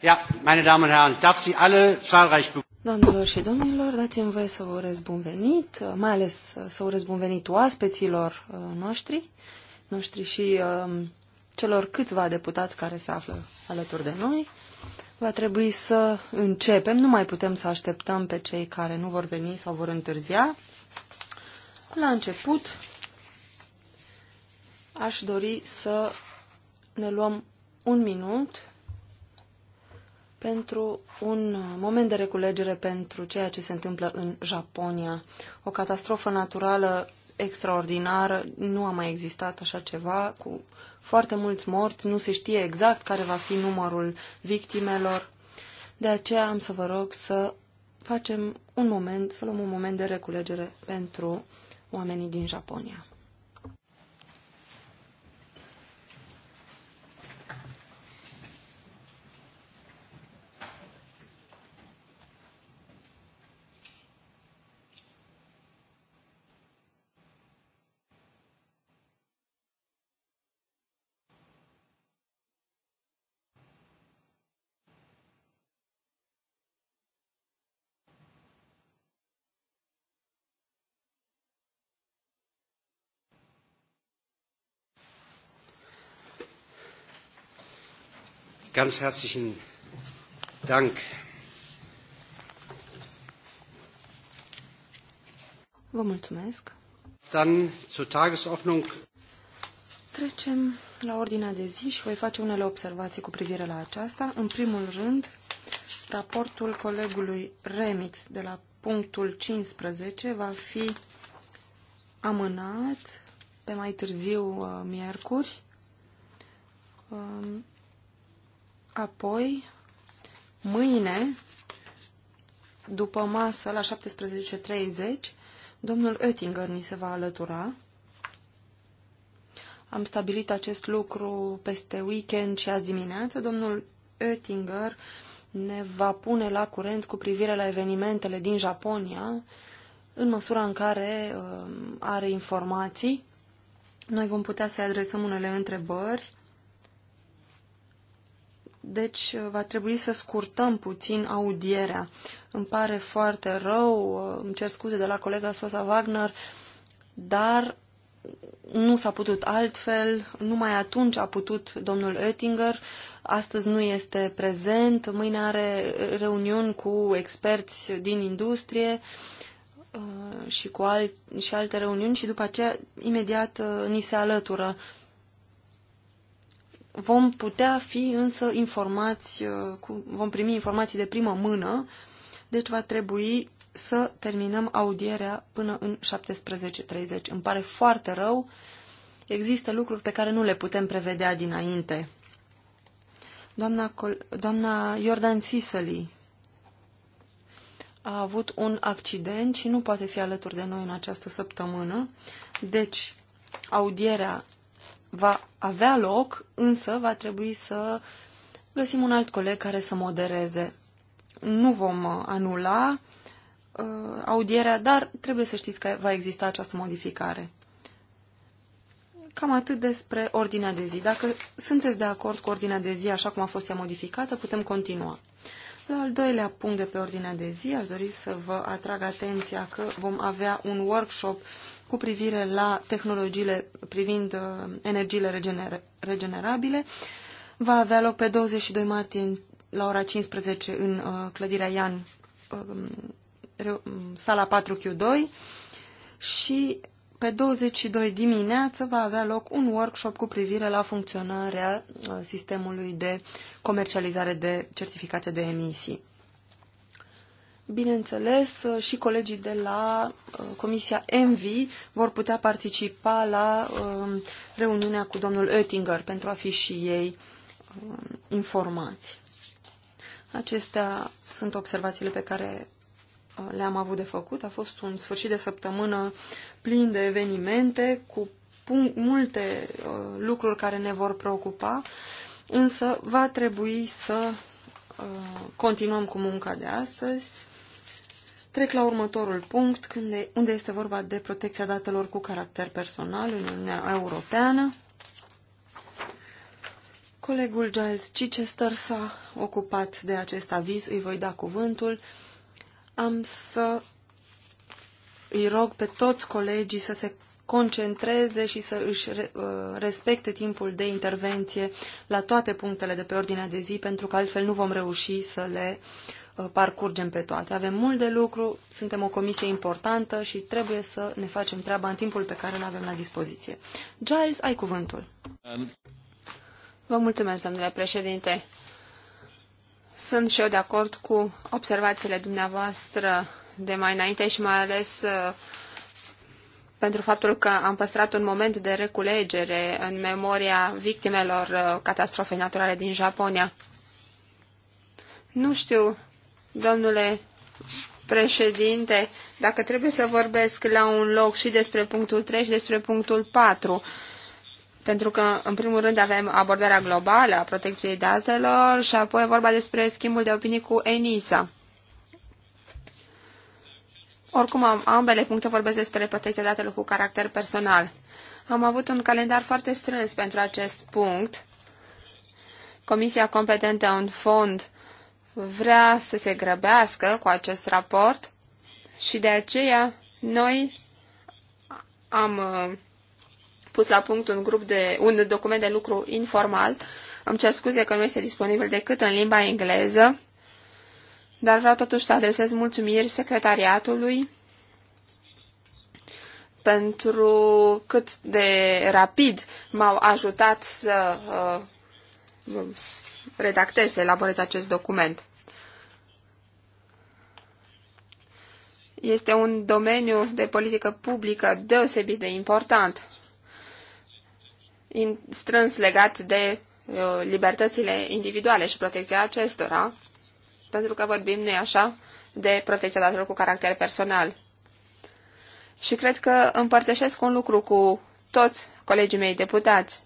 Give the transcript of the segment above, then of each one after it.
Ja, Doamnelor și domnilor, dați-mi voie să vă urez bun venit, uh, mai ales uh, să urez bun venit oaspeților uh, noștri, noștri și um, celor câțiva deputați care se află alături de noi. Va trebui să începem, nu mai putem să așteptăm pe cei care nu vor veni sau vor întârzia. La început aș dori să ne luăm un minut pentru un moment de reculegere pentru ceea ce se întâmplă în Japonia. O catastrofă naturală extraordinară, nu a mai existat așa ceva, cu foarte mulți morți, nu se știe exact care va fi numărul victimelor. De aceea am să vă rog să facem un moment, să luăm un moment de reculegere pentru oamenii din Japonia. Ganz herzlichen Dank. Vă mulțumesc. Dann zur Tagesordnung. Trecem la ordinea de zi și voi face unele observații cu privire la aceasta. În primul rând, raportul colegului Remit de la punctul 15 va fi amânat pe mai târziu uh, miercuri um, Apoi, mâine, după masă, la 17.30, domnul Oettinger ni se va alătura. Am stabilit acest lucru peste weekend și azi dimineață. Domnul Oettinger ne va pune la curent cu privire la evenimentele din Japonia, în măsura în care uh, are informații. Noi vom putea să adresăm unele întrebări deci uh, va trebui să scurtăm puțin audierea. Îmi pare foarte rău, uh, îmi cer scuze de la colega Sosa Wagner, dar nu s-a putut altfel, numai atunci a putut domnul Oettinger, astăzi nu este prezent, mâine are reuniuni cu experți din industrie uh, și cu al, și alte reuniuni și după aceea imediat ni se alătură Vom putea fi însă informați, uh, vom primi informații de primă mână, deci va trebui să terminăm audierea până în 17.30. Îmi pare foarte rău, există lucruri pe care nu le putem prevedea dinainte. Doamna, doamna Jordan Sisley a avut un accident și nu poate fi alături de noi în această săptămână, deci audierea va avea loc, însă va trebui să găsim un alt coleg care să modereze. Nu vom uh, anula uh, audierea, dar trebuie să știți că va exista această modificare. Cam atât despre ordinea de zi. Dacă sunteți de acord cu ordinea de zi așa cum a fost ea modificată, putem continua. La al doilea punct de pe ordinea de zi, aș dori să vă atrag atenția că vom avea un workshop cu privire la tehnologiile privind uh, energiile regenerabile va avea loc pe 22 martie la ora 15 în uh, clădirea Ian, um, um, sala 4Q2 și pe 22 dimineață va avea loc un workshop cu privire la funcționarea uh, sistemului de comercializare de certificate de emisii. Bineînțeles, și colegii de la uh, Comisia ENVI vor putea participa la um, reuniunea cu domnul Oettinger pentru a fi și ei um, informați. Acestea sunt observațiile pe care uh, le-am avut de făcut. A fost un sfârșit de săptămână plin de evenimente, cu multe uh, lucruri care ne vor preocupa, însă va trebui să continuăm cu munca de astăzi Trec la următorul punct, unde este vorba de protecția datelor cu caracter personal în Uniunea Europeană. Colegul Giles Chichester s-a ocupat de acest aviz, îi voi da cuvântul. Am să îi rog pe toți colegii să se concentreze și să își uh, respecte timpul de intervenție la toate punctele de pe ordinea de zi, pentru că altfel nu vom reuși să le uh, Uh, parcurgem pe toate. Avem mult de lucru, suntem o comisie importantă și trebuie să ne facem treaba în timpul pe care îl avem la dispoziție. Giles, ai cuvântul. Vă mulțumesc, domnule președinte. Sunt și eu de acord cu observațiile dumneavoastră de mai înainte și mai ales uh, pentru faptul că am păstrat un moment de reculegere în memoria victimelor uh, catastrofei naturale din Japonia. Nu știu Domnule președinte, dacă trebuie să vorbesc la un loc și despre punctul 3 și despre punctul 4, pentru că, în primul rând, avem abordarea globală a protecției datelor și apoi vorba despre schimbul de opinii cu ENISA. Oricum, ambele puncte vorbesc despre protecția datelor cu caracter personal. Am avut un calendar foarte strâns pentru acest punct. Comisia competentă în fond vrea să se grăbească cu acest raport și de aceea noi am uh, pus la punct un grup de un document de lucru informal. Îmi cer scuze că nu este disponibil decât în limba engleză, dar vreau totuși să adresez mulțumiri secretariatului pentru cât de rapid m-au ajutat să uh, redactez, să elaborez acest document. Este un domeniu de politică publică deosebit de important, strâns legat de uh, libertățile individuale și protecția acestora, pentru că vorbim, nu așa, de protecția datelor cu caracter personal. Și cred că împărtășesc un lucru cu toți colegii mei deputați.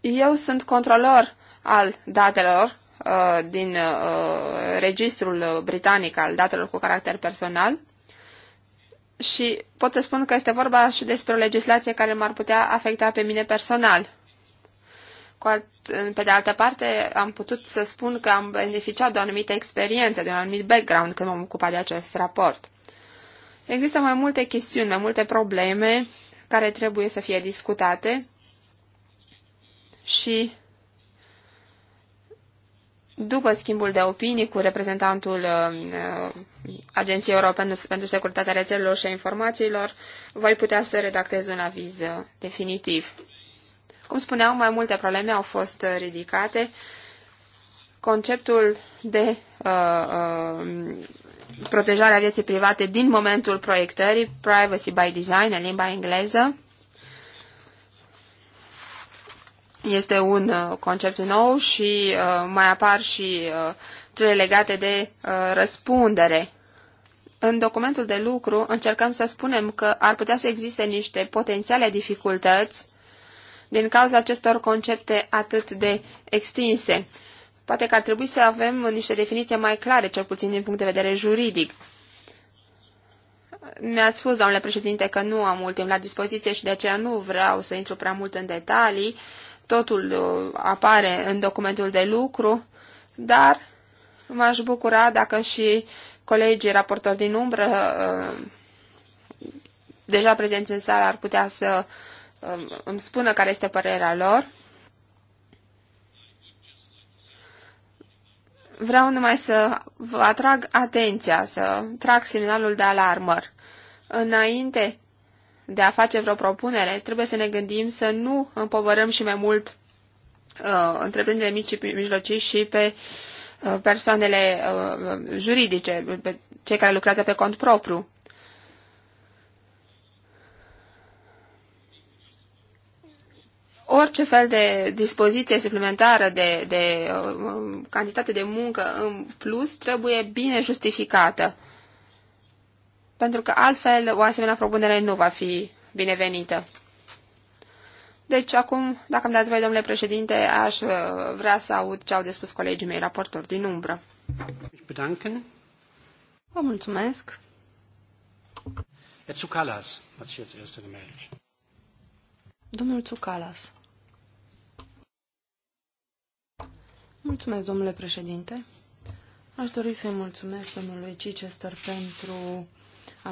Eu sunt controlor al datelor Uh, din uh, registrul britanic al datelor cu caracter personal și pot să spun că este vorba și despre o legislație care m-ar putea afecta pe mine personal. pe de altă parte, am putut să spun că am beneficiat de o anumită experiență, de un anumit background când m-am ocupat de acest raport. Există mai multe chestiuni, mai multe probleme care trebuie să fie discutate și după schimbul de opinii cu reprezentantul uh, uh, Agenției Europene pentru Securitatea Rețelelor și a Informațiilor, voi putea să redactez un aviz uh, definitiv. Cum spuneam, mai multe probleme au fost ridicate. Conceptul de uh, uh, protejarea vieții private din momentul proiectării, privacy by design, în limba engleză, Este un uh, concept nou și uh, mai apar și uh, cele legate de răspundere. În documentul de lucru încercăm să spunem că ar putea să existe niște potențiale dificultăți din cauza acestor concepte atât de extinse. Poate că ar trebui să avem niște definiții mai clare, cel puțin din punct de vedere juridic. Mi-ați spus, domnule președinte, că nu am mult timp la dispoziție și de aceea nu vreau să intru prea mult în detalii Totul uh, apare în documentul de lucru, dar m-aș bucura dacă și colegii raportori din umbră uh, deja prezenți în sală ar putea să um, îmi spună care este părerea lor. Vreau numai să vă atrag atenția, să trag semnalul de alarmă. Înainte de a face vreo propunere, trebuie să ne gândim să nu împovărăm și mai mult uh, întreprinderile mici și mijlocii și pe uh, persoanele uh, juridice, pe cei care lucrează pe cont propriu. Orice fel de dispoziție suplimentară, de, de uh, cantitate de muncă în plus, trebuie bine justificată. Uh, pentru că altfel o asemenea propunere nu va fi binevenită. Deci acum, dacă îmi dați voi, domnule președinte, aș uh, vrea să aud ce au de spus colegii mei raportori din umbră. Vă mulțumesc. Herr Zucalas. hat sich jetzt gemeldet. Domnul Tsoukalas. Mulțumesc, domnule președinte. Aș dori să-i mulțumesc domnului Cicester pentru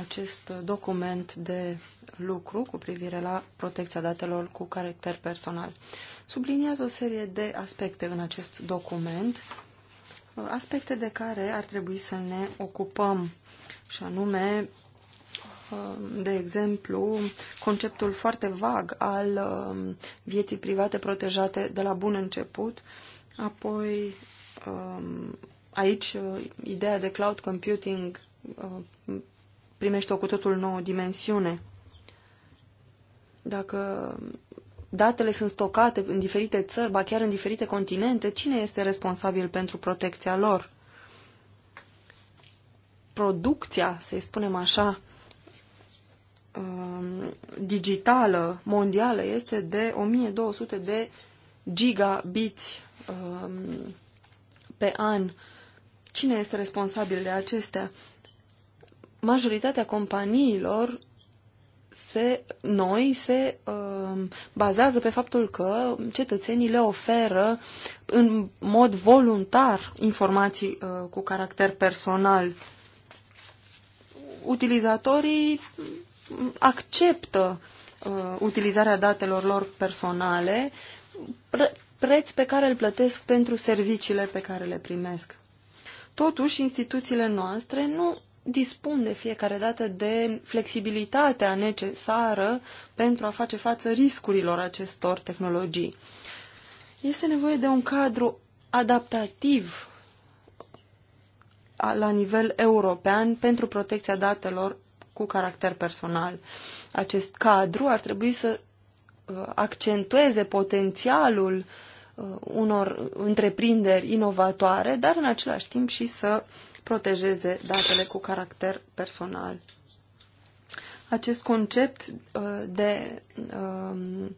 acest document de lucru cu privire la protecția datelor cu caracter personal. Subliniază o serie de aspecte în acest document, aspecte de care ar trebui să ne ocupăm, și anume, de exemplu, conceptul foarte vag al um, vieții private protejate de la bun început, apoi um, aici uh, ideea de cloud computing uh, primește o cu totul nouă dimensiune. Dacă datele sunt stocate în diferite țări, ba chiar în diferite continente, cine este responsabil pentru protecția lor? Producția, să-i spunem așa, um, digitală, mondială, este de 1200 de gigabiți um, pe an. Cine este responsabil de acestea? majoritatea companiilor se, noi se uh, bazează pe faptul că cetățenii le oferă în mod voluntar informații uh, cu caracter personal. Utilizatorii acceptă uh, utilizarea datelor lor personale, pre- preț pe care îl plătesc pentru serviciile pe care le primesc. Totuși, instituțiile noastre nu dispun de fiecare dată de flexibilitatea necesară pentru a face față riscurilor acestor tehnologii. Este nevoie de un cadru adaptativ la nivel european pentru protecția datelor cu caracter personal. Acest cadru ar trebui să uh, accentueze potențialul uh, unor întreprinderi inovatoare, dar în același timp și să uh, protejeze datele cu caracter personal. Acest concept uh, de um,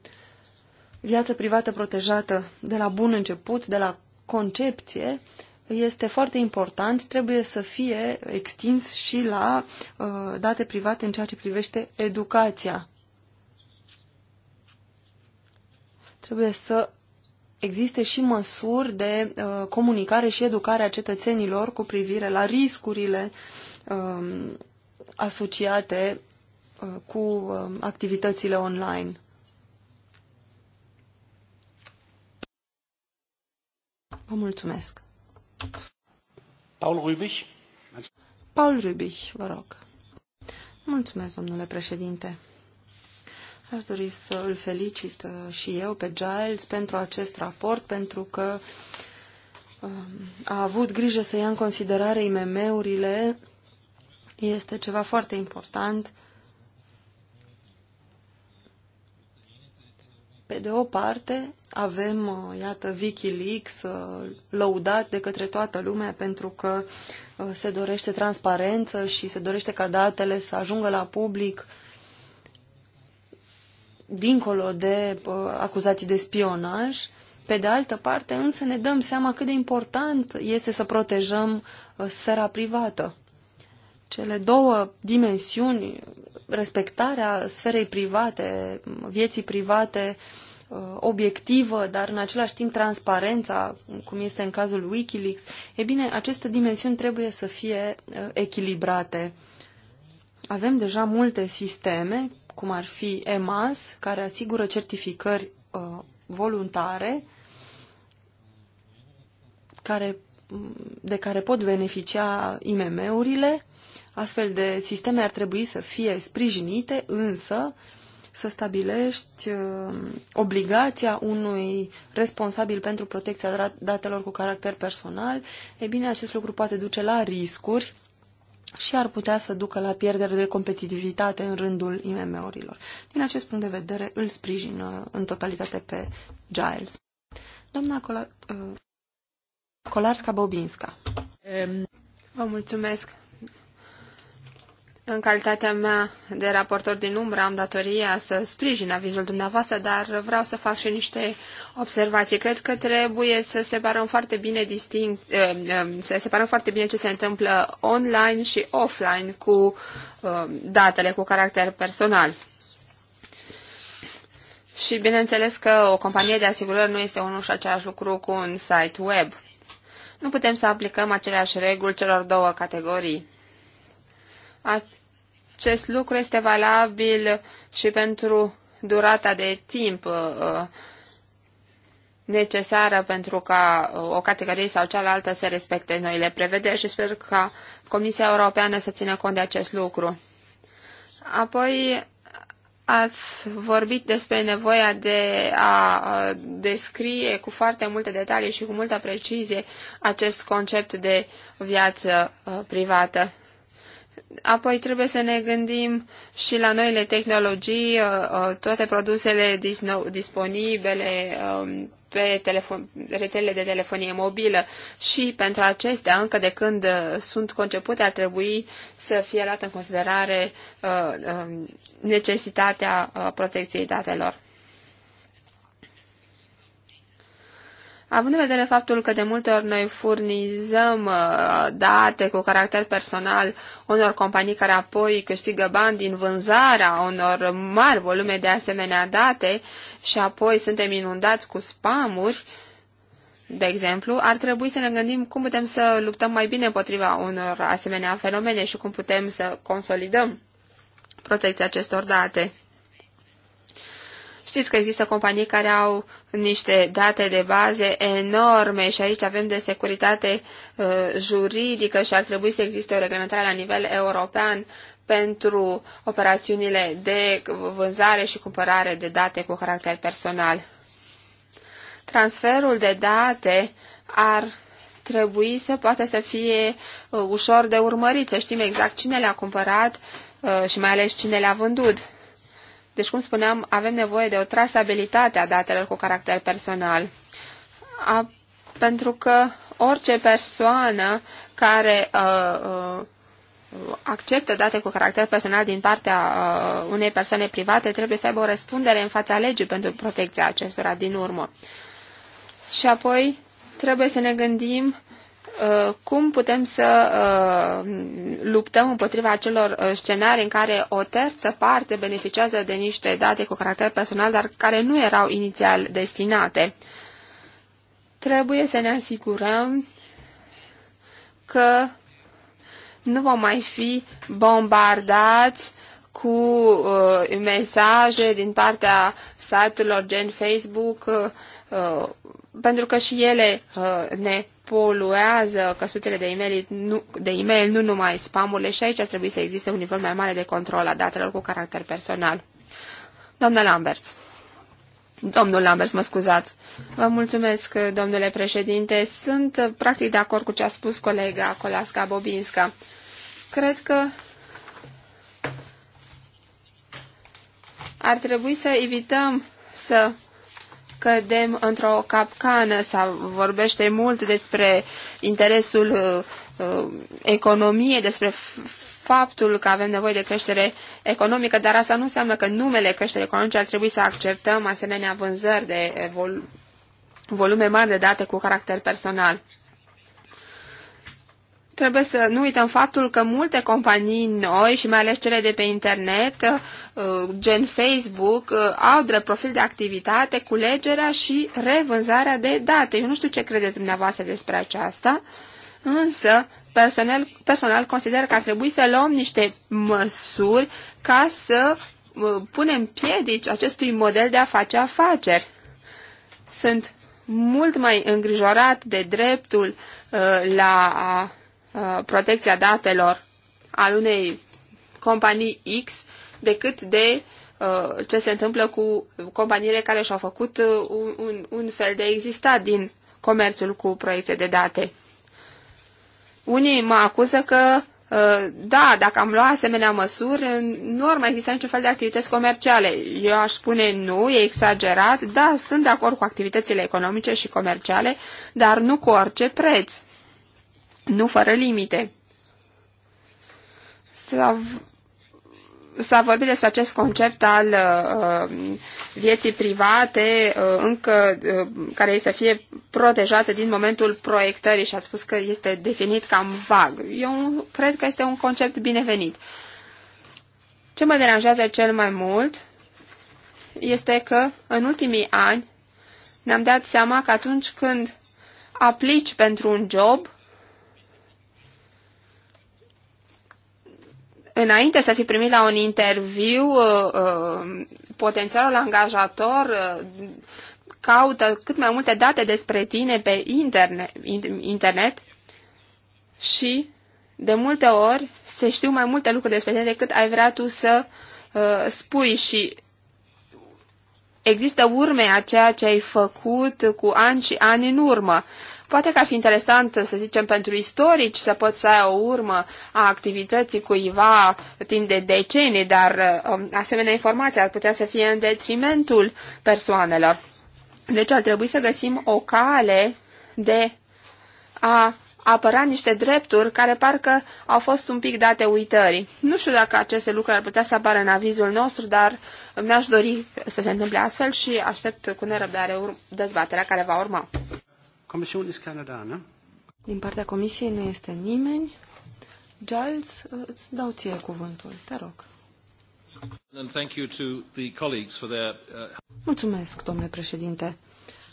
viață privată protejată de la bun început, de la concepție, este foarte important, trebuie să fie extins și la uh, date private în ceea ce privește educația. Trebuie să existe și măsuri de uh, comunicare și educare a cetățenilor cu privire la riscurile uh, asociate uh, cu uh, activitățile online. Vă mulțumesc. Paul Rubich. Paul Rubich, vă rog. Mulțumesc, domnule președinte. Aș dori să îl felicit uh, și eu pe Giles pentru acest raport, pentru că um, a avut grijă să ia în considerare IMM-urile. Este ceva foarte important. Pe de o parte, avem, uh, iată, Wikileaks uh, lăudat de către toată lumea pentru că se dorește transparență și se dorește ca datele să ajungă la public uh, dincolo de uh, acuzații de spionaj. Pe de altă parte, însă ne dăm seama cât de important este să protejăm uh, sfera privată. Cele două dimensiuni, respectarea sferei private, vieții private, uh, obiectivă, dar în același timp transparența, cum este în cazul Wikileaks, e bine, aceste dimensiuni trebuie să fie echilibrate. Avem deja multe sisteme cum ar fi EMAS, care asigură certificări uh, voluntare, care, mm, de care pot beneficia IMM-urile. Astfel de sisteme ar trebui să fie sprijinite, însă să stabilești uh, obligația unui responsabil pentru protecția datelor cu caracter personal, e bine, acest lucru poate duce la riscuri și ar putea să ducă la pierdere de competitivitate în rândul IMM-urilor. Din acest punct de vedere, îl sprijin uh, în totalitate pe Giles. Doamna Colarska-Bobinska. Uh, Vă mulțumesc. În calitatea mea de raportor din umbră am datoria să sprijin avizul dumneavoastră, dar vreau să fac și niște observații. Cred că trebuie să separăm foarte bine distinct, eh, eh, să separăm foarte bine ce se întâmplă online și offline cu eh, datele cu caracter personal. Și bineînțeles că o companie de asigurări nu este unul și același lucru cu un site web. Nu putem să aplicăm aceleași reguli celor două categorii. Acest lucru este valabil și pentru durata de timp uh, necesară pentru ca uh, o categorie sau cealaltă să respecte noile prevederi și sper ca Comisia Europeană să țină cont de acest lucru. Apoi ați vorbit despre nevoia de a uh, descrie cu foarte multe detalii și cu multă precizie acest concept de viață privată. Apoi trebuie să ne gândim și la noile tehnologii, uh, uh, toate produsele disponibile um, pe telefon, rețelele de telefonie mobilă și pentru acestea, încă de când uh, sunt concepute, ar trebui să fie luată în considerare um, necesitatea protecției datelor. Având în vedere faptul că de multe ori noi furnizăm uh, date cu caracter personal unor companii care apoi câștigă bani din vânzarea unor mari volume de asemenea date și apoi suntem inundați cu spamuri, de exemplu, ar trebui să ne gândim cum putem să luptăm mai bine împotriva unor asemenea fenomene și cum putem să consolidăm protecția acestor date. Știți că există companii care au niște date de baze enorme și aici avem de securitate uh, juridică și ar trebui să existe o reglementare la nivel european pentru operațiunile de vânzare și cumpărare de date cu caracter personal. Transferul de date ar trebui să poată să fie uh, ușor de urmărit, să știm exact cine le-a cumpărat uh, și mai ales cine le-a vândut. Deci, cum spuneam, avem nevoie de o trasabilitate a datelor cu caracter personal. A, pentru că orice persoană care a, uh, a, uh, acceptă date cu caracter personal din partea a, uh, unei persoane private trebuie să aibă o răspundere în fața legii pentru protecția acestora din urmă. Și apoi trebuie să ne gândim Uh, cum putem să uh, luptăm împotriva acelor uh, scenarii în care o terță parte beneficiază de niște date cu caracter personal, dar care nu erau inițial destinate. Trebuie să ne asigurăm că nu vom mai fi bombardați cu uh, mesaje din partea site-urilor gen Facebook, uh, pentru că și ele uh, ne poluează căsuțele de e-mail, nu, de e-mail, nu numai spamurile și aici ar trebui să existe un nivel mai mare de control a datelor cu caracter personal. Doamna Lamberts. Domnul Lambers, mă scuzați. Vă mulțumesc, domnule președinte. Sunt practic de acord cu ce a spus colega Colasca Bobinska. Cred că ar trebui să evităm să cădem într-o capcană sau vorbește mult despre interesul uh, uh economiei, despre faptul că avem nevoie de creștere economică, dar asta nu înseamnă că numele creștere economice ar trebui să acceptăm asemenea vânzări de vol volume mari de date cu caracter personal. Trebuie să nu uităm faptul că multe companii noi și mai ales cele de pe internet, uh, gen Facebook, uh, au drept profil de activitate culegerea și revânzarea de date. Eu nu știu ce credeți dumneavoastră despre aceasta, însă personal, personal consider că ar trebui să luăm niște măsuri ca să uh, punem piedici acestui model de a face afaceri. Sunt mult mai îngrijorat de dreptul la a Uh, protecția datelor al unei companii X decât de uh, ce se întâmplă cu companiile care și-au făcut uh, un, un, un fel de existat din comerțul cu proiecte de date. Unii mă acuză că, da, dacă am luat asemenea măsuri, nu ar mai exista niciun fel de activități comerciale. Eu aș spune nu, e exagerat, da, sunt de acord cu activitățile economice și comerciale, dar nu cu orice preț nu fără limite. S-a, vorbit despre acest concept al uh, vieții private, uh, încă uh, care să fie protejată din momentul proiectării și ați spus că este definit cam vag. Eu cred că este un concept binevenit. Ce mă deranjează cel mai mult este că în ultimii ani ne-am dat seama că atunci când aplici pentru un job, înainte să fi primit la un interviu, uh, uh, potențialul angajator uh, caută cât mai multe date despre tine pe internet, internet și de multe ori se știu mai multe lucruri despre tine decât ai vrea tu să uh, spui și există urme a ceea ce ai făcut cu ani și ani în urmă. Poate că ar fi interesant, să zicem, pentru istorici să poți să ai o urmă a activității cuiva timp de decenii, dar um, asemenea informații ar putea să fie în detrimentul persoanelor. Deci ar trebui să găsim o cale de a apăra niște drepturi care parcă au fost un pic date uitării. Nu știu dacă aceste lucruri ar putea să apară în avizul nostru, dar mi-aș dori să se întâmple astfel și aștept cu nerăbdare dezbaterea care va urma. Commission ist keiner da, ne? Din partea comisiei nu este nimeni. Giles, îți dau ție cuvântul. Te rog. Uh, Mulțumesc, domnule președinte.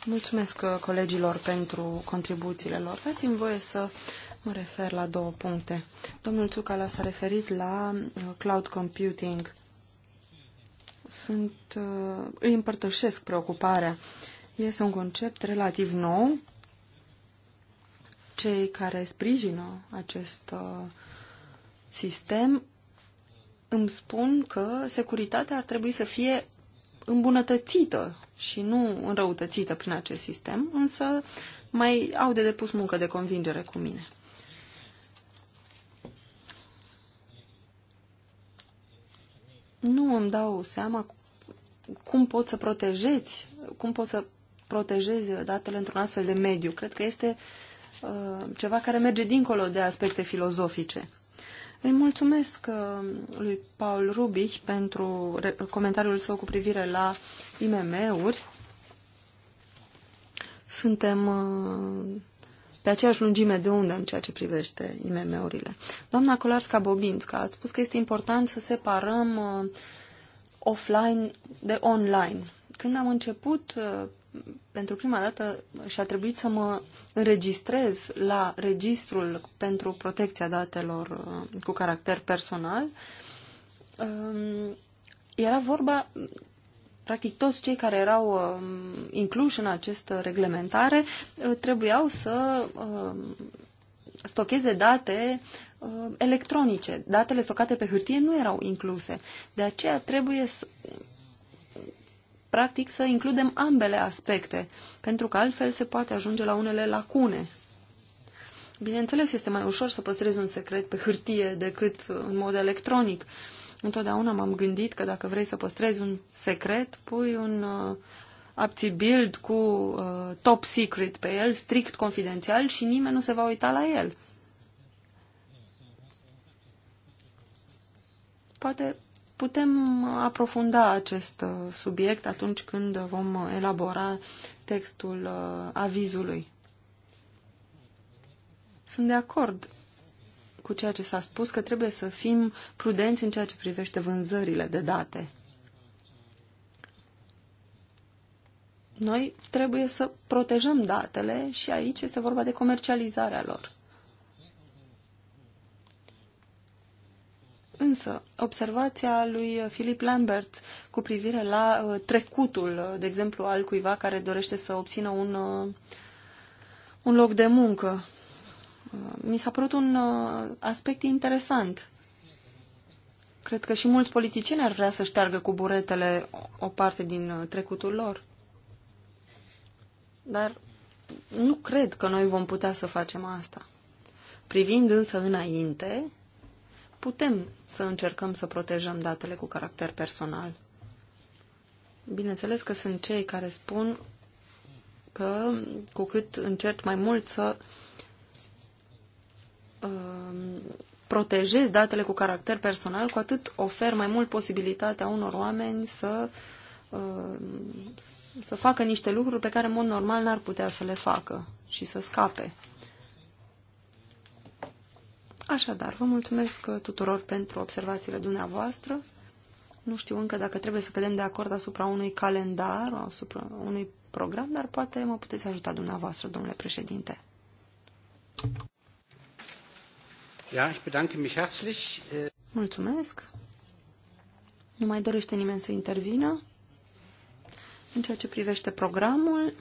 Mulțumesc uh, colegilor pentru contribuțiile lor. Dați-mi voie să mă refer la două puncte. Domnul Țucala s-a referit la uh, cloud computing. Sunt, îi împărtășesc preocuparea. Este un concept relativ nou cei care sprijină acest uh, sistem îmi spun că securitatea ar trebui să fie îmbunătățită și nu înrăutățită prin acest sistem, însă mai au de depus muncă de convingere cu mine. Nu îmi dau seama cum pot să protejezi, cum pot să protejezi datele într-un astfel de mediu. Cred că este Uh, ceva care merge dincolo de aspecte filozofice. Îi mulțumesc uh, lui Paul Rubich pentru comentariul său cu privire la IMM-uri. Suntem uh, pe aceeași lungime de undă în ceea ce privește IMM-urile. Doamna Colarska bobinska a spus că este important să separăm offline de online. Când am început pentru prima dată și a trebuit să mă înregistrez la registrul pentru protecția datelor uh, cu caracter personal. Um, era vorba, practic toți cei care erau um, incluși în această reglementare uh, trebuiau să um, stocheze date uh, electronice. Datele stocate pe hârtie nu erau incluse. De aceea trebuie să, practic să includem ambele aspecte, pentru că altfel se poate ajunge la unele lacune. Bineînțeles, este mai ușor să păstrezi un secret pe hârtie decât în mod electronic. Întotdeauna m-am gândit că dacă vrei să păstrezi un secret, pui un uh, build cu uh, top secret pe el, strict confidențial și nimeni nu se va uita la el. Poate putem aprofunda acest uh, subiect atunci când vom elabora textul uh, avizului. Sunt de acord cu ceea ce s-a spus că trebuie să fim prudenți în ceea ce privește vânzările de date. Noi trebuie să protejăm datele și aici este vorba de comercializarea lor. Însă, observația lui Philip Lambert cu privire la uh, trecutul, uh, de exemplu, al cuiva care dorește să obțină un, uh, un loc de muncă, mi s-a părut un aspect interesant. Cred că și mulți politicieni ar vrea să șteargă cu buretele o parte din trecutul lor. Dar nu cred că noi vom putea să facem asta. Privind însă înainte, putem să încercăm să protejăm datele cu caracter personal. Bineînțeles că sunt cei care spun că cu cât încerci mai mult să uh, protejezi datele cu caracter personal, cu atât oferi mai mult posibilitatea unor oameni să, uh, să facă niște lucruri pe care în mod normal n-ar putea să le facă și să scape. Așadar, vă mulțumesc tuturor pentru observațiile dumneavoastră. Nu știu încă dacă trebuie să cădem de acord asupra unui calendar, asupra unui program, dar poate mă puteți ajuta dumneavoastră, domnule președinte. Ja, ich bedanke mich herzlich. Mulțumesc. Nu mai dorește nimeni să intervină. În ceea ce privește programul,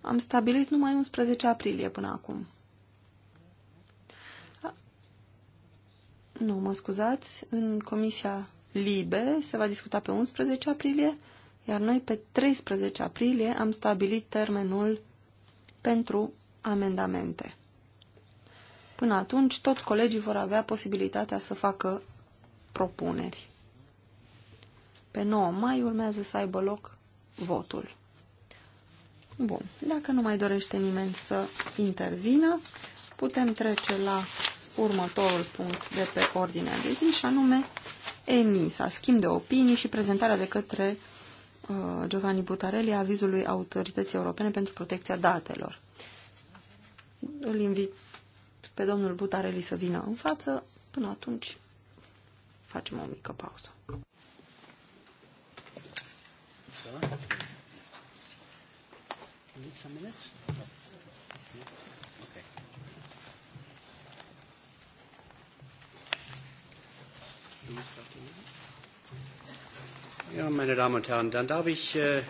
am stabilit numai 11 aprilie până acum. Nu, mă scuzați, în Comisia Libe se va discuta pe 11 aprilie, iar noi pe 13 aprilie am stabilit termenul pentru amendamente. Până atunci, toți colegii vor avea posibilitatea să facă propuneri. Pe 9 mai urmează să aibă loc votul. Bun, dacă nu mai dorește nimeni să intervină, putem trece la următorul punct de pe ordinea de zi și anume emisa schimb de opinii și prezentarea de către uh, Giovanni Butarelli a avizului Autorității Europene pentru Protecția Datelor. Îl invit pe domnul Butarelli să vină în față. Până atunci facem o mică pauză. să some Ja, meine Damen und Herren, dann darf ich, äh,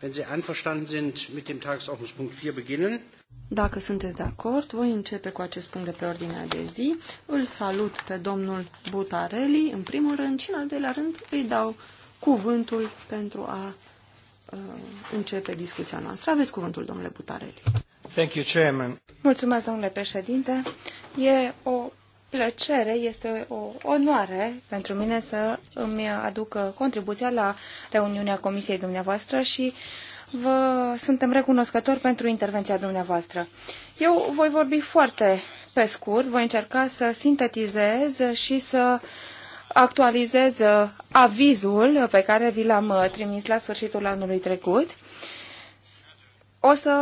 wenn Sie einverstanden sind, mit dem Tagesordnungspunkt 4 beginnen. Dacă sunteți de acord, voi începe cu acest punct de pe ordinea de zi. Îl salut pe domnul Butarelli, în primul rând, și în al doilea rând îi dau cuvântul pentru a uh, începe discuția noastră. Aveți cuvântul, domnule Butarelli. Thank you, Chairman. Mulțumesc, domnule președinte. E o plăcere, este o onoare pentru mine să îmi aduc contribuția la reuniunea comisiei dumneavoastră și vă suntem recunoscători pentru intervenția dumneavoastră. Eu voi vorbi foarte pe scurt, voi încerca să sintetizez și să actualizez avizul pe care vi l-am trimis la sfârșitul anului trecut. O să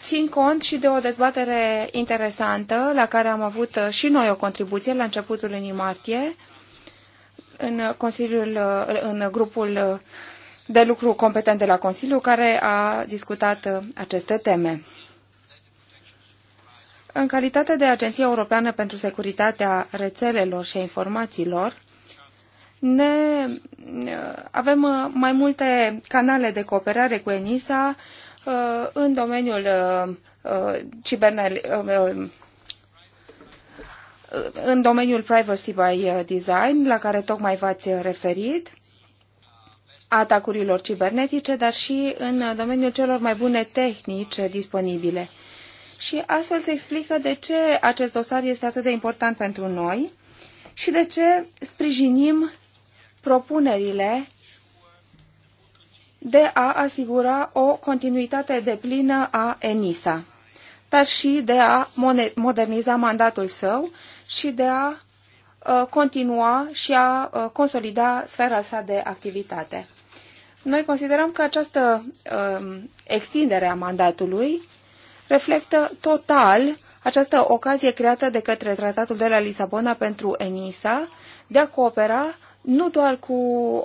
țin cont și de o dezbatere interesantă la care am avut uh, și noi o contribuție la începutul lunii martie în, Consiliul, uh, în grupul uh, de lucru competent de la Consiliu care a discutat aceste teme. În calitate de Agenție Europeană pentru Securitatea Rețelelor și Informațiilor, ne, avem mai multe canale de cooperare cu ENISA, Uh, în domeniul uh, uh, cibernetic în domeniul privacy by design, la care tocmai v-ați referit, atacurilor cibernetice, dar și în domeniul celor mai bune tehnici disponibile. Și astfel se explică de ce acest dosar este atât de important pentru noi și de ce sprijinim propunerile de a asigura o continuitate deplină a ENISA, dar și de a moderniza mandatul său și de a ă, continua și a ă, consolida sfera sa de activitate. Noi considerăm că această ă, extindere a mandatului reflectă total această ocazie creată de către Tratatul de la Lisabona pentru ENISA de a coopera nu doar cu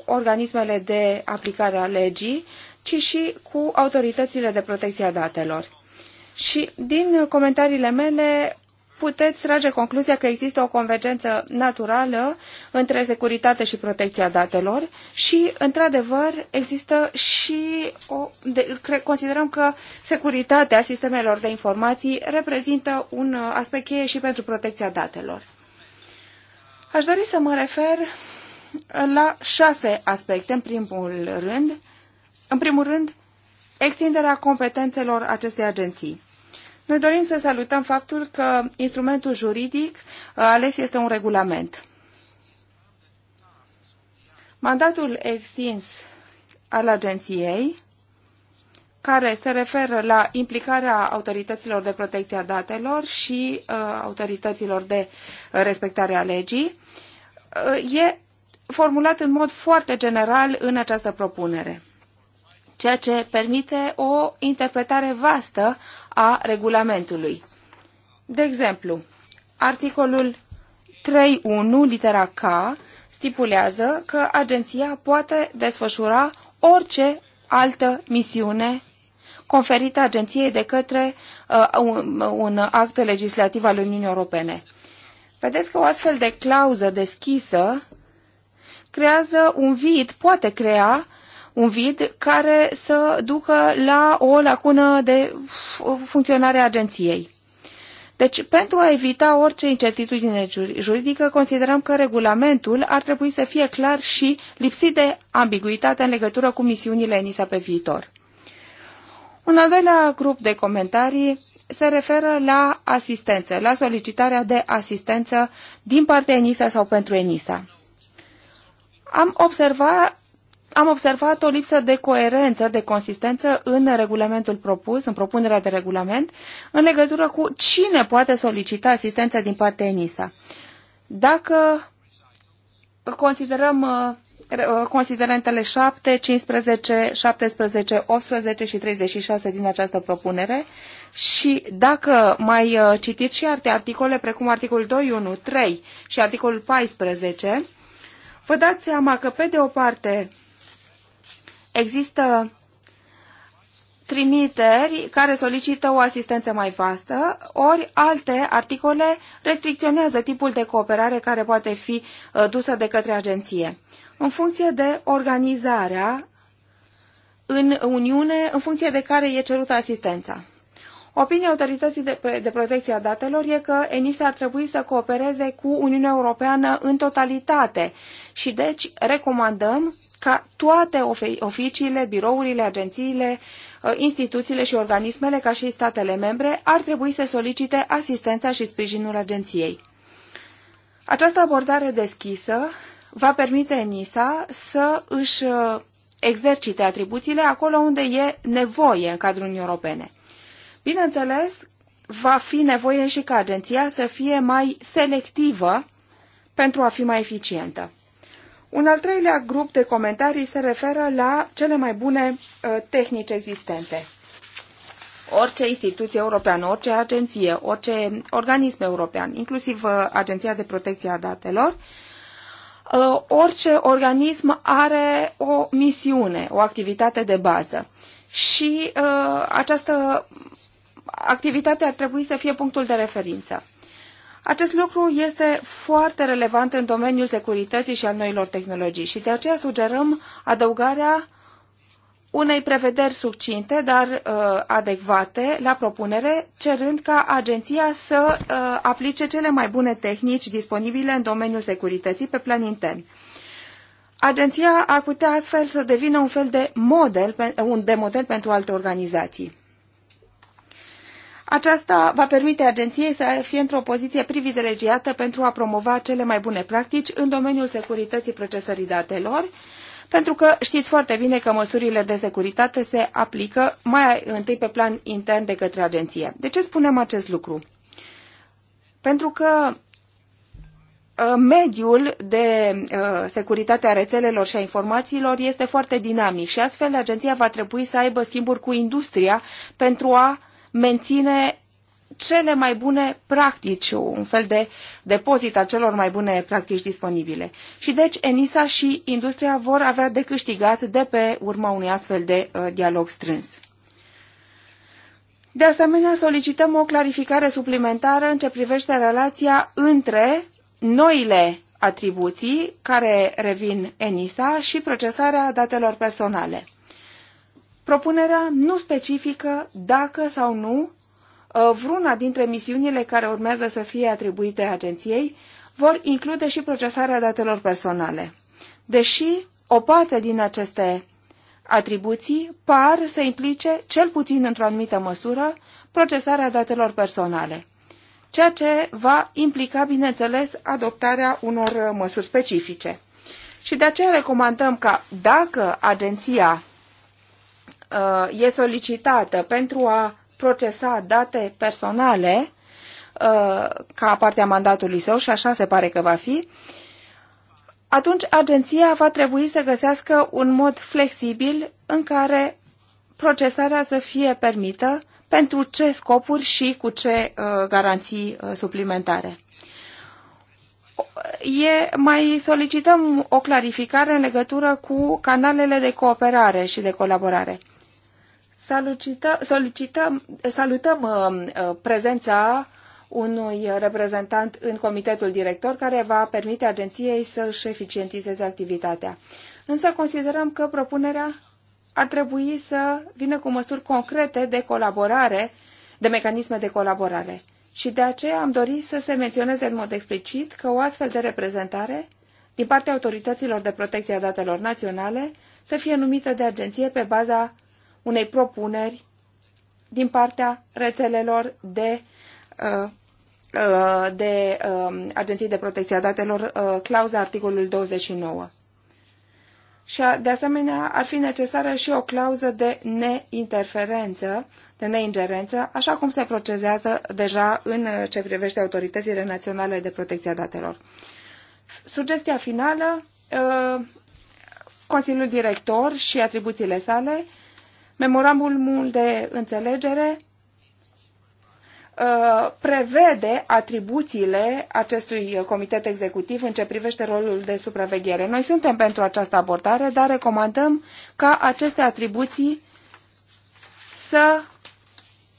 organismele de aplicare a legii, ci și cu autoritățile de protecție a datelor. Și din comentariile mele puteți trage concluzia că există o convergență naturală între securitate și protecția datelor și, într-adevăr, există și o... De, considerăm că securitatea sistemelor de informații reprezintă un aspect cheie și pentru protecția datelor. Aș dori să mă refer la șase aspecte. În primul rând, în primul rând, extinderea competențelor acestei agenții. Noi dorim să salutăm faptul că instrumentul juridic uh, ales este un regulament. Mandatul extins al agenției, care se referă la implicarea autorităților de protecție a datelor și uh, autorităților de uh, respectare a legii, uh, e formulat în mod foarte general în această propunere, ceea ce permite o interpretare vastă a regulamentului. De exemplu, articolul 3.1, litera K, stipulează că agenția poate desfășura orice altă misiune conferită agenției de către uh, un, un act legislativ al Uniunii Europene. Vedeți că o astfel de clauză deschisă creează un vid, poate crea un vid care să ducă la o lacună de funcționare a agenției. Deci, pentru a evita orice incertitudine juridică, considerăm că regulamentul ar trebui să fie clar și lipsit de ambiguitate în legătură cu misiunile ENISA pe viitor. Un al doilea grup de comentarii se referă la asistență, la solicitarea de asistență din partea ENISA sau pentru ENISA am observat am observat o lipsă de coerență, de consistență în regulamentul propus, în propunerea de regulament, în legătură cu cine poate solicita asistență din partea ENISA. Dacă considerăm uh, considerentele 7, 15, 17, 18 și 36 din această propunere și dacă mai uh, citiți și alte articole, precum articolul 2, 1, 3 și articolul 14, Vă dați seama că, pe de o parte, există trimiteri care solicită o asistență mai vastă, ori alte articole restricționează tipul de cooperare care poate fi uh, dusă de către agenție. În funcție de organizarea în Uniune, în funcție de care e cerută asistența. Opinia Autorității de, de Protecție a Datelor e că ENISA ar trebui să coopereze cu Uniunea Europeană în totalitate și deci recomandăm ca toate oficiile, birourile, agențiile, uh, instituțiile și organismele, ca și statele membre, ar trebui să solicite asistența și sprijinul agenției. Această abordare deschisă va permite nisa să își uh, exercite atribuțiile acolo unde e nevoie în cadrul Uniunii Europene. Bineînțeles, va fi nevoie și ca agenția să fie mai selectivă pentru a fi mai eficientă. Un al treilea grup de comentarii se referă la cele mai bune uh, tehnici existente. Orice instituție europeană, orice agenție, orice organism european, inclusiv uh, Agenția de Protecție a Datelor, uh, orice organism are o misiune, o activitate de bază. Și această activitate ar trebui să fie punctul de referință. Acest lucru este foarte relevant în domeniul securității și al noilor tehnologii și de aceea sugerăm adăugarea unei prevederi succinte, dar uh, adecvate la propunere, cerând ca agenția să uh, aplice cele mai bune tehnici disponibile în domeniul securității pe plan intern. Agenția ar putea astfel să devină un fel de model, un de model pentru alte organizații. Aceasta va permite agenției să fie într-o poziție privilegiată pentru a promova cele mai bune practici în domeniul securității procesării datelor, pentru că știți foarte bine că măsurile de securitate se aplică mai întâi pe plan intern de către agenție. De ce spunem acest lucru? Pentru că ă, mediul de ă, securitate a rețelelor și a informațiilor este foarte dinamic și astfel agenția va trebui să aibă schimburi cu industria pentru a menține cele mai bune practici, un fel de depozit a celor mai bune practici disponibile. Și deci ENISA și industria vor avea de câștigat de pe urma unui astfel de uh, dialog strâns. De asemenea, solicităm o clarificare suplimentară în ce privește relația între noile atribuții care revin ENISA și procesarea datelor personale. Propunerea nu specifică dacă sau nu uh, vreuna dintre misiunile care urmează să fie atribuite agenției vor include și procesarea datelor personale. Deși o parte din aceste atribuții par să implice, cel puțin într-o anumită măsură, procesarea datelor personale, ceea ce va implica, bineînțeles, adoptarea unor uh, măsuri specifice. Și de aceea recomandăm ca dacă agenția Uh, e solicitată pentru a procesa date personale uh, ca parte a mandatului său și așa se pare că va fi, atunci agenția va trebui să găsească un mod flexibil în care procesarea să fie permită pentru ce scopuri și cu ce uh, garanții uh, suplimentare. E, mai solicităm o clarificare în legătură cu canalele de cooperare și de colaborare solicităm, salutăm um, uh, prezența unui reprezentant în comitetul director care va permite agenției să își eficientizeze activitatea. Însă considerăm că propunerea ar trebui să vină cu măsuri concrete de colaborare, de mecanisme de colaborare. Și de aceea am dorit să se menționeze în mod explicit că o astfel de reprezentare din partea autorităților de protecție a datelor naționale să fie numită de agenție pe baza unei propuneri din partea rețelelor de, uh, uh, de um, Agenției de Protecție a Datelor, uh, clauza articolul 29. Și, de asemenea, ar fi necesară și o clauză de neinterferență, de neingerență, așa cum se procesează deja în ce privește autoritățile naționale de protecție a datelor. Sugestia finală, Consiliul Director și atribuțiile sale Memorandumul de înțelegere uh, prevede atribuțiile acestui comitet executiv în ce privește rolul de supraveghere. Noi suntem pentru această abordare, dar recomandăm ca aceste atribuții să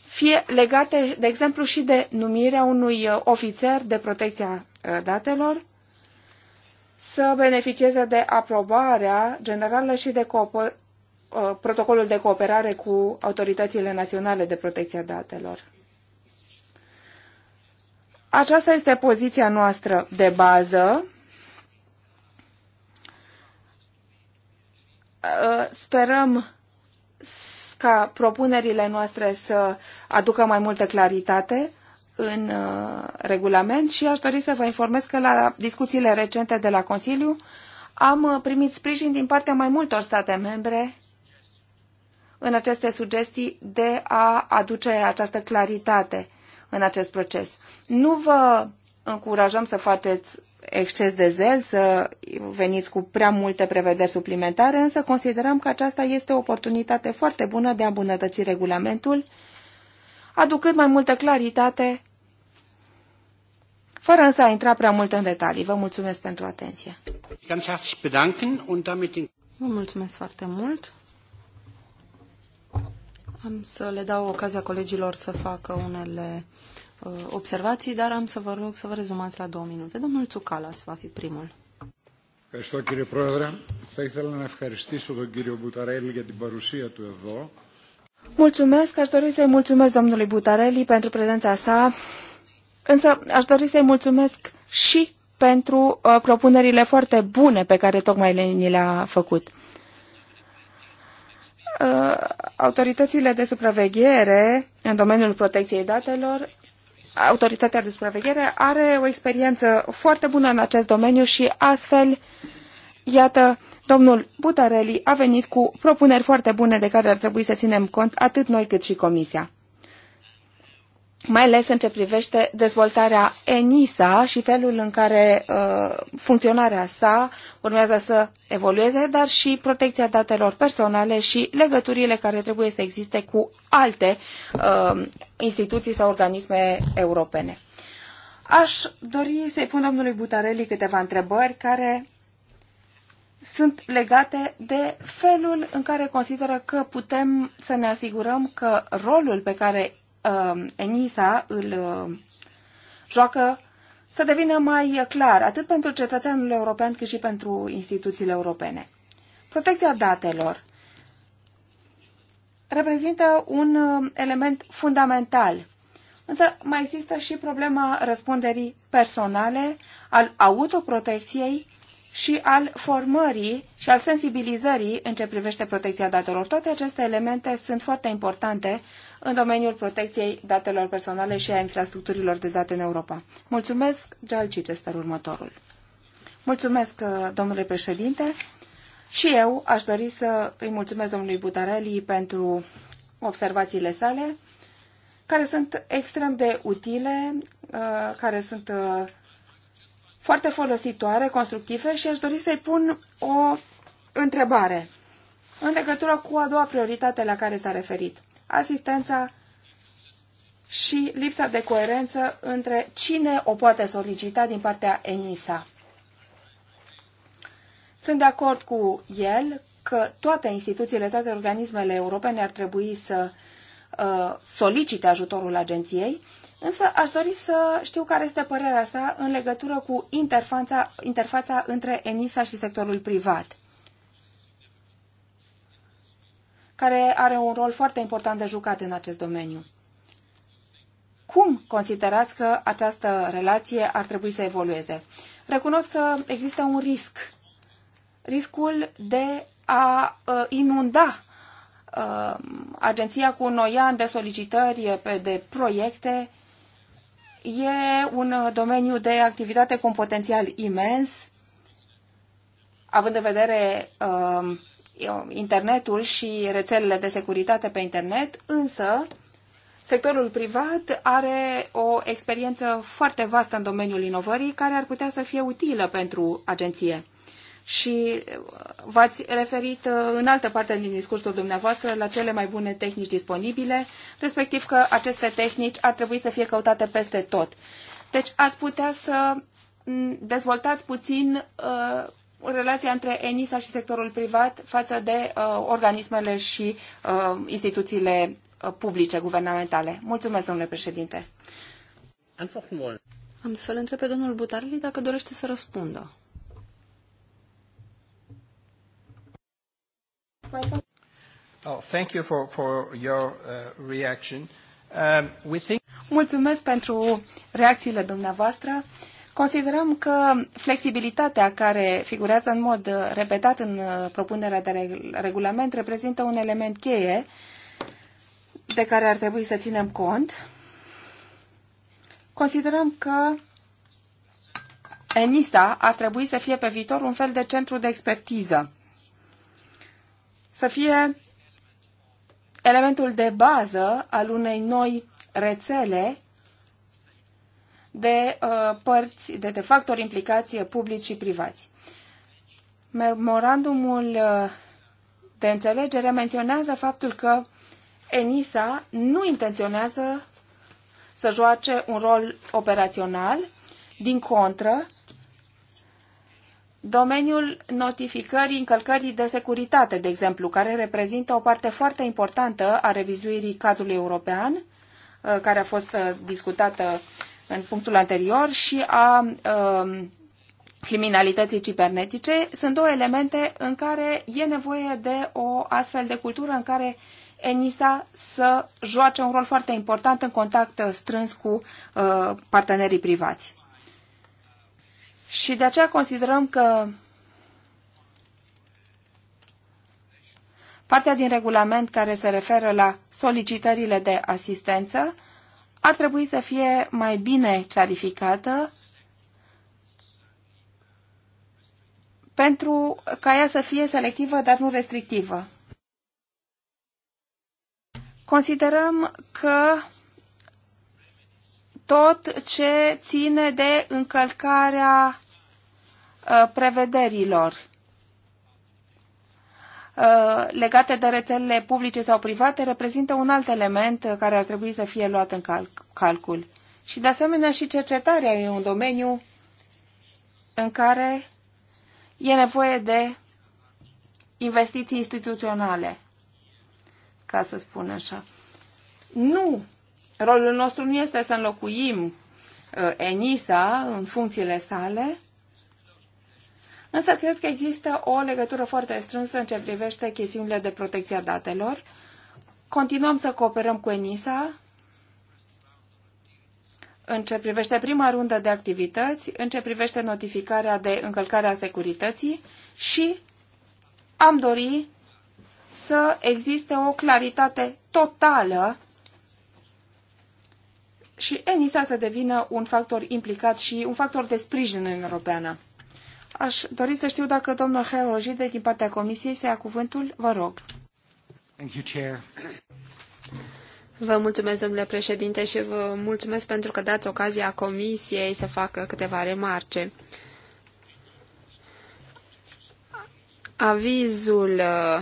fie legate, de exemplu, și de numirea unui uh, ofițer de protecția uh, datelor, să beneficieze de aprobarea generală și de Uh, protocolul de cooperare cu autoritățile naționale de protecție a datelor. Aceasta este poziția noastră de bază. Uh, sperăm ca propunerile noastre să aducă mai multă claritate în uh, regulament și aș dori să vă informez că la discuțiile recente de la Consiliu am primit sprijin din partea mai multor state membre în aceste sugestii de a aduce această claritate în acest proces. Nu vă încurajăm să faceți exces de zel, să veniți cu prea multe prevederi suplimentare, însă considerăm că aceasta este o oportunitate foarte bună de a îmbunătăți regulamentul, aducând mai multă claritate, fără însă a intra prea mult în detalii. Vă mulțumesc pentru atenție. Vă mulțumesc foarte mult. Am să le dau ocazia colegilor să facă unele uh, observații, dar am să vă rog să vă rezumați la două minute. Domnul Tsukalas va fi primul. Ευχαριστώ κύριε Πρόεδρε. Θα ήθελα να ευχαριστήσω τον κύριο Μπουταρέλη για την παρουσία του εδώ. Mulțumesc, aș dori să-i mulțumesc domnului Butarelli pentru prezența sa, însă aș dori să-i mulțumesc și pentru uh, propunerile foarte bune pe care tocmai ni le-a făcut. Uh, autoritățile de supraveghere în domeniul protecției datelor, autoritatea de supraveghere are o experiență foarte bună în acest domeniu și astfel, iată, domnul Butarelli a venit cu propuneri foarte bune de care ar trebui să ținem cont atât noi cât și Comisia mai ales în ce privește dezvoltarea ENISA și felul în care uh, funcționarea sa urmează să evolueze, dar și protecția datelor personale și legăturile care trebuie să existe cu alte uh, instituții sau organisme europene. Aș dori să-i pun domnului Butarelli câteva întrebări care sunt legate de felul în care consideră că putem să ne asigurăm că rolul pe care Um, ENISA îl um, joacă să devină mai clar, atât pentru cetățeanul european, cât și pentru instituțiile europene. Protecția datelor reprezintă un um, element fundamental. Însă mai există și problema răspunderii personale, al autoprotecției și al formării și al sensibilizării în ce privește protecția datelor. Toate aceste elemente sunt foarte importante în domeniul protecției datelor personale și a infrastructurilor de date în Europa. Mulțumesc, Gial Cicester, următorul. Mulțumesc, uh, domnule președinte. Și eu aș dori să îi mulțumesc domnului Butarelli pentru observațiile sale, care sunt extrem de utile, uh, care sunt uh, foarte folositoare, constructive și aș dori să-i pun o întrebare în legătură cu a doua prioritate la care s-a referit, asistența și lipsa de coerență între cine o poate solicita din partea ENISA. Sunt de acord cu el că toate instituțiile, toate organismele europene ar trebui să uh, solicite ajutorul agenției, Însă aș dori să știu care este părerea sa în legătură cu interfața, interfața între ENISA și sectorul privat, care are un rol foarte important de jucat în acest domeniu. Cum considerați că această relație ar trebui să evolueze? Recunosc că există un risc, riscul de a uh, inunda uh, agenția cu noi ani de solicitări uh, de proiecte E un uh, domeniu de activitate cu un potențial imens, având în vedere uh, internetul și rețelele de securitate pe internet, însă sectorul privat are o experiență foarte vastă în domeniul inovării care ar putea să fie utilă pentru agenție și uh, v-ați referit uh, în altă parte din discursul dumneavoastră la cele mai bune tehnici disponibile, respectiv că aceste tehnici ar trebui să fie căutate peste tot. Deci ați putea să dezvoltați puțin uh, relația între ENISA și sectorul privat față de uh, organismele și uh, instituțiile uh, publice, guvernamentale. Mulțumesc, domnule președinte. Am să-l întreb pe domnul Butarli dacă dorește să răspundă. Oh, thank you for, for your uh, reaction. Um, we think... Mulțumesc pentru reacțiile dumneavoastră. Considerăm că flexibilitatea care figurează în mod uh, repetat în uh, propunerea de regulament reprezintă un element cheie de care ar trebui să ținem cont. Considerăm că ENISA ar trebui să fie pe viitor un fel de centru de expertiză să fie elementul de bază al unei noi rețele de uh, părți, de, de factori implicație publici și privați. Memorandumul uh, de înțelegere menționează faptul că ENISA nu intenționează să joace un rol operațional, din contră, domeniul notificării încălcării de securitate, de exemplu, care reprezintă o parte foarte importantă a revizuirii cadrului european, uh, care a fost uh, discutată în punctul anterior, și a um, criminalității cibernetice, sunt două elemente în care e nevoie de o astfel de cultură în care ENISA să joace un rol foarte important în contact uh, strâns cu partenerii privați. Și de aceea considerăm că partea din regulament care se referă la solicitările de asistență ar trebui să fie mai bine clarificată pentru ca ea să fie selectivă, dar nu restrictivă. Considerăm că tot ce ține de încălcarea Uh, prevederilor uh, legate de rețelele publice sau private reprezintă un alt element uh, care ar trebui să fie luat în calcul. Și de asemenea și cercetarea e un domeniu în care e nevoie de investiții instituționale, ca să spun așa. Nu, rolul nostru nu este să înlocuim ENISA în funcțiile sale, Însă cred că există o legătură foarte strânsă în ce privește chestiunile de protecția datelor. Continuăm să cooperăm cu ENISA în ce privește prima rundă de activități, în ce privește notificarea de încălcare a securității și am dori să existe o claritate totală și ENISA să devină un factor implicat și un factor de sprijin în Europeană. Aș dori să știu dacă domnul Herojide din partea Comisiei se ia cuvântul. Vă rog. Thank you, Chair. Vă mulțumesc, domnule președinte, și vă mulțumesc pentru că dați ocazia Comisiei să facă câteva remarce. Avizul uh,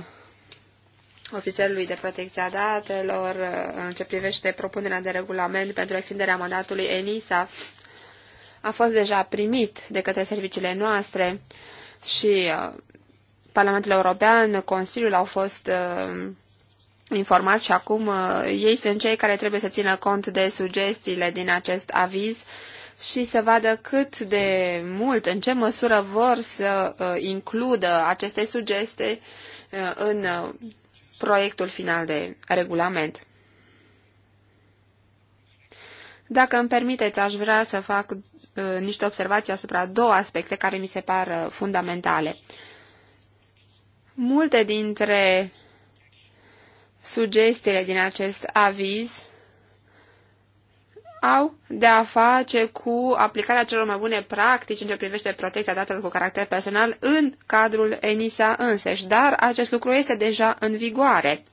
ofițerului de protecție a datelor uh, în ce privește propunerea de regulament pentru extinderea mandatului ENISA a fost deja primit de către serviciile noastre și uh, Parlamentul European, Consiliul au fost uh, informați și acum uh, ei sunt cei care trebuie să țină cont de sugestiile din acest aviz și să vadă cât de mult, în ce măsură vor să uh, includă aceste sugestii uh, în uh, proiectul final de regulament. Dacă îmi permiteți, aș vrea să fac Uh, niște observații asupra două aspecte care mi se par uh, fundamentale. Multe dintre sugestiile din acest aviz au de a face cu aplicarea celor mai bune practici în ce privește protecția datelor cu caracter personal în cadrul ENISA însăși, dar acest lucru este deja în vigoare.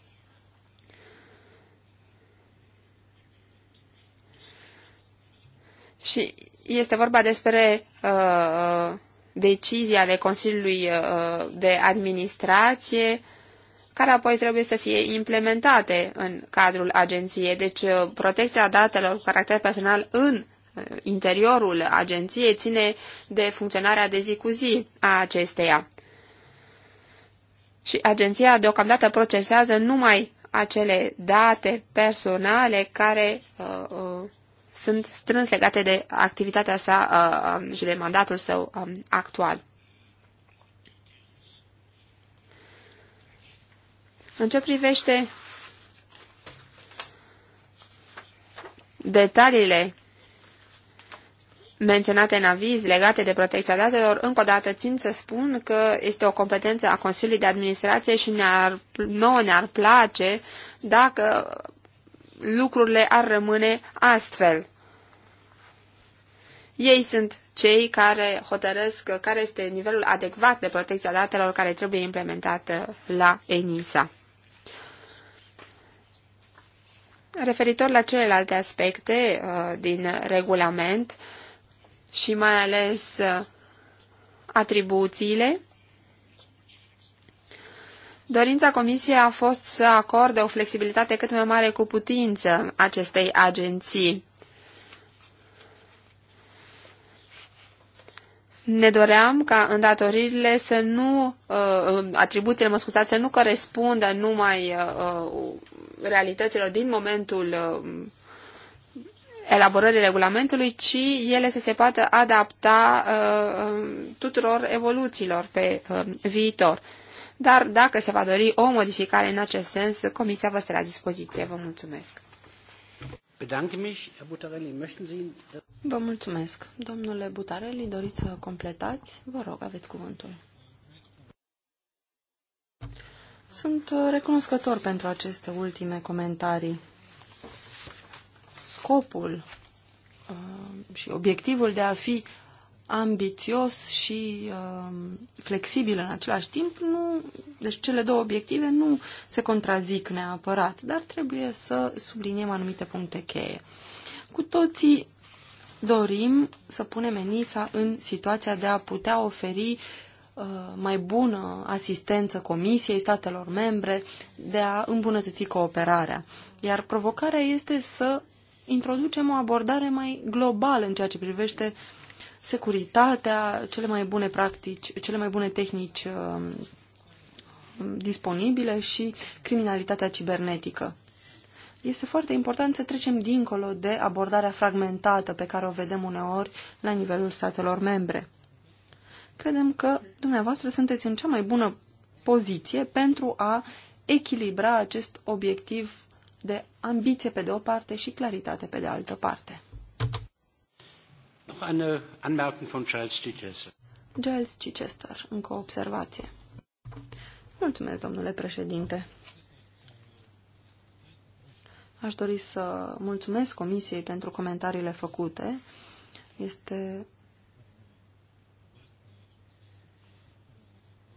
Și este vorba despre uh, uh, decizia ale Consiliului uh, de Administrație care apoi trebuie să fie implementate în cadrul agenției. Deci uh, protecția datelor cu caracter personal în uh, interiorul agenției ține de funcționarea de zi cu zi a acesteia. Și agenția deocamdată procesează numai acele date personale care uh, uh, sunt strâns legate de activitatea sa uh, um, și de mandatul său um, actual. În ce privește detaliile menționate în aviz legate de protecția datelor, încă o dată țin să spun că este o competență a Consiliului de Administrație și ne-ar, nouă ne-ar place dacă lucrurile ar rămâne astfel. Ei sunt cei care hotărăsc care este nivelul adecvat de protecția datelor care trebuie implementată la ENISA. Referitor la celelalte aspecte uh, din regulament și mai ales uh, atribuțiile, dorința Comisiei a fost să acorde o flexibilitate cât mai mare cu putință acestei agenții ne doream ca îndatoririle să nu, uh, atribuțiile, mă scuzați, să nu corespundă numai uh, uh, realităților din momentul elaborării regulamentului, ci ele să se poată adapta tuturor evoluțiilor pe viitor. Dar dacă se va dori o modificare în acest sens, Comisia vă stă la dispoziție. Vă mulțumesc! Vă mulțumesc. Domnule Butarelli, doriți să completați? Vă rog, aveți cuvântul. Sunt recunoscător pentru aceste ultime comentarii. Scopul uh, și obiectivul de a fi ambițios și uh, flexibil în același timp, nu, deci cele două obiective nu se contrazic neapărat, dar trebuie să subliniem anumite puncte cheie. Cu toții dorim să punem ENISA în situația de a putea oferi uh, mai bună asistență Comisiei, statelor membre, de a îmbunătăți cooperarea. Iar provocarea este să introducem o abordare mai globală în ceea ce privește uh, securitatea, cele mai bune practici, cele mai bune tehnici uh, disponibile și criminalitatea cibernetică. Este foarte important să trecem dincolo de abordarea fragmentată pe care o vedem uneori la nivelul statelor membre. Credem că dumneavoastră sunteți în cea mai bună poziție pentru a echilibra acest obiectiv de ambiție pe de o parte și claritate pe de altă parte noch eine Anmerkung von Giles Chichester. Giles Chichester, încă o observație. Mulțumesc, domnule președinte. Aș dori să mulțumesc Comisiei pentru comentariile făcute. Este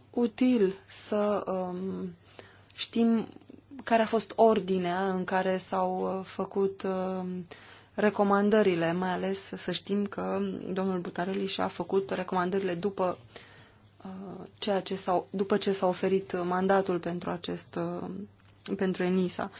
util să um, știm care a fost ordinea în care s-au uh, făcut um, recomandările, mai ales să știm că domnul Butarelli și-a făcut recomandările după, uh, ceea ce s-a, după ce s-a oferit mandatul pentru, acest, uh, pentru ENISA.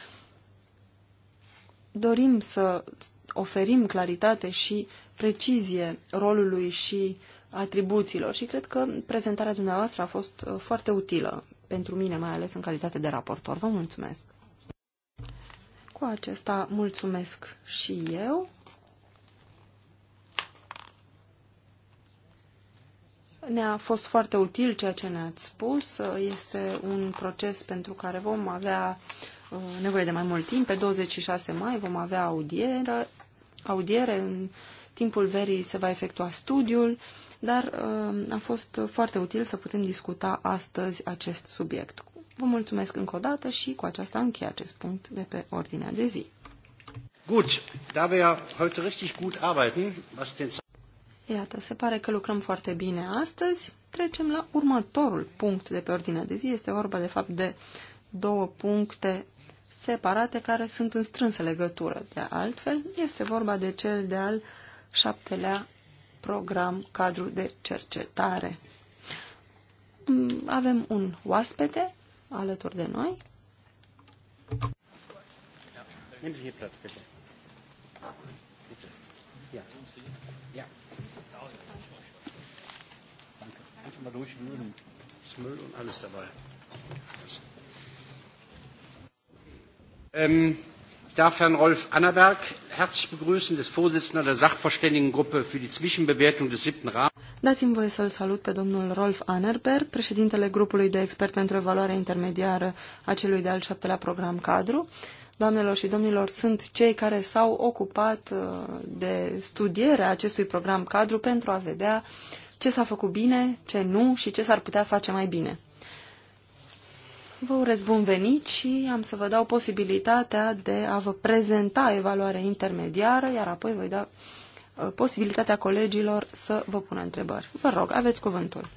Dorim să oferim claritate și precizie rolului și atribuțiilor și cred că prezentarea dumneavoastră a fost uh, foarte utilă pentru mine, mai ales în calitate de raportor. Vă mulțumesc! Cu acesta mulțumesc și eu. Ne-a fost foarte util ceea ce ne-ați spus. Este un proces pentru care vom avea uh, nevoie de mai mult timp. Pe 26 mai vom avea audiere. audiere. În timpul verii se va efectua studiul, dar uh, a fost foarte util să putem discuta astăzi acest subiect. Vă mulțumesc încă o dată și cu aceasta încheie acest punct de pe ordinea de zi. Gut, da wir heute richtig gut arbeiten, was den Iată, se pare că lucrăm foarte bine astăzi. Trecem la următorul punct de pe ordinea de zi. Este vorba, de fapt, de două puncte separate care sunt în strânsă legătură. De altfel, este vorba de cel de-al șaptelea program cadru de cercetare. Mm, avem un oaspete alături de noi. Ähm, ich darf Herrn Rolf Annaberg herzlich begrüßen, des Vorsitzenden der Sachverständigengruppe für die Zwischenbewertung des siebten Rahmens. Dați-mi voie să-l salut pe domnul Rolf Anerber, președintele grupului de expert pentru evaluarea intermediară a celui de-al șaptelea program cadru. Doamnelor și domnilor, sunt cei care s-au ocupat uh, de studierea acestui program cadru pentru a vedea ce s-a făcut bine, ce nu și ce s-ar putea face mai bine. Vă urez bun venit și am să vă dau posibilitatea de a vă prezenta evaluarea intermediară, iar apoi voi da Uh, posibilitatea colegilor să vă pună întrebări. Vă rog, aveți cuvântul.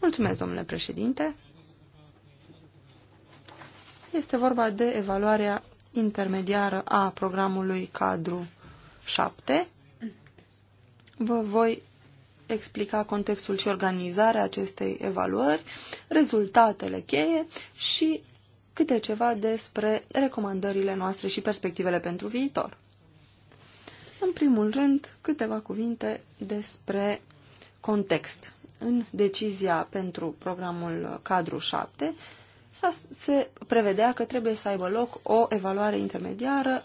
Mulțumesc, domnule președinte. Este vorba de evaluarea intermediară a programului cadru 7. Vă voi explica contextul și organizarea acestei evaluări, rezultatele cheie și câte ceva despre recomandările noastre și perspectivele pentru viitor. În primul rând, câteva cuvinte despre context. În decizia pentru programul cadru 7 se prevedea că trebuie să aibă loc o evaluare intermediară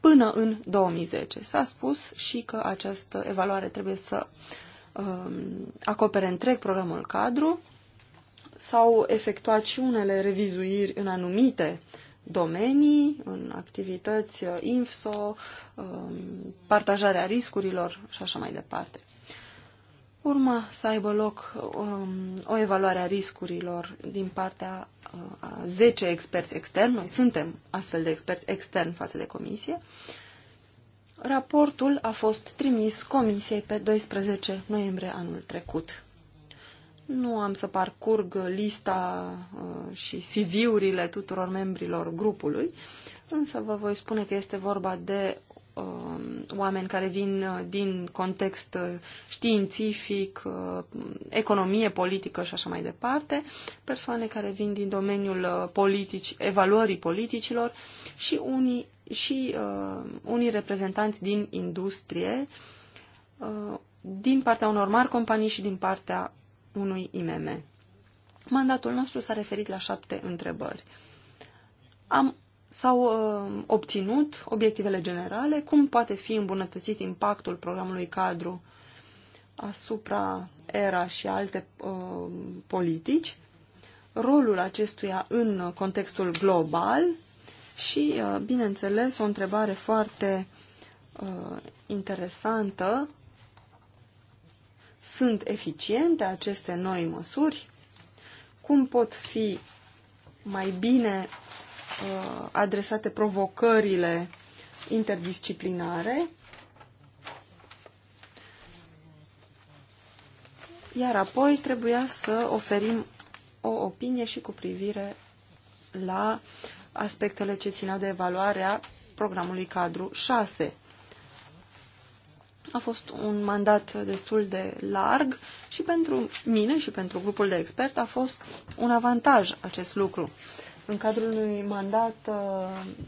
până în 2010. S-a spus și că această evaluare trebuie să um, acopere întreg programul cadru. S-au efectuat și unele revizuiri în anumite domenii, în activități uh, INFSO, um, partajarea riscurilor și așa mai departe. Urma să aibă loc um, o evaluare a riscurilor din partea uh, a 10 experți externi, noi suntem astfel de experți externi față de comisie. Raportul a fost trimis comisiei pe 12 noiembrie anul trecut. Nu am să parcurg lista uh, și CV-urile tuturor membrilor grupului, însă vă voi spune că este vorba de uh, oameni care vin uh, din context științific, economie politică și așa mai departe, persoane care vin din domeniul politici, evaluării politicilor și unii, și, uh, unii reprezentanți din industrie, uh, din partea unor mari companii și din partea unui IMM. Mandatul nostru s-a referit la șapte întrebări. Am, s-au uh, obținut obiectivele generale, cum poate fi îmbunătățit impactul programului cadru asupra ERA și alte uh, politici, rolul acestuia în contextul global și, uh, bineînțeles, o întrebare foarte uh, interesantă sunt eficiente aceste noi măsuri? Cum pot fi mai bine uh, adresate provocările interdisciplinare? Iar apoi trebuia să oferim o opinie și cu privire la aspectele ce țineau de evaluarea programului cadru 6. A fost un mandat destul de larg și pentru mine și pentru grupul de expert a fost un avantaj acest lucru. În cadrul unui mandat uh,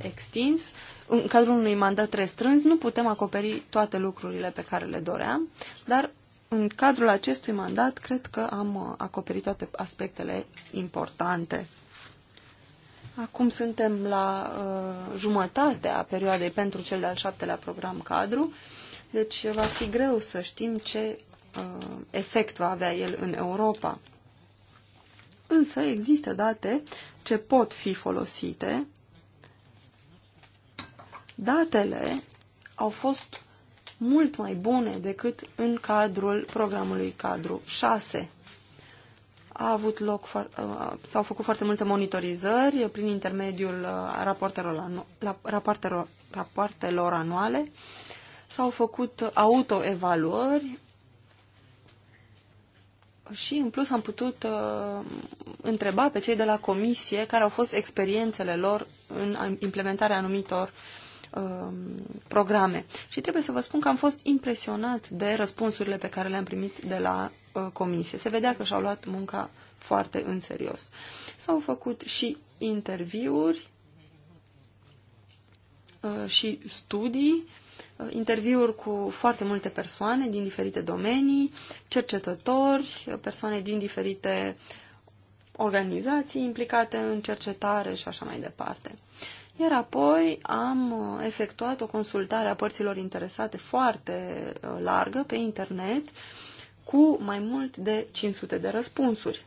extins, în cadrul unui mandat restrâns, nu putem acoperi toate lucrurile pe care le doream, dar în cadrul acestui mandat cred că am uh, acoperit toate aspectele importante. Acum suntem la uh, jumătatea perioadei pentru cel de-al șaptelea program cadru deci va fi greu să știm ce uh, efect va avea el în Europa. Însă există date ce pot fi folosite. Datele au fost mult mai bune decât în cadrul programului cadru 6. A avut loc, uh, s-au făcut foarte multe monitorizări prin intermediul uh, rapoartelor, anuale S-au făcut autoevaluări și în plus am putut uh, întreba pe cei de la comisie care au fost experiențele lor în implementarea anumitor uh, programe. Și trebuie să vă spun că am fost impresionat de răspunsurile pe care le-am primit de la uh, comisie. Se vedea că și-au luat munca foarte în serios. S-au făcut și interviuri uh, și studii interviuri cu foarte multe persoane din diferite domenii, cercetători, persoane din diferite organizații implicate în cercetare și așa mai departe. Iar apoi am efectuat o consultare a părților interesate foarte uh, largă pe internet cu mai mult de 500 de răspunsuri.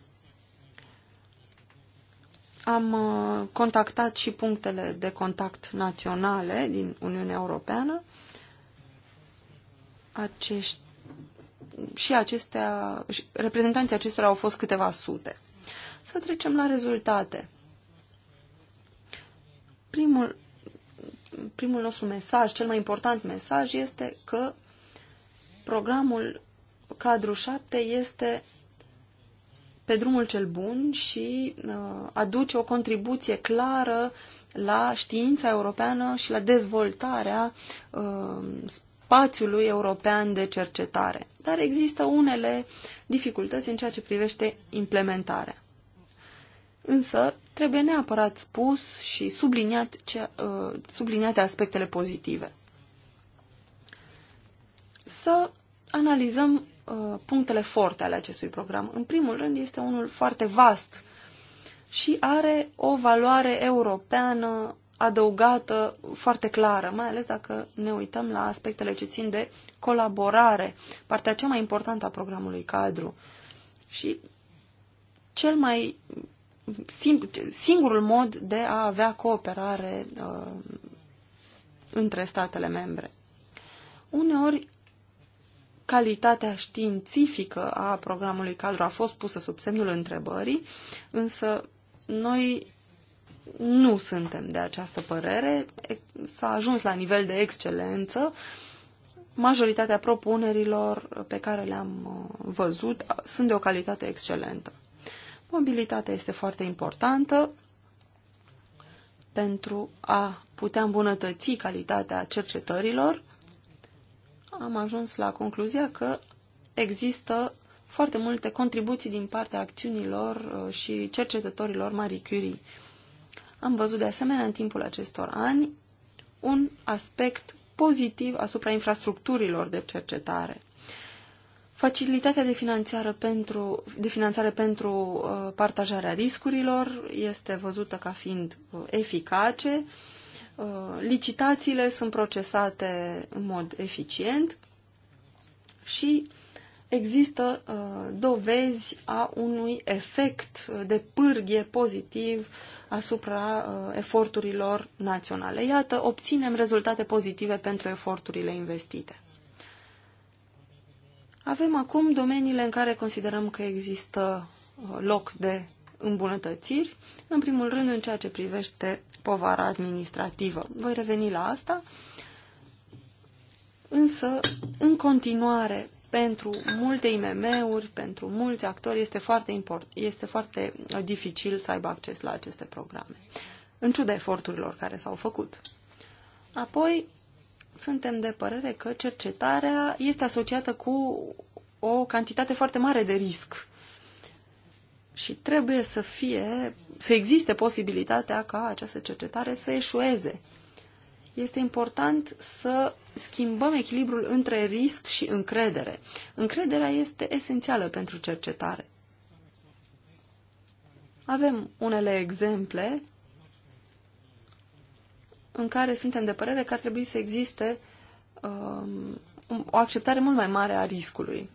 Am uh, contactat și punctele de contact naționale din Uniunea Europeană acești, și acestea, reprezentanții acestora au fost câteva sute. Să trecem la rezultate. Primul, primul nostru mesaj, cel mai important mesaj, este că programul cadru 7 este pe drumul cel bun și uh, aduce o contribuție clară la știința europeană și la dezvoltarea uh, spațiului european de cercetare. Dar există unele dificultăți în ceea ce privește implementarea. Însă, trebuie neapărat spus și subliniat ce, uh, subliniate aspectele pozitive. Să analizăm uh, punctele forte ale acestui program. În primul rând, este unul foarte vast și are o valoare europeană adăugată foarte clară, mai ales dacă ne uităm la aspectele ce țin de colaborare, partea cea mai importantă a programului cadru. Și cel mai singurul mod de a avea cooperare uh, între statele membre. Uneori, calitatea științifică a programului cadru a fost pusă sub semnul întrebării, însă noi nu suntem de această părere. S-a ajuns la nivel de excelență. Majoritatea propunerilor pe care le-am uh, văzut sunt de o calitate excelentă. Mobilitatea este foarte importantă pentru a putea îmbunătăți calitatea cercetărilor. Am ajuns la concluzia că există foarte multe contribuții din partea acțiunilor uh, și cercetătorilor Marie Curie am văzut de asemenea în timpul acestor ani un aspect pozitiv asupra infrastructurilor de cercetare. Facilitatea de finanțare pentru, de finanțare pentru uh, partajarea riscurilor este văzută ca fiind uh, eficace, uh, licitațiile sunt procesate în mod eficient și există uh, dovezi a unui efect de pârghie pozitiv asupra uh, eforturilor naționale. Iată, obținem rezultate pozitive pentru eforturile investite. Avem acum domeniile în care considerăm că există uh, loc de îmbunătățiri, în primul rând în ceea ce privește povara administrativă. Voi reveni la asta, însă, în continuare, pentru multe IMM-uri, pentru mulți actori, este foarte, import, este foarte uh, dificil să aibă acces la aceste programe, în ciuda eforturilor care s-au făcut. Apoi, suntem de părere că cercetarea este asociată cu o cantitate foarte mare de risc și trebuie să fie, să existe posibilitatea ca această cercetare să eșueze este important să schimbăm echilibrul între risc și încredere. Încrederea este esențială pentru cercetare. Avem unele exemple în care suntem de părere că ar trebui să existe um, o acceptare mult mai mare a riscului.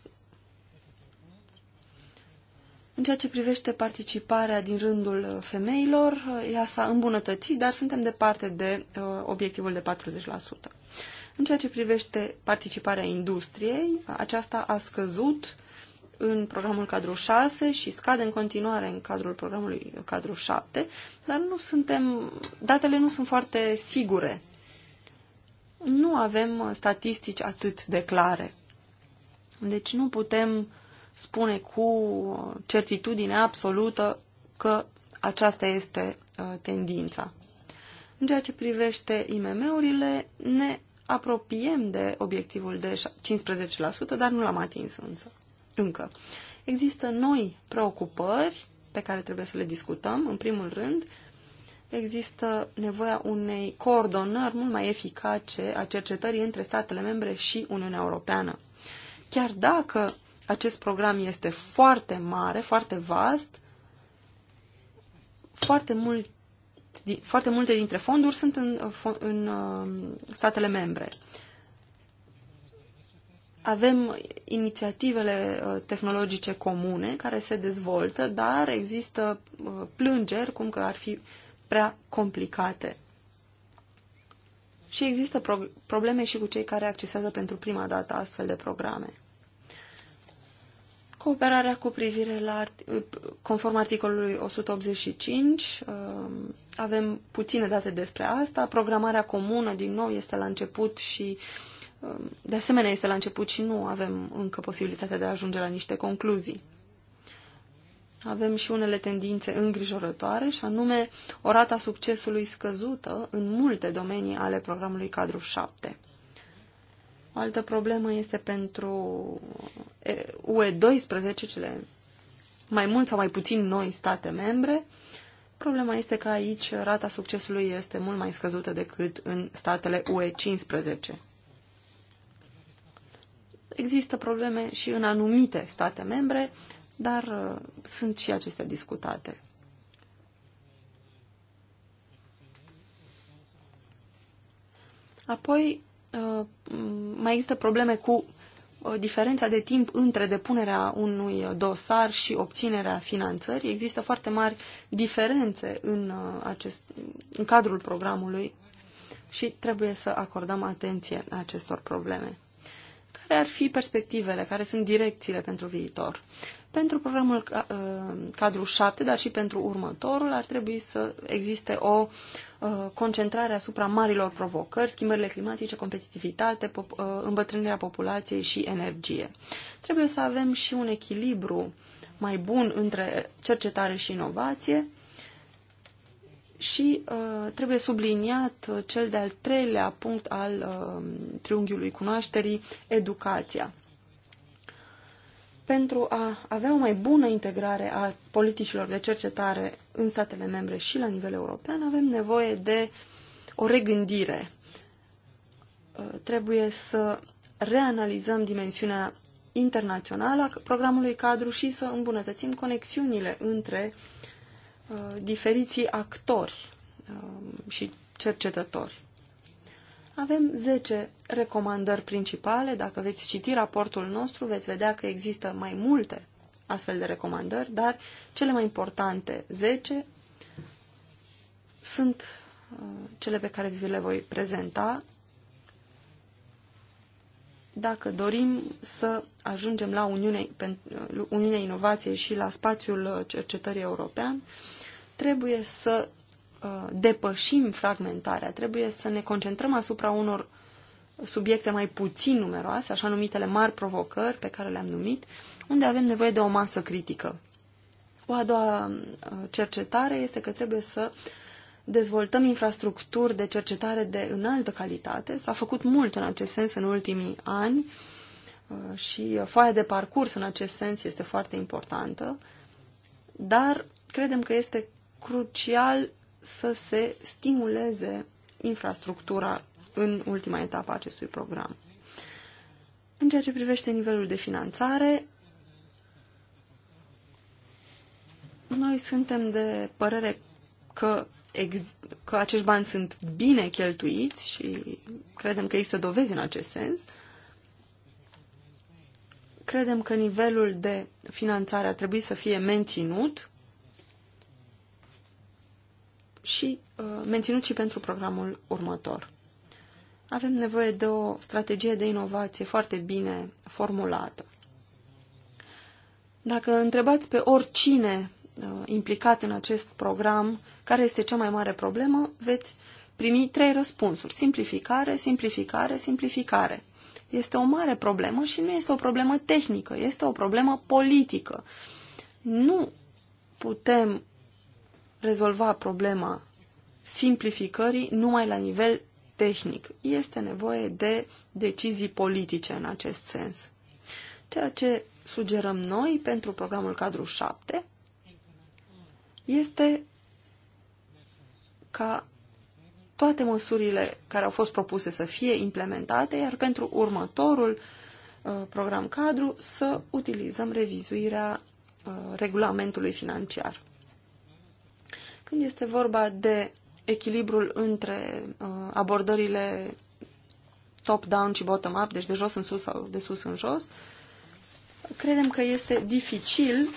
În ceea ce privește participarea din rândul uh, femeilor, uh, ea s-a îmbunătățit, dar suntem departe de uh, obiectivul de 40%. În ceea ce privește participarea industriei, aceasta a scăzut în programul cadru 6 și scade în continuare în cadrul programului uh, cadru 7, dar nu suntem, datele nu sunt foarte sigure. Nu avem statistici atât de clare. Deci nu putem spune cu certitudine absolută că aceasta este uh, tendința. În ceea ce privește IMM-urile, ne apropiem de obiectivul de 15%, dar nu l-am atins însă, încă. Există noi preocupări pe care trebuie să le discutăm. În primul rând, există nevoia unei coordonări mult mai eficace a cercetării între statele membre și Uniunea Europeană. Chiar dacă acest program este foarte mare, foarte vast. Foarte, mult, foarte multe dintre fonduri sunt în, în um, statele membre. Avem inițiativele uh, tehnologice comune care se dezvoltă, dar există uh, plângeri cum că ar fi prea complicate. Și există pro probleme și cu cei care accesează pentru prima dată astfel de programe. Cooperarea cu privire la, conform articolului 185, um, avem puține date despre asta. Programarea comună, din nou, este la început și, um, de asemenea, este la început și nu avem încă posibilitatea de a ajunge la niște concluzii. Avem și unele tendințe îngrijorătoare, și anume o rata succesului scăzută în multe domenii ale programului cadru 7. O altă problemă este pentru UE12, cele mai mult sau mai puțin noi state membre. Problema este că aici rata succesului este mult mai scăzută decât în statele UE15. Există probleme și în anumite state membre, dar uh, sunt și acestea discutate. Apoi, Uh, mai există probleme cu uh, diferența de timp între depunerea unui dosar și obținerea finanțării. Există foarte mari diferențe în, uh, acest, în cadrul programului și trebuie să acordăm atenție acestor probleme. Care ar fi perspectivele, care sunt direcțiile pentru viitor? Pentru programul uh, cadru 7, dar și pentru următorul, ar trebui să existe o uh, concentrare asupra marilor provocări, schimbările climatice, competitivitate, uh, îmbătrânirea populației și energie. Trebuie să avem și un echilibru mai bun între cercetare și inovație, și uh, trebuie subliniat cel de-al treilea punct al uh, triunghiului cunoașterii, educația pentru a avea o mai bună integrare a politicilor de cercetare în statele membre și la nivel european, avem nevoie de o regândire. Uh, trebuie să reanalizăm dimensiunea internațională a programului cadru și să îmbunătățim conexiunile între uh, diferiții actori uh, și cercetători. Avem 10 recomandări principale. Dacă veți citi raportul nostru, veți vedea că există mai multe astfel de recomandări, dar cele mai importante 10 sunt uh, cele pe care vi le voi prezenta dacă dorim să ajungem la uh, Uniunea Inovației și la spațiul uh, cercetării european, trebuie să depășim fragmentarea, trebuie să ne concentrăm asupra unor subiecte mai puțin numeroase, așa numitele mari provocări pe care le-am numit, unde avem nevoie de o masă critică. O a doua uh, cercetare este că trebuie să dezvoltăm infrastructuri de cercetare de înaltă calitate. S-a făcut mult în acest sens în ultimii ani uh, și foaia de parcurs în acest sens este foarte importantă, dar credem că este crucial să se stimuleze infrastructura în ultima etapă a acestui program. În ceea ce privește nivelul de finanțare, noi suntem de părere că, că acești bani sunt bine cheltuiți și credem că există dovezi în acest sens. Credem că nivelul de finanțare ar trebui să fie menținut și uh, menținut și pentru programul următor avem nevoie de o strategie de inovație foarte bine formulată. Dacă întrebați pe oricine uh, implicat în acest program care este cea mai mare problemă, veți primi trei răspunsuri. Simplificare, simplificare, simplificare. Este o mare problemă și nu este o problemă tehnică, este o problemă politică. Nu putem rezolva problema simplificării numai la nivel tehnic. Este nevoie de decizii politice în acest sens. Ceea ce sugerăm noi pentru programul cadru 7 este ca toate măsurile care au fost propuse să fie implementate, iar pentru următorul uh, program cadru să utilizăm revizuirea uh, regulamentului financiar. Când este vorba de echilibrul între uh, abordările top-down și bottom-up, deci de jos în sus sau de sus în jos, credem că este dificil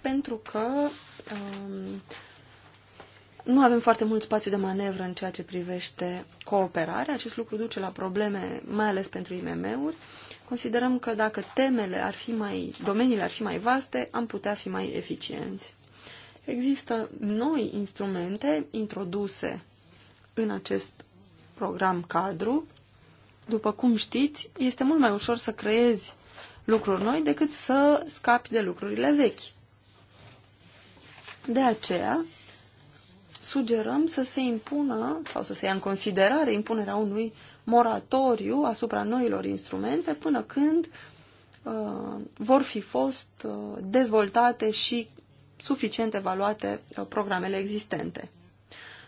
pentru că um, nu avem foarte mult spațiu de manevră în ceea ce privește cooperarea. Acest lucru duce la probleme, mai ales pentru IMM-uri. Considerăm că dacă temele ar fi mai, domeniile ar fi mai vaste, am putea fi mai eficienți. Există noi instrumente introduse în acest program cadru. După cum știți, este mult mai ușor să creezi lucruri noi decât să scapi de lucrurile vechi. De aceea, sugerăm să se impună sau să se ia în considerare impunerea unui moratoriu asupra noilor instrumente până când uh, vor fi fost uh, dezvoltate și suficient evaluate uh, programele existente.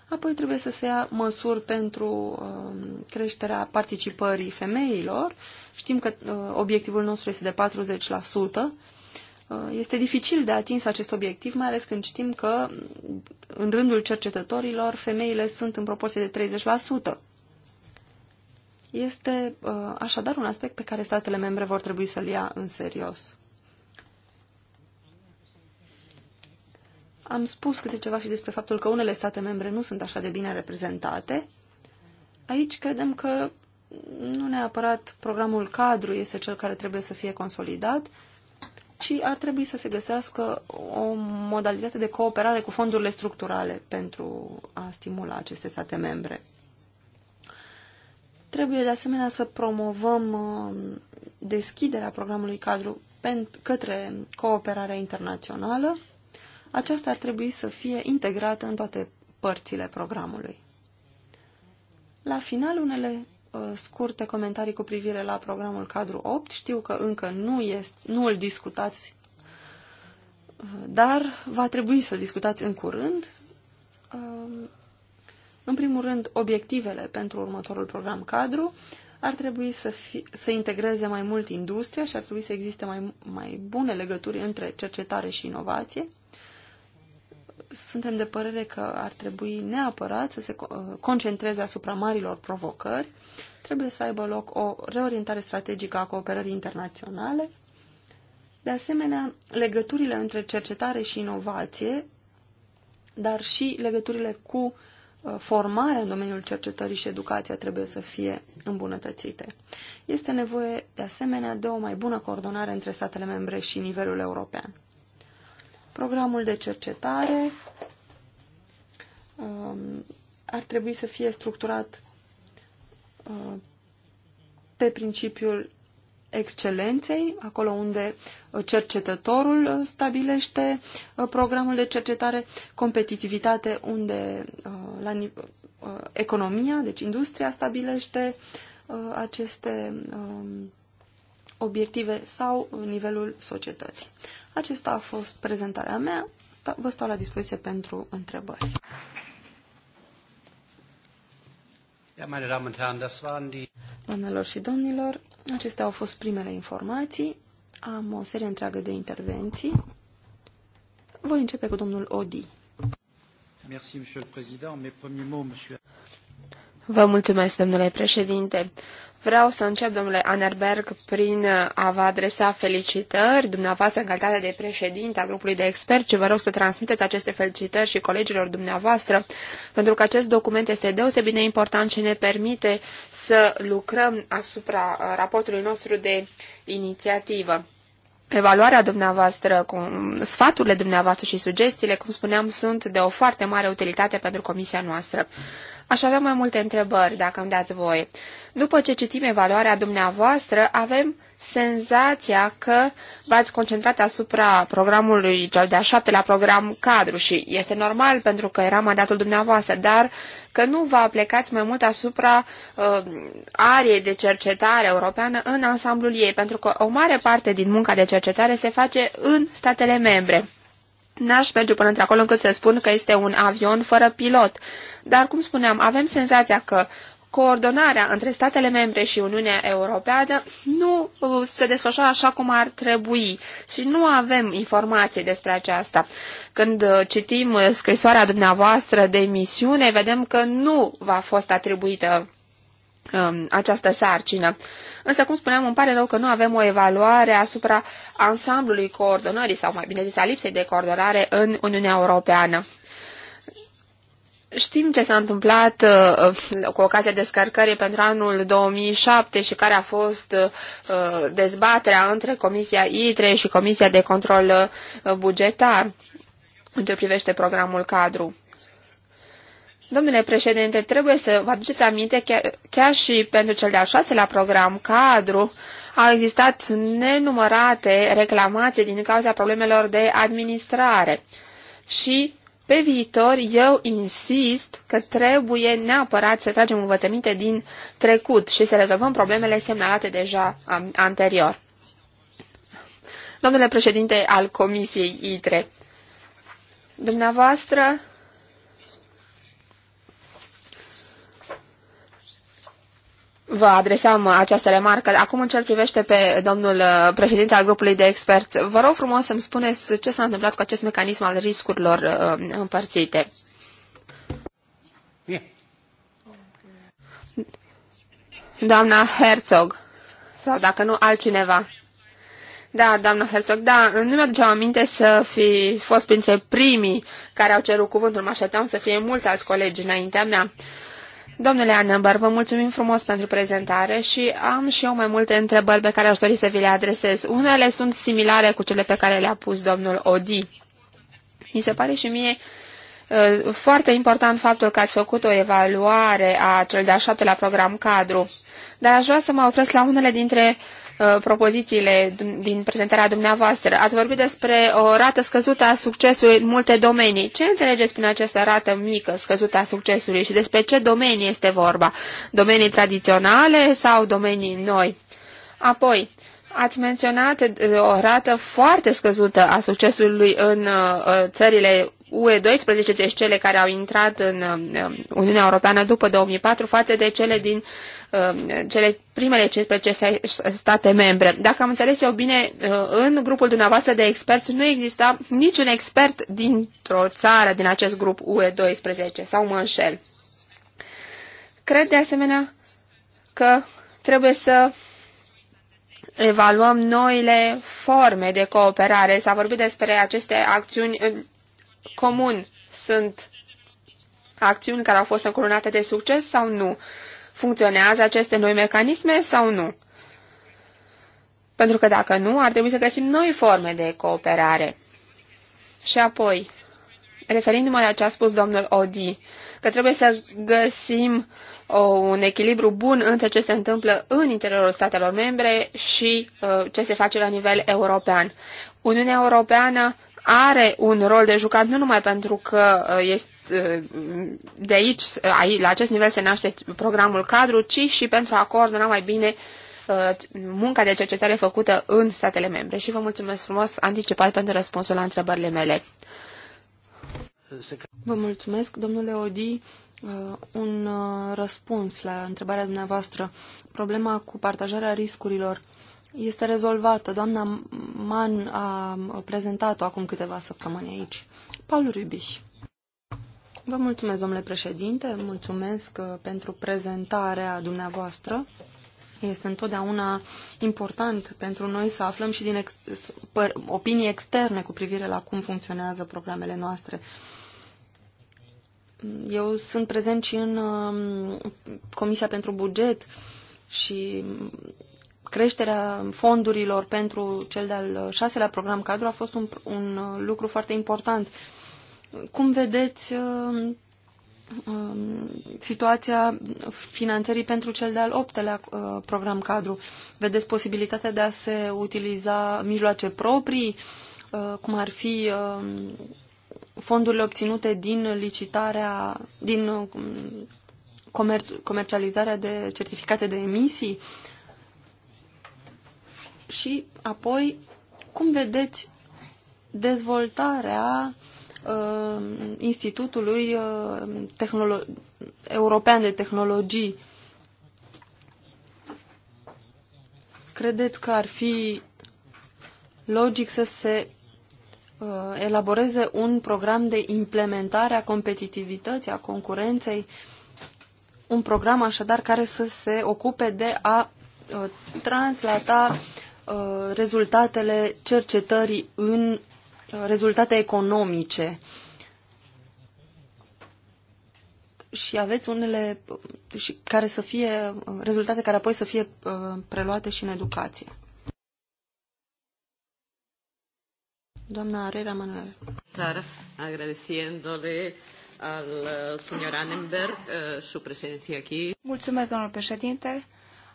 Apoi trebuie să se ia măsuri pentru um, creșterea participării femeilor. Știm că uh, obiectivul nostru este de 40%. Uh, este dificil de atins acest obiectiv, mai ales când știm că mm, în rândul cercetătorilor femeile sunt în proporție de 30%. Este așadar un aspect pe care statele membre vor trebui să-l ia în serios. Am spus câte ceva și despre faptul că unele state membre nu sunt așa de bine reprezentate. Aici credem că nu neapărat programul cadru este cel care trebuie să fie consolidat, ci ar trebui să se găsească o modalitate de cooperare cu fondurile structurale pentru a stimula aceste state membre. Trebuie de asemenea să promovăm uh, deschiderea programului cadru către cooperarea internațională aceasta ar trebui să fie integrată în toate părțile programului. La final, unele uh, scurte comentarii cu privire la programul cadru 8. Știu că încă nu, este, nu îl discutați, uh, dar va trebui să-l discutați în curând. Uh, în primul rând, obiectivele pentru următorul program cadru ar trebui să, fi, să integreze mai mult industria și ar trebui să existe mai, mai bune legături între cercetare și inovație suntem de părere că ar trebui neapărat să se uh, concentreze asupra marilor provocări. Trebuie să aibă loc o reorientare strategică a cooperării internaționale. De asemenea, legăturile între cercetare și inovație, dar și legăturile cu uh, formarea în domeniul cercetării și educația trebuie să fie îmbunătățite. Este nevoie, de asemenea, de o mai bună coordonare între statele membre și nivelul european. Programul de cercetare um, ar trebui să fie structurat uh, pe principiul excelenței, acolo unde uh, cercetătorul uh, stabilește programul de cercetare, competitivitate unde la, economia, deci industria stabilește aceste um, obiective sau nivelul societății. Acesta a fost prezentarea mea. Vă stau la dispoziție pentru întrebări. Doamnelor și domnilor, acestea au fost primele informații. Am o serie întreagă de intervenții. Voi începe cu domnul Odi. Vă mulțumesc, domnule președinte. Vreau să încep, domnule Anerberg, prin a vă adresa felicitări dumneavoastră în calitate de președinte a grupului de experți și vă rog să transmiteți aceste felicitări și colegilor dumneavoastră, pentru că acest document este deosebit de important și ne permite să lucrăm asupra uh, raportului nostru de inițiativă. Evaluarea dumneavoastră, sfaturile dumneavoastră și sugestiile, cum spuneam, sunt de o foarte mare utilitate pentru comisia noastră. Aș avea mai multe întrebări, dacă îmi dați voi. După ce citim evaluarea dumneavoastră, avem senzația că v-ați concentrat asupra programului, cel de-a la program cadru și este normal pentru că era mandatul dumneavoastră, dar că nu vă aplicați mai mult asupra uh, ariei de cercetare europeană în ansamblul ei, pentru că o mare parte din munca de cercetare se face în statele membre. N-aș merge până într-acolo încât să spun că este un avion fără pilot, dar, cum spuneam, avem senzația că coordonarea între statele membre și Uniunea Europeană nu uh, se desfășoară așa cum ar trebui și nu avem informații despre aceasta. Când uh, citim uh, scrisoarea dumneavoastră de misiune, vedem că nu v-a fost atribuită Um, această sarcină. Însă, cum spuneam, îmi pare rău că nu avem o evaluare asupra ansamblului coordonării sau, mai bine zis, a lipsei de coordonare în Uniunea Europeană. Știm ce s-a întâmplat uh, cu ocazia descărcării pentru anul 2007 și care a fost uh, dezbaterea între Comisia ITRE și Comisia de Control uh, Bugetar în ce privește programul cadru. Domnule președinte, trebuie să vă aduceți aminte că chiar și pentru cel de-al șaselea program cadru au existat nenumărate reclamații din cauza problemelor de administrare. Și pe viitor eu insist că trebuie neapărat să tragem învățăminte din trecut și să rezolvăm problemele semnalate deja anterior. Domnule președinte al Comisiei ITRE, dumneavoastră vă adresam această remarcă. Acum în ce privește pe domnul uh, președinte al grupului de experți, vă rog frumos să-mi spuneți ce s-a întâmplat cu acest mecanism al riscurilor uh, împărțite. Doamna Herzog, sau dacă nu, altcineva. Da, doamna Herzog, da, nu mi-aduceam aminte să fi fost printre primii care au cerut cuvântul. Mă așteptam să fie mulți alți colegi înaintea mea. Domnule Annenberg, vă mulțumim frumos pentru prezentare și am și eu mai multe întrebări pe care aș dori să vi le adresez. Unele sunt similare cu cele pe care le-a pus domnul Odi. Mi se pare și mie uh, foarte important faptul că ați făcut o evaluare a cel de-a șaptelea program cadru, dar aș vrea să mă opresc la unele dintre Uh, propozițiile din prezentarea dumneavoastră. Ați vorbit despre o rată scăzută a succesului în multe domenii. Ce înțelegeți prin această rată mică scăzută a succesului și despre ce domenii este vorba? Domenii tradiționale sau domenii noi? Apoi, Ați menționat uh, o rată foarte scăzută a succesului în uh, țările UE12, deci cele care au intrat în Uniunea Europeană după 2004, față de cele din Uh, cele primele 15 state membre. Dacă am înțeles eu bine, uh, în grupul dumneavoastră de experți nu exista niciun expert dintr-o țară din acest grup UE12, sau mă înșel. Cred de asemenea că trebuie să evaluăm noile forme de cooperare. S-a vorbit despre aceste acțiuni în comun. Sunt acțiuni care au fost încoronate de succes sau nu? funcționează aceste noi mecanisme sau nu. Pentru că dacă nu, ar trebui să găsim noi forme de cooperare. Și apoi, referindu-mă la ce a spus domnul Odi, că trebuie să găsim o, un echilibru bun între ce se întâmplă în interiorul statelor membre și uh, ce se face la nivel european. Uniunea Europeană are un rol de jucat nu numai pentru că uh, este de aici, la acest nivel se naște programul cadru, ci și pentru a coordona mai bine uh, munca de cercetare făcută în statele membre. Și vă mulțumesc frumos anticipat pentru răspunsul la întrebările mele. Vă mulțumesc, domnule Odi. Uh, un uh, răspuns la întrebarea dumneavoastră. Problema cu partajarea riscurilor este rezolvată. Doamna Man a prezentat-o acum câteva săptămâni aici. Paul Rubiș. Vă mulțumesc, domnule președinte, mulțumesc uh, pentru prezentarea dumneavoastră. Este întotdeauna important pentru noi să aflăm și din ex opinii externe cu privire la cum funcționează programele noastre. Eu sunt prezent și în um, Comisia pentru Buget și creșterea fondurilor pentru cel de-al șaselea program cadru a fost un, un lucru foarte important. Cum vedeți uh, uh, situația finanțării pentru cel de-al optelea uh, program cadru? Vedeți posibilitatea de a se utiliza mijloace proprii, uh, cum ar fi um, fondurile obținute din licitarea, din uh, comer comercializarea de certificate de emisii? Și apoi, cum vedeți dezvoltarea uh, uh, Institutului uh, European de Tehnologii. Credeți că ar fi logic să se uh, elaboreze un program de implementare a competitivității, a concurenței, un program așadar care să se ocupe de a uh, translata uh, rezultatele cercetării în rezultate economice. Și aveți unele și care să fie rezultate care apoi să fie uh, preluate și în educație. Doamna Arera Manuel. Sara, agradeciendole al uh, señor Annenberg uh, su presencia aquí. Mulțumesc, domnul președinte.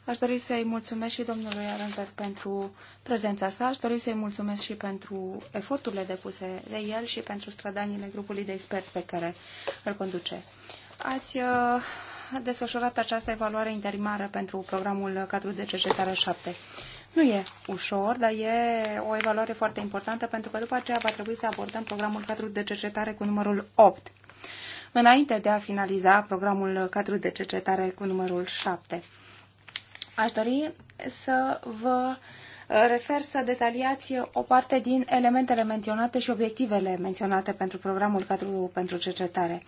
Aș dori să-i mulțumesc și domnului Arânzer pentru prezența sa. Aș dori să-i mulțumesc și pentru eforturile depuse de el și pentru strădanile grupului de experți pe care îl conduce. Ați uh, desfășurat această evaluare interimară pentru programul cadru de cercetare 7. Nu e ușor, dar e o evaluare foarte importantă pentru că după aceea va trebui să abordăm programul cadru de cercetare cu numărul 8 înainte de a finaliza programul cadru de cercetare cu numărul 7. Aș dori să vă uh, refer să detaliați o parte din elementele menționate și obiectivele menționate pentru programul cadru pentru cercetare.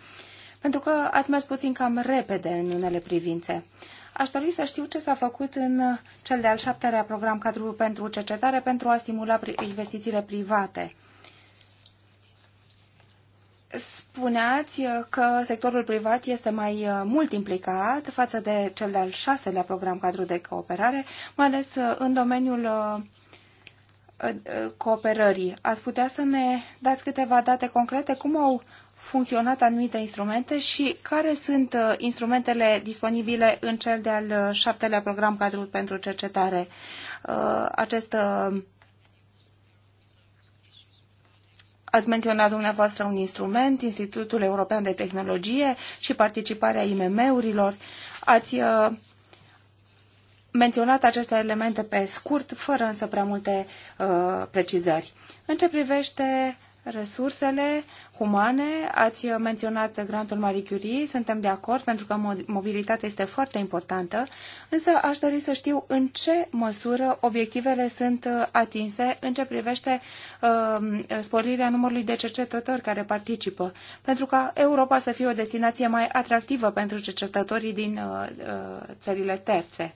Pentru că ați mers puțin cam repede în unele privințe. Aș dori să știu ce s-a făcut în cel de-al șaptelea program cadru pentru cercetare pentru a stimula investițiile private Spuneați că sectorul privat este mai uh, mult implicat față de cel de-al șaselea program cadru de cooperare, mai ales uh, în domeniul uh, cooperării. Ați putea să ne dați câteva date concrete? Cum au funcționat anumite instrumente și care sunt instrumentele disponibile în cel de-al șaptelea program cadru pentru cercetare? Acest Ați menționat dumneavoastră un instrument, Institutul European de Tehnologie și participarea IMM-urilor. Ați uh, menționat aceste elemente pe scurt, fără însă prea multe uh, precizări. În ce privește resursele umane, ați menționat grantul Marie Curie, suntem de acord pentru că mobilitatea este foarte importantă, însă aș dori să știu în ce măsură obiectivele sunt uh, atinse în ce privește uh, sporirea numărului de cercetători care participă, pentru ca Europa să fie o destinație mai atractivă pentru cercetătorii din uh, uh țările terțe.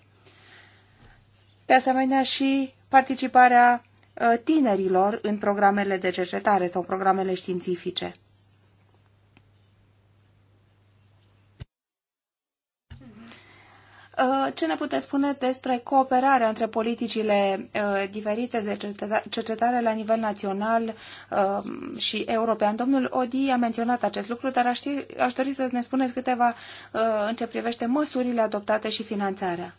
De asemenea și participarea Uh, tinerilor în programele de cercetare sau programele științifice. Uh, ce ne puteți spune despre cooperarea între politicile uh, diferite de cercetare la nivel național și european? Domnul Odi a menționat acest lucru, dar aș, dori să ne spuneți câteva în ce privește măsurile adoptate și finanțarea.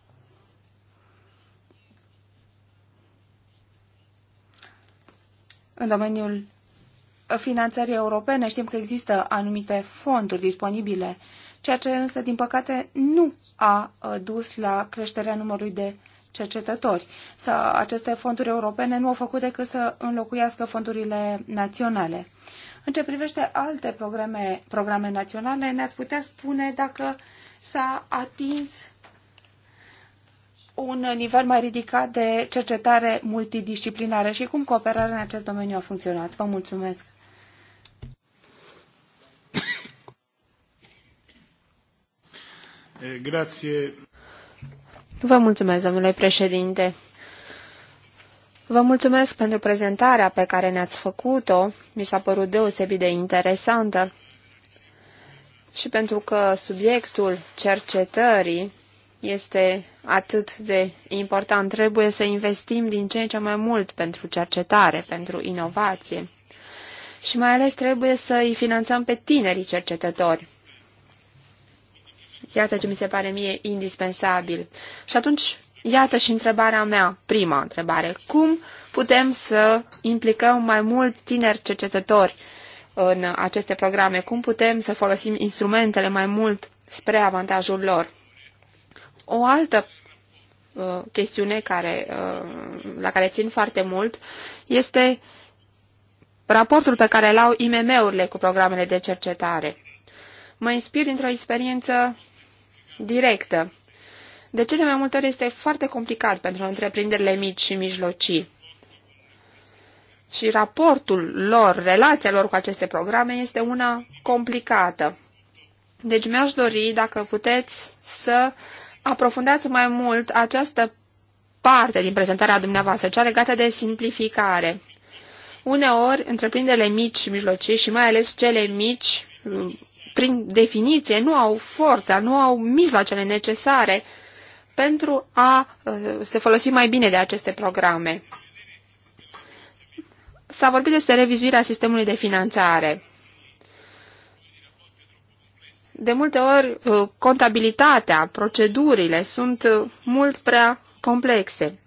în domeniul finanțării europene știm că există anumite fonduri disponibile, ceea ce însă, din păcate, nu a uh, dus la creșterea numărului de cercetători. Să aceste fonduri europene nu au făcut decât să înlocuiască fondurile naționale. În ce privește alte programe, programe naționale, ne-ați putea spune dacă s-a atins un nivel mai ridicat de cercetare multidisciplinară și cum cooperarea în acest domeniu a funcționat. Vă mulțumesc! Eh, Vă mulțumesc, domnule președinte. Vă mulțumesc pentru prezentarea pe care ne-ați făcut-o. Mi s-a părut deosebit de interesantă și pentru că subiectul cercetării este atât de important. Trebuie să investim din ce în ce mai mult pentru cercetare, pentru inovație și mai ales trebuie să îi finanțăm pe tinerii cercetători. Iată ce mi se pare mie indispensabil. Și atunci, iată și întrebarea mea, prima întrebare. Cum putem să implicăm mai mult tineri cercetători în aceste programe? Cum putem să folosim instrumentele mai mult spre avantajul lor? O altă uh, chestiune care, uh, la care țin foarte mult este raportul pe care îl au IMM-urile cu programele de cercetare. Mă inspir dintr-o experiență directă. De cele mai multe ori este foarte complicat pentru întreprinderile mici și mijlocii. Și raportul lor, relația lor cu aceste programe este una complicată. Deci mi-aș dori, dacă puteți, să uh, aprofundați mai mult această parte din prezentarea dumneavoastră, cea legată de simplificare. Uneori, întreprinderile mici și mijlocii și mai ales cele mici, prin definiție, nu au forța, nu au mijloacele necesare pentru a uh, se folosi mai bine de aceste programe. S-a vorbit despre revizuirea sistemului de finanțare de multe ori uh, contabilitatea, procedurile sunt uh, mult prea complexe.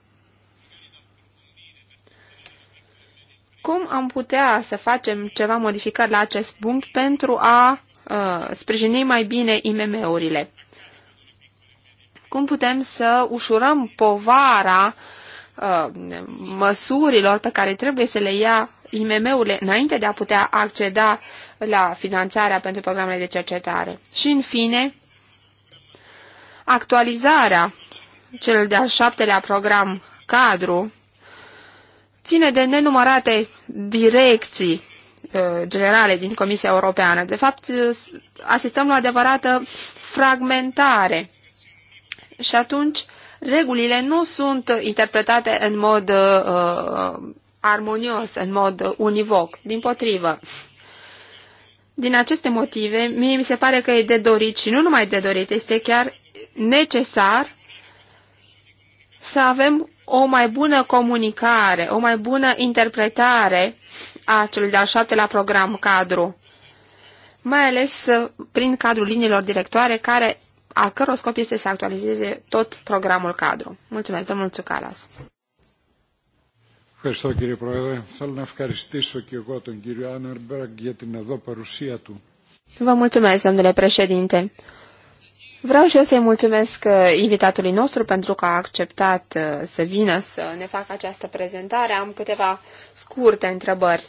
Cum am putea să facem ceva modificări la acest punct pentru a uh, sprijini mai bine IMM-urile? Cum putem să ușurăm povara uh, măsurilor pe care trebuie să le ia IMM-urile înainte de a putea acceda la finanțarea pentru programele de cercetare. Și, în fine, actualizarea cel de-al șaptelea program cadru ține de nenumărate direcții uh, generale din Comisia Europeană. De fapt, uh, asistăm la adevărată fragmentare. Și atunci, regulile nu sunt interpretate în mod uh, uh armonios, în mod univoc. Din potrivă, din aceste motive, mie mi se pare că e de dorit și nu numai de dorit, este chiar necesar să avem o mai bună comunicare, o mai bună interpretare a celui de-al șaptelea program cadru, mai ales uh, prin cadrul liniilor directoare, care, a căror scop este să actualizeze tot programul cadru. Mulțumesc, domnul Țucalas! Ευχαριστώ κύριε Πρόεδρε. Θέλω να ευχαριστήσω και εγώ τον κύριο Άνερμπεργκ για την εδώ παρουσία του. Vă mulțumesc, domnule președinte. Vreau și eu să-i mulțumesc uh, invitatului nostru pentru că a acceptat uh, să vină să ne facă această prezentare. Am câteva scurte întrebări.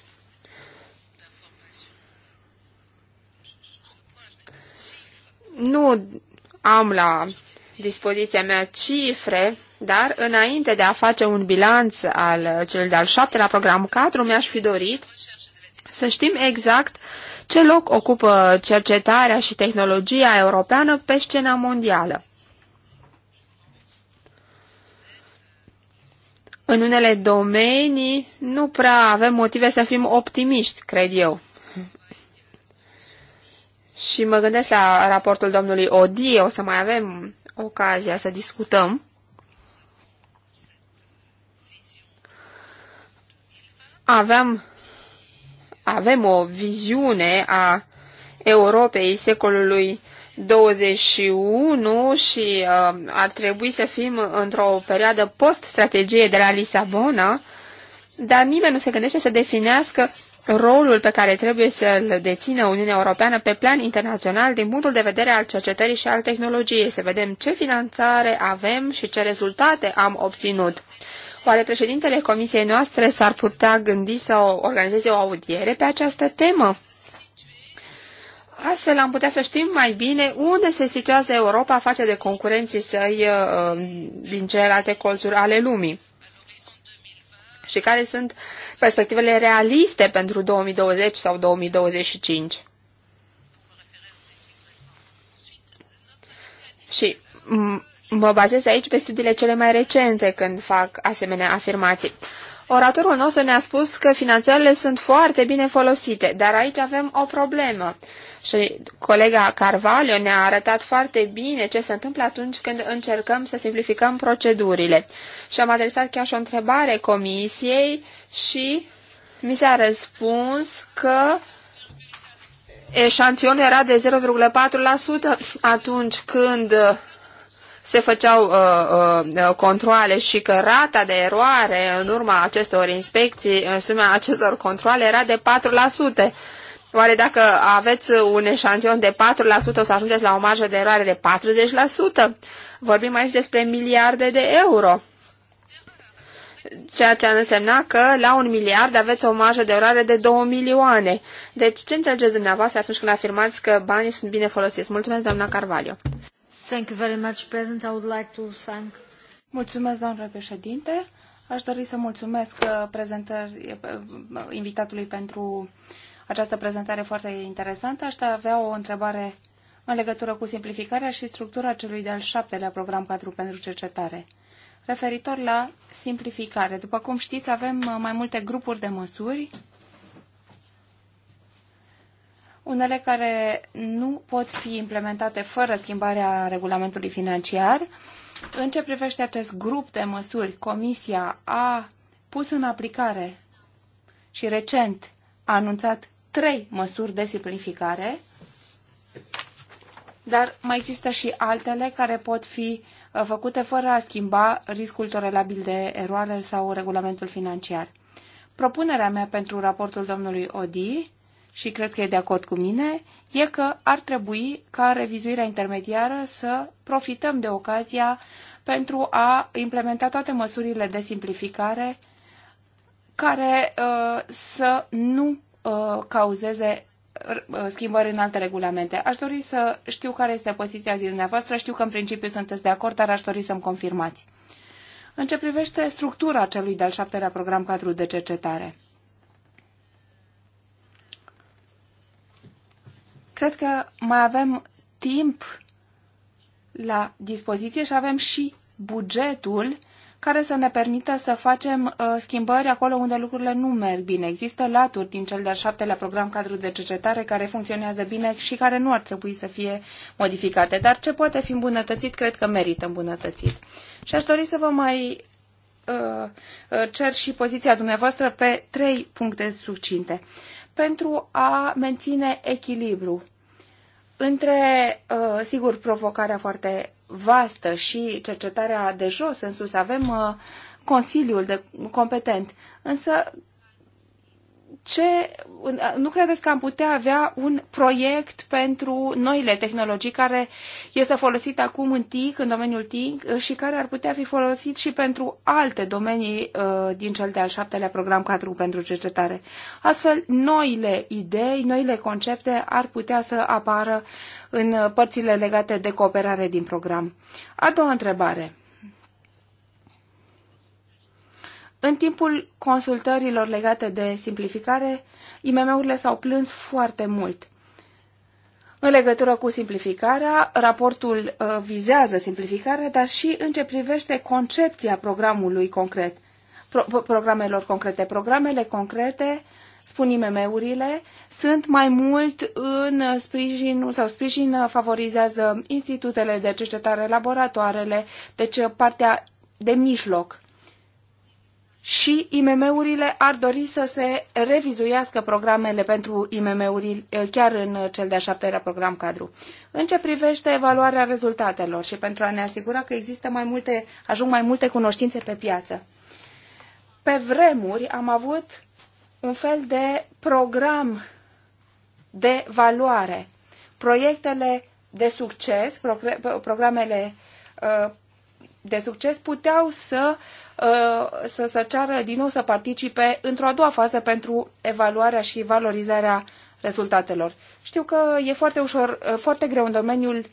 Nu am la dispoziția mea cifre dar înainte de a face un bilanț al cel de-al șaptelea program 4, mi-aș fi dorit să știm exact ce loc ocupă cercetarea și tehnologia europeană pe scena mondială. În unele domenii nu prea avem motive să fim optimiști, cred eu. Și mă gândesc la raportul domnului Odie, o să mai avem ocazia să discutăm. aveam, avem o viziune a Europei secolului 21 și uh, ar trebui să fim într-o perioadă post-strategie de la Lisabona, dar nimeni nu se gândește să definească rolul pe care trebuie să-l dețină Uniunea Europeană pe plan internațional din punctul de vedere al cercetării și al tehnologiei, să vedem ce finanțare avem și ce rezultate am obținut. Oare președintele comisiei noastre s-ar putea gândi să organizeze o audiere pe această temă? Astfel am putea să știm mai bine unde se situează Europa față de concurenții săi uh, din celelalte colțuri ale lumii și care sunt perspectivele realiste pentru 2020 sau 2025. Și Mă bazez aici pe studiile cele mai recente când fac asemenea afirmații. Oratorul nostru ne-a spus că finanțările sunt foarte bine folosite, dar aici avem o problemă. Și colega Carvalho ne-a arătat foarte bine ce se întâmplă atunci când încercăm să simplificăm procedurile. Și am adresat chiar și o întrebare comisiei și mi s-a răspuns că eșantionul era de 0,4% atunci când se făceau uh, uh, controle și că rata de eroare în urma acestor inspecții, în suma acestor controle, era de 4%. Oare dacă aveți un eșantion de 4%, o să ajungeți la o marjă de eroare de 40%? Vorbim aici despre miliarde de euro. Ceea ce ar însemna că la un miliard aveți o marjă de eroare de 2 milioane. Deci ce înțelegeți dumneavoastră atunci când afirmați că banii sunt bine folosiți? Mulțumesc, doamna Carvalho. Mulțumesc, doamnă președinte. Aș dori să mulțumesc uh, uh, invitatului pentru această prezentare foarte interesantă. Aș avea o întrebare în legătură cu simplificarea și structura celui de-al șaptelea program cadru pentru cercetare. Referitor la simplificare, după cum știți, avem uh, mai multe grupuri de măsuri unele care nu pot fi implementate fără schimbarea regulamentului financiar. În ce privește acest grup de măsuri, Comisia a pus în aplicare și recent a anunțat trei măsuri de simplificare, dar mai există și altele care pot fi uh, făcute fără a schimba riscul tolerabil de eroare sau regulamentul financiar. Propunerea mea pentru raportul domnului Odi și cred că e de acord cu mine, e că ar trebui ca revizuirea intermediară să profităm de ocazia pentru a implementa toate măsurile de simplificare care uh, să nu uh, cauzeze uh, schimbări în alte regulamente. Aș dori să știu care este poziția dumneavoastră, știu că în principiu sunteți de acord, dar aș dori să-mi confirmați. În ce privește structura celui de-al șaptelea program cadru de cercetare, Cred că mai avem timp la dispoziție și avem și bugetul care să ne permită să facem uh, schimbări acolo unde lucrurile nu merg bine. Există laturi din cel de-al șaptelea program cadru de cercetare care funcționează bine și care nu ar trebui să fie modificate. Dar ce poate fi îmbunătățit, cred că merită îmbunătățit. Și aș dori să vă mai uh, uh cer și poziția dumneavoastră pe trei puncte succinte pentru a menține echilibru între, uh, sigur, provocarea foarte vastă și cercetarea de jos în sus. Avem uh, Consiliul de competent, însă ce, nu credeți că am putea avea un proiect pentru noile tehnologii care este folosit acum în TIC, în domeniul TIC și care ar putea fi folosit și pentru alte domenii uh, din cel de-al șaptelea program 4 pentru cercetare. Astfel, noile idei, noile concepte ar putea să apară în uh, părțile legate de cooperare din program. A doua întrebare În timpul consultărilor legate de simplificare, IMM-urile s-au plâns foarte mult. În legătură cu simplificarea, raportul uh, vizează simplificarea, dar și în ce privește concepția programului concret, pro- programelor concrete. Programele concrete, spun IMM-urile, sunt mai mult în sprijinul sau sprijin favorizează institutele de cercetare, laboratoarele, deci partea de mijloc și IMM-urile ar dori să se revizuiască programele pentru IMM-uri eh, chiar în eh, cel de-a șaptelea program cadru. În ce privește evaluarea rezultatelor și pentru a ne asigura că există mai multe, ajung mai multe cunoștințe pe piață. Pe vremuri am avut un fel de program de valoare. Proiectele de succes, programele eh, de succes puteau să uh, Uh, să se ceară din nou să participe într-o a doua fază pentru evaluarea și valorizarea rezultatelor. Știu că e foarte ușor, uh, foarte greu în domeniul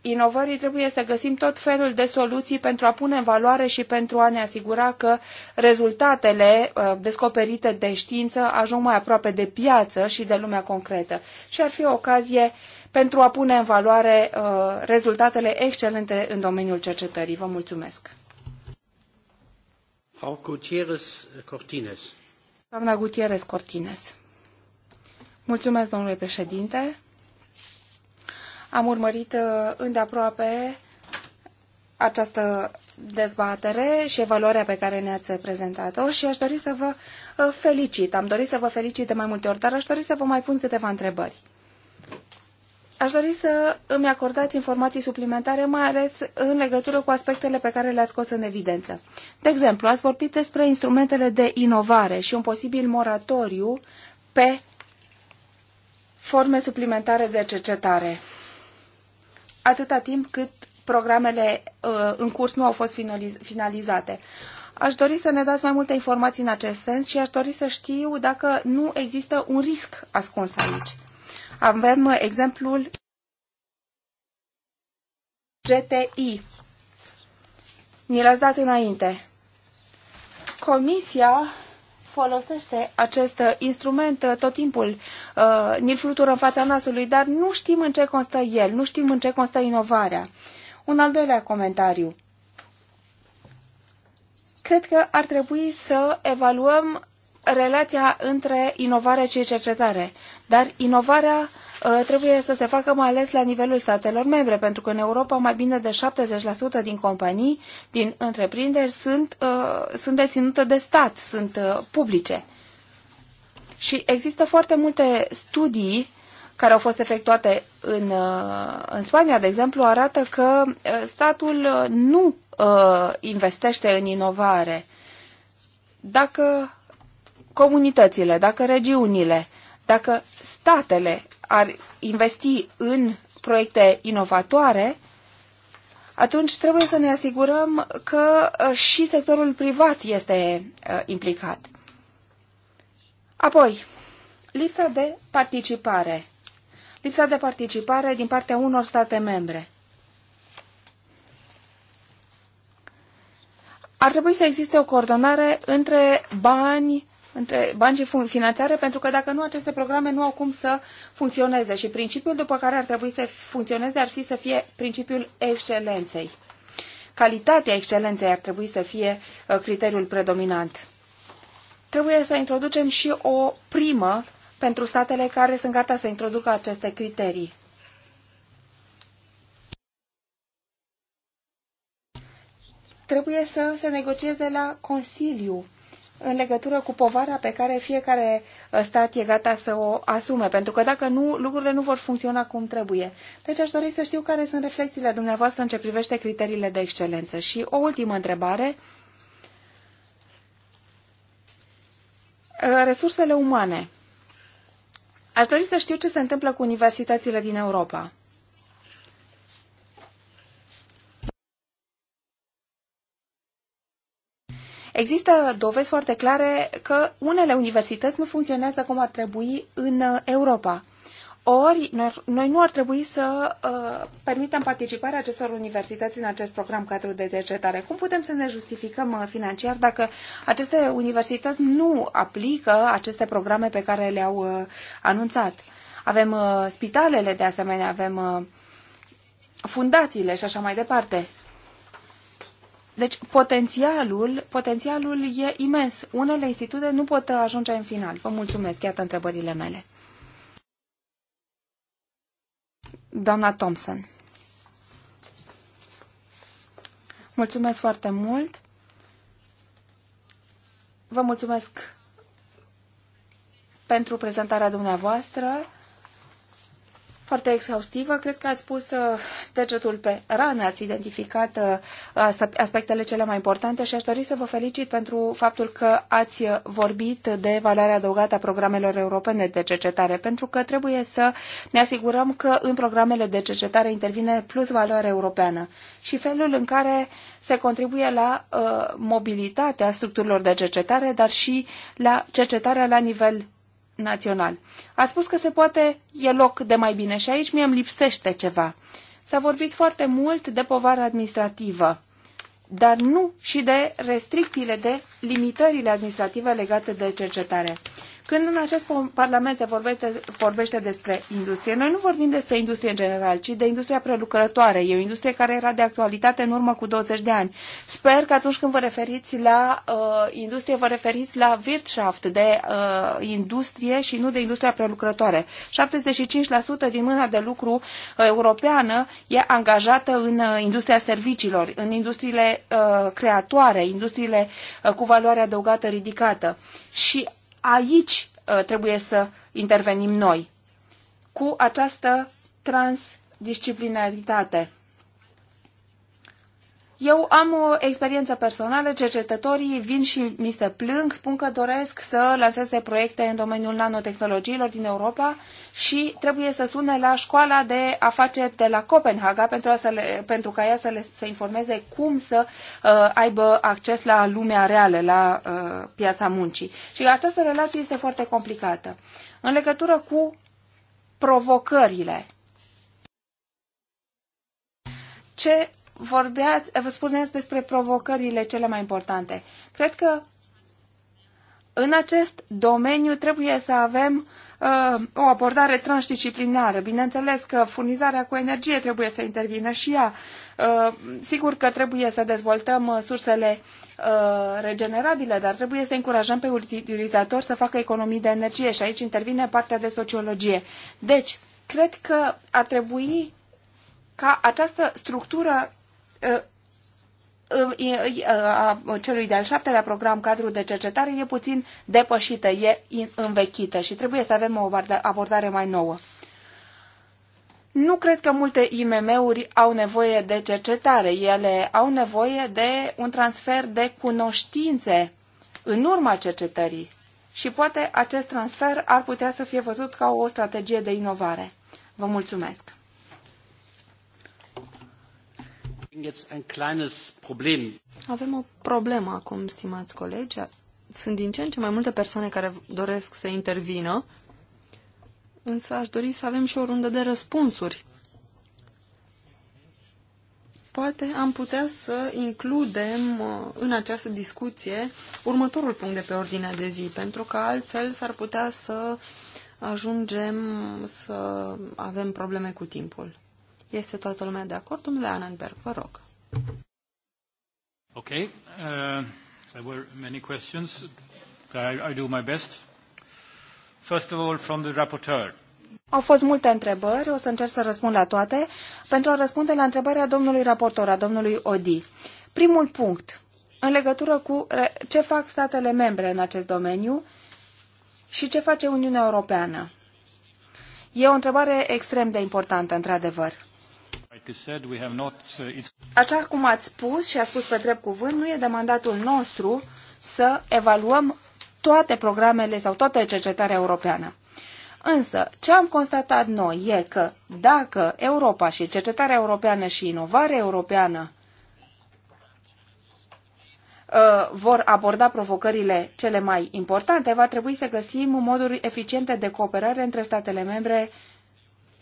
inovării trebuie să găsim tot felul de soluții pentru a pune în valoare și pentru a ne asigura că rezultatele uh, descoperite de știință ajung mai aproape de piață și de lumea concretă. Și ar fi o ocazie pentru a pune în valoare rezultatele excelente în domeniul cercetării. Vă mulțumesc! Frau Gutierrez Cortines. Doamna Gutierrez Cortines. Mulțumesc, domnule președinte. Am urmărit uh, îndeaproape această dezbatere și evaluarea pe care ne-ați prezentat-o și aș dori să vă uh, felicit. Am dorit să vă felicit de mai multe ori, dar aș dori să vă mai pun câteva întrebări. Aș dori să îmi acordați informații suplimentare, mai ales în legătură cu aspectele pe care le-ați scos în evidență. De exemplu, ați vorbit despre instrumentele de inovare și un posibil moratoriu pe forme suplimentare de cercetare, atâta timp cât programele uh, în curs nu au fost finaliz finalizate. Aș dori să ne dați mai multe informații în acest sens și aș dori să știu dacă nu există un risc ascuns aici. Avem uh, exemplul GTI. Ni l-ați dat înainte. Comisia folosește acest uh, instrument uh, tot timpul, ni-l flutură în fața nasului, dar nu știm în ce constă el, nu știm în ce constă inovarea. Un al doilea comentariu. Cred că ar trebui să evaluăm relația între inovare și cercetare. Dar inovarea uh, trebuie să se facă mai ales la nivelul statelor membre, pentru că în Europa mai bine de 70% din companii, din întreprinderi, sunt, uh, sunt deținute de stat, sunt uh, publice. Și există foarte multe studii care au fost efectuate în, în Spania, de exemplu, arată că statul nu investește în inovare. Dacă comunitățile, dacă regiunile, dacă statele ar investi în proiecte inovatoare, atunci trebuie să ne asigurăm că uh, și sectorul privat este uh, implicat. Apoi, lipsa de participare. Lipsa de participare din partea unor state membre. Ar trebui să existe o coordonare între bani, între bani și finanțare, pentru că dacă nu, aceste programe nu au cum să funcționeze și principiul după care ar trebui să funcționeze ar fi să fie principiul excelenței. Calitatea excelenței ar trebui să fie uh, criteriul predominant. Trebuie să introducem și o primă pentru statele care sunt gata să introducă aceste criterii. Trebuie să se negocieze la Consiliu în legătură cu povara pe care fiecare uh, stat e gata să o asume, pentru că dacă nu, lucrurile nu vor funcționa cum trebuie. Deci aș dori să știu care sunt reflexiile dumneavoastră în ce privește criteriile de excelență. Și o ultimă întrebare. Uh, resursele umane. Aș dori să știu ce se întâmplă cu universitățile din Europa. Există dovezi foarte clare că unele universități nu funcționează cum ar trebui în uh, Europa. Ori, noi nu ar trebui să uh, permitem participarea acestor universități în acest program cadru de cercetare. Cum putem să ne justificăm uh, financiar dacă aceste universități nu aplică aceste programe pe care le-au uh, anunțat? Avem uh, spitalele, de asemenea, avem uh, fundațiile și așa mai departe. Deci potențialul, potențialul e imens. Unele institute nu pot ajunge în final. Vă mulțumesc, iată întrebările mele. Doamna Thompson. Mulțumesc foarte mult. Vă mulțumesc pentru prezentarea dumneavoastră foarte exhaustivă. Cred că ați pus uh, degetul pe rană, ați identificat uh, aspectele cele mai importante și aș dori să vă felicit pentru faptul că ați uh, vorbit de valoarea adăugată a programelor europene de cercetare, pentru că trebuie să ne asigurăm că în programele de cercetare intervine plus valoare europeană și felul în care se contribuie la uh, mobilitatea structurilor de cercetare, dar și la cercetarea la nivel național. A spus că se poate, e loc de mai bine și aici mie îmi lipsește ceva. S-a vorbit foarte mult de povară administrativă, dar nu și de restricțiile, de limitările administrative legate de cercetare. Când în acest Parlament se vorbește, vorbește despre industrie, noi nu vorbim despre industrie în general, ci de industria prelucrătoare. E o industrie care era de actualitate în urmă cu 20 de ani. Sper că atunci când vă referiți la uh, industrie, vă referiți la Wirtschaft, de uh, industrie și nu de industria prelucrătoare. 75% din mâna de lucru uh, europeană e angajată în uh, industria serviciilor, în industriile uh, creatoare, industriile uh, cu valoare adăugată ridicată. Și aici uh, trebuie să intervenim noi, cu această transdisciplinaritate. Eu am o experiență personală, cercetătorii vin și mi se plâng, spun că doresc să lanseze proiecte în domeniul nanotehnologiilor din Europa și trebuie să sune la școala de afaceri de la Copenhaga pentru, a să le, pentru ca ea să le să informeze cum să uh, aibă acces la lumea reală, la uh, piața muncii. Și această relație este foarte complicată. În legătură cu provocările ce vorbeați, vă spuneați despre provocările cele mai importante. Cred că în acest domeniu trebuie să avem uh, o abordare transdisciplinară. Bineînțeles că furnizarea cu energie trebuie să intervină și ea. Uh, sigur că trebuie să dezvoltăm uh, sursele uh, regenerabile, dar trebuie să încurajăm pe utilizatori să facă economii de energie și aici intervine partea de sociologie. Deci, cred că ar trebui ca această structură a celui de-al șaptelea program cadru de cercetare e puțin depășită, e învechită și trebuie să avem o abordare mai nouă. Nu cred că multe IMM-uri au nevoie de cercetare, ele au nevoie de un transfer de cunoștințe în urma cercetării și poate acest transfer ar putea să fie văzut ca o strategie de inovare. Vă mulțumesc! Avem o problemă acum, stimați colegi. Sunt din ce în ce mai multe persoane care doresc să intervină, însă aș dori să avem și o rundă de răspunsuri. Poate am putea să includem uh, în această discuție următorul punct de pe ordinea de zi, pentru că altfel s-ar putea să ajungem să avem probleme cu timpul. Este toată lumea de acord? Domnule Annenberg, vă rog. Ok. Uh, there were many questions. I, I do my best. First of all, from the rapporteur. Au fost multe întrebări, o să încerc să răspund la toate, pentru a răspunde la întrebarea domnului raportor, a domnului Odi. Primul punct, în legătură cu ce fac statele membre în acest domeniu și ce face Uniunea Europeană. E o întrebare extrem de importantă, într-adevăr. Uh, Așa cum ați spus și a spus pe drept cuvânt, nu e de mandatul nostru să evaluăm toate programele sau toată cercetarea europeană. Însă, ce am constatat noi e că dacă Europa și cercetarea europeană și inovarea europeană uh, vor aborda provocările cele mai importante, va trebui să găsim moduri eficiente de cooperare între statele membre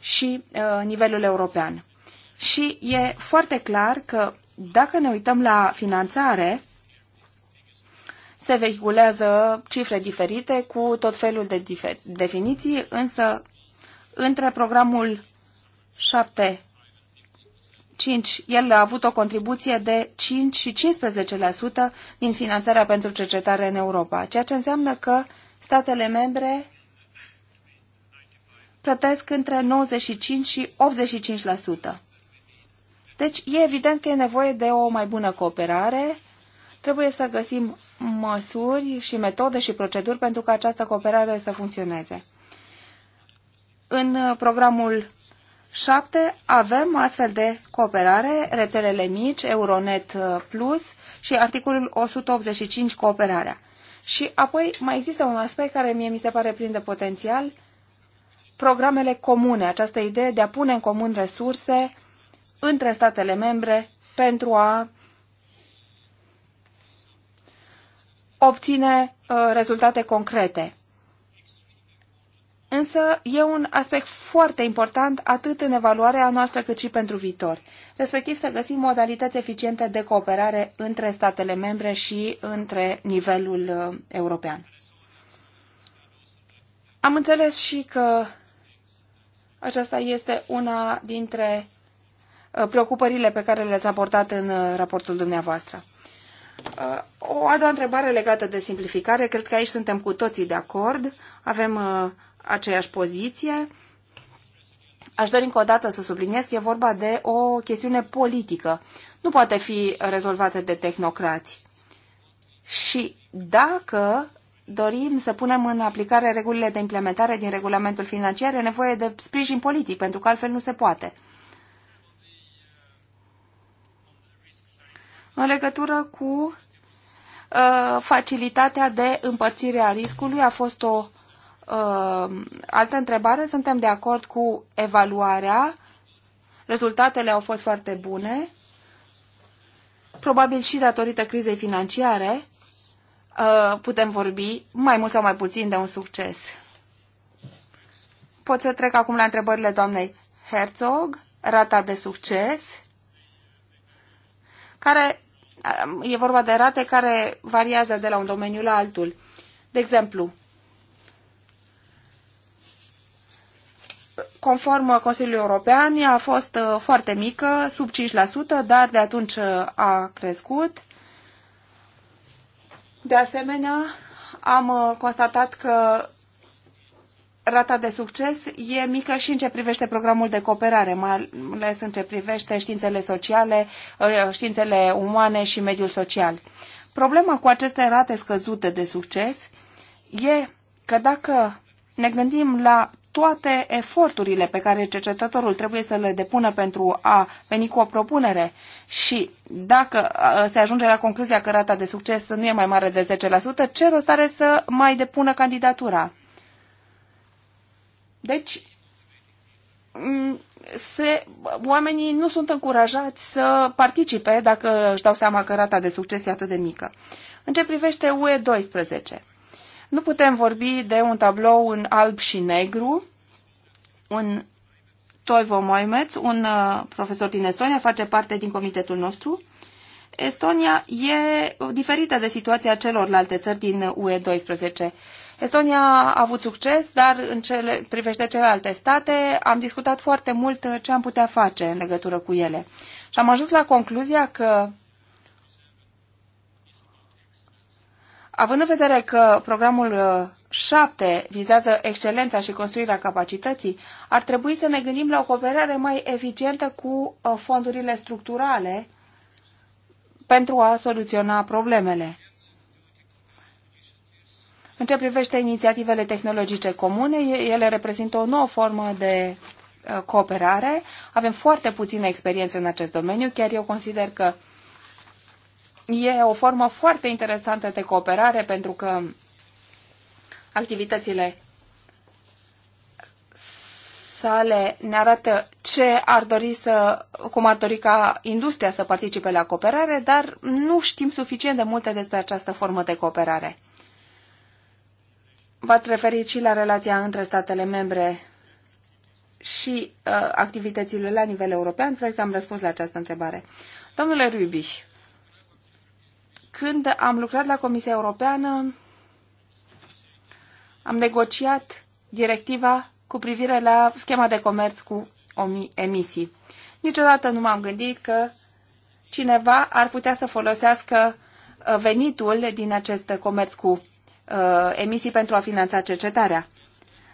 și uh, nivelul european și e foarte clar că dacă ne uităm la finanțare, se vehiculează cifre diferite cu tot felul de definiții, însă între programul 7 5. El a avut o contribuție de 5 și 15% din finanțarea pentru cercetare în Europa, ceea ce înseamnă că statele membre plătesc între 95 și 85%. Deci e evident că e nevoie de o mai bună cooperare. Trebuie să găsim măsuri și metode și proceduri pentru ca această cooperare să funcționeze. În programul 7 avem astfel de cooperare, rețelele mici, Euronet Plus și articolul 185 cooperarea. Și apoi mai există un aspect care mie mi se pare plin de potențial, programele comune, această idee de a pune în comun resurse, între statele membre pentru a obține uh, rezultate concrete. Însă e un aspect foarte important atât în evaluarea noastră cât și pentru viitor, respectiv să găsim modalități eficiente de cooperare între statele membre și între nivelul uh, european. Am înțeles și că aceasta este una dintre Uh, preocupările pe care le-ați abordat în uh, raportul dumneavoastră. Uh, o a doua întrebare legată de simplificare. Cred că aici suntem cu toții de acord. Avem aceeași poziție. Aș dori încă o dată să subliniez că e vorba de o chestiune politică. Nu poate fi rezolvată de tehnocrați. Și dacă dorim să punem în aplicare regulile de implementare din regulamentul financiar, e nevoie de sprijin politic, pentru că altfel nu se poate. în legătură cu uh, facilitatea de împărțire a riscului. A fost o uh, altă întrebare. Suntem de acord cu evaluarea. Rezultatele au fost foarte bune. Probabil și datorită crizei financiare uh, putem vorbi mai mult sau mai puțin de un succes. Pot să trec acum la întrebările doamnei Herzog, rata de succes, care E vorba de rate care variază de la un domeniu la altul. De exemplu, conform Consiliului European, ea a fost uh, foarte mică, sub 5%, dar de atunci uh, a crescut. De asemenea, am uh, constatat că rata de succes e mică și în ce privește programul de cooperare, mai ales în ce privește științele sociale, uh, științele umane și mediul social. Problema cu aceste rate scăzute de succes e că dacă ne gândim la toate eforturile pe care cercetătorul trebuie să le depună pentru a veni cu o propunere și dacă uh, se ajunge la concluzia că rata de succes nu e mai mare de 10%, ce rost are să mai depună candidatura? Deci, mm, se, oamenii nu sunt încurajați să participe dacă își dau seama că rata de succes e atât de mică. În ce privește UE12, nu putem vorbi de un tablou în alb și negru. Un Toivo Moimeț, un uh, profesor din Estonia, face parte din comitetul nostru. Estonia e diferită de situația celorlalte țări din UE12. Estonia a avut succes, dar în cele, privește celelalte state am discutat foarte mult uh, ce am putea face în legătură cu ele. Și am ajuns la concluzia că Având în vedere că programul 7 uh, vizează excelența și construirea capacității, ar trebui să ne gândim la o cooperare mai eficientă cu uh, fondurile structurale pentru a soluționa problemele. În ce privește inițiativele tehnologice comune, ele reprezintă o nouă formă de uh, cooperare. Avem foarte puțină experiență în acest domeniu, chiar eu consider că e o formă foarte interesantă de cooperare pentru că activitățile sale ne arată ce ar dori să, cum ar dori ca industria să participe la cooperare, dar nu știm suficient de multe despre această formă de cooperare. V-ați referit și la relația între statele membre și uh, activitățile la nivel european. Cred că am răspuns la această întrebare. Domnule Rubiș, când am lucrat la Comisia Europeană, am negociat directiva cu privire la schema de comerț cu emisii. Niciodată nu m-am gândit că cineva ar putea să folosească uh, venitul din acest comerț cu Uh, emisii pentru a finanța cercetarea.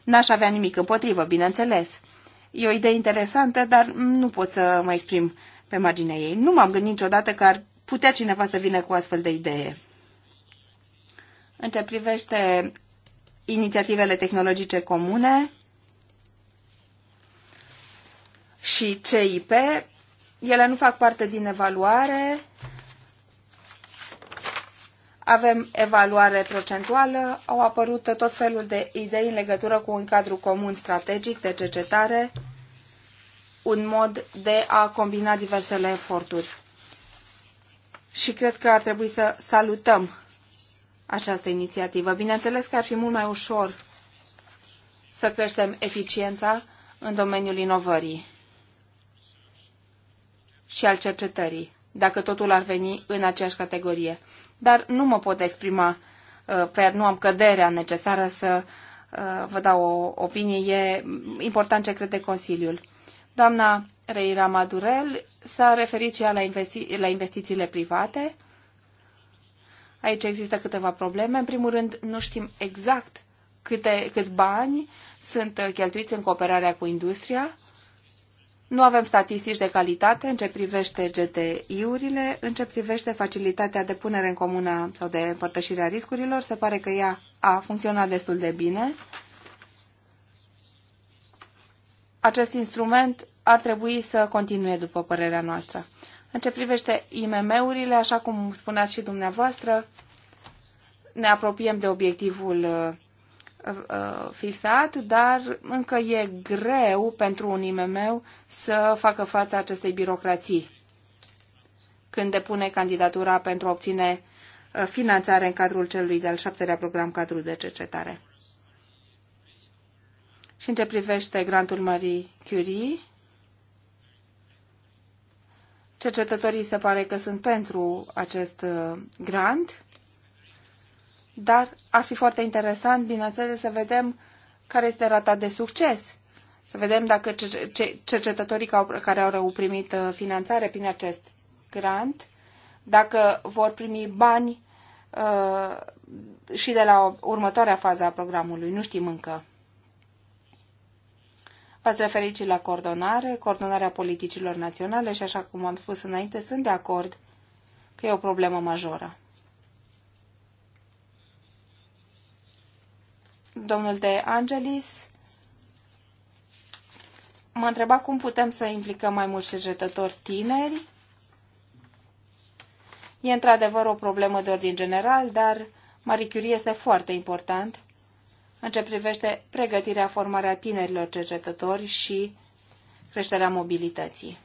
N-aș avea nimic împotrivă, bineînțeles. E o idee interesantă, dar nu pot să mă exprim pe marginea ei. Nu m-am gândit niciodată că ar putea cineva să vină cu astfel de idee. În ce privește inițiativele tehnologice comune și CIP, ele nu fac parte din evaluare, avem evaluare procentuală, au apărut tot felul de idei în legătură cu un cadru comun strategic de cercetare, un mod de a combina diversele eforturi. Și cred că ar trebui să salutăm această inițiativă. Bineînțeles că ar fi mult mai ușor să creștem eficiența în domeniul inovării și al cercetării, dacă totul ar veni în aceeași categorie dar nu mă pot exprima uh, pe nu am căderea necesară să uh, vă dau o opinie. E important ce crede Consiliul. Doamna Reira Madurel s-a referit și ea la, investi- la investițiile private. Aici există câteva probleme. În primul rând, nu știm exact câte, câți bani sunt cheltuiți în cooperarea cu industria. Nu avem statistici de calitate în ce privește GTI-urile, în ce privește facilitatea de punere în comună sau de împărtășire a riscurilor. Se pare că ea a funcționat destul de bine. Acest instrument ar trebui să continue, după părerea noastră. În ce privește IMM-urile, așa cum spuneați și dumneavoastră, ne apropiem de obiectivul uh, Uh, fisat, dar încă e greu pentru un IMM să facă fața acestei birocrații când depune candidatura pentru a obține uh, finanțare în cadrul celui de-al șaptelea program cadru de cercetare. Și în ce privește grantul Marie Curie, cercetătorii se pare că sunt pentru acest uh, grant dar ar fi foarte interesant, bineînțeles, să vedem care este rata de succes. Să vedem dacă cercetătorii care au primit uh, finanțare prin acest grant, dacă vor primi bani uh, și de la următoarea fază a programului. Nu știm încă. V-ați referit și la coordonare, coordonarea politicilor naționale și, așa cum am spus înainte, sunt de acord că e o problemă majoră. domnul De Angelis mă întreba cum putem să implicăm mai mulți cercetători tineri. E într-adevăr o problemă de ordin general, dar Marie Curie este foarte important în ce privește pregătirea, formarea tinerilor cercetători și creșterea mobilității.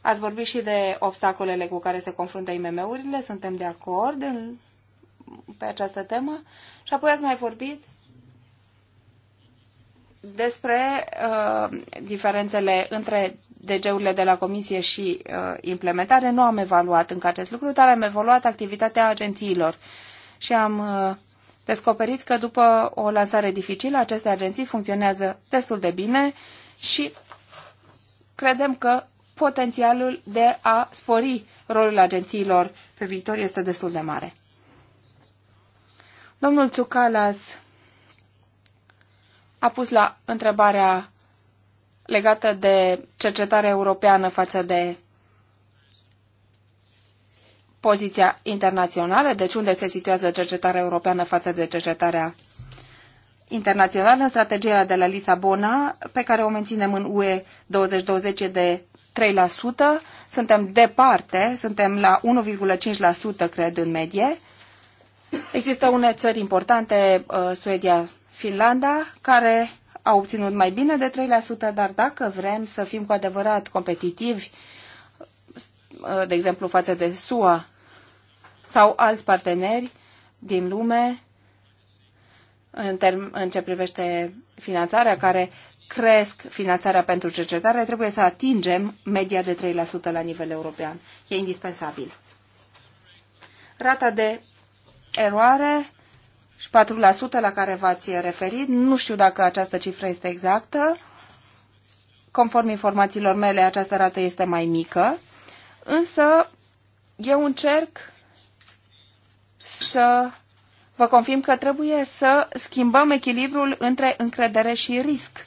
Ați vorbit și de obstacolele cu care se confruntă IMM-urile, suntem de acord în pe această temă și apoi ați mai vorbit despre uh, diferențele între DG-urile de la Comisie și uh, implementare. Nu am evaluat încă acest lucru, dar am evaluat activitatea agențiilor și am uh, descoperit că după o lansare dificilă, aceste agenții funcționează destul de bine și credem că potențialul de a spori rolul agențiilor pe viitor este destul de mare. Domnul Tsukalas a pus la întrebarea legată de cercetarea europeană față de poziția internațională, deci unde se situează cercetarea europeană față de cercetarea internațională în strategia de la Lisabona, pe care o menținem în UE 2020 de 3%, suntem departe, suntem la 1,5% cred în medie, Există unele țări importante, uh, Suedia, Finlanda, care au obținut mai bine de 3%, dar dacă vrem să fim cu adevărat competitivi, uh, de exemplu față de SUA sau alți parteneri din lume, în, term, în ce privește finanțarea, care cresc finanțarea pentru cercetare, trebuie să atingem media de 3% la nivel european. E indispensabil. Rata de eroare și 4% la care v-ați referit. Nu știu dacă această cifră este exactă. Conform informațiilor mele, această rată este mai mică. Însă, eu încerc să vă confirm că trebuie să schimbăm echilibrul între încredere și risc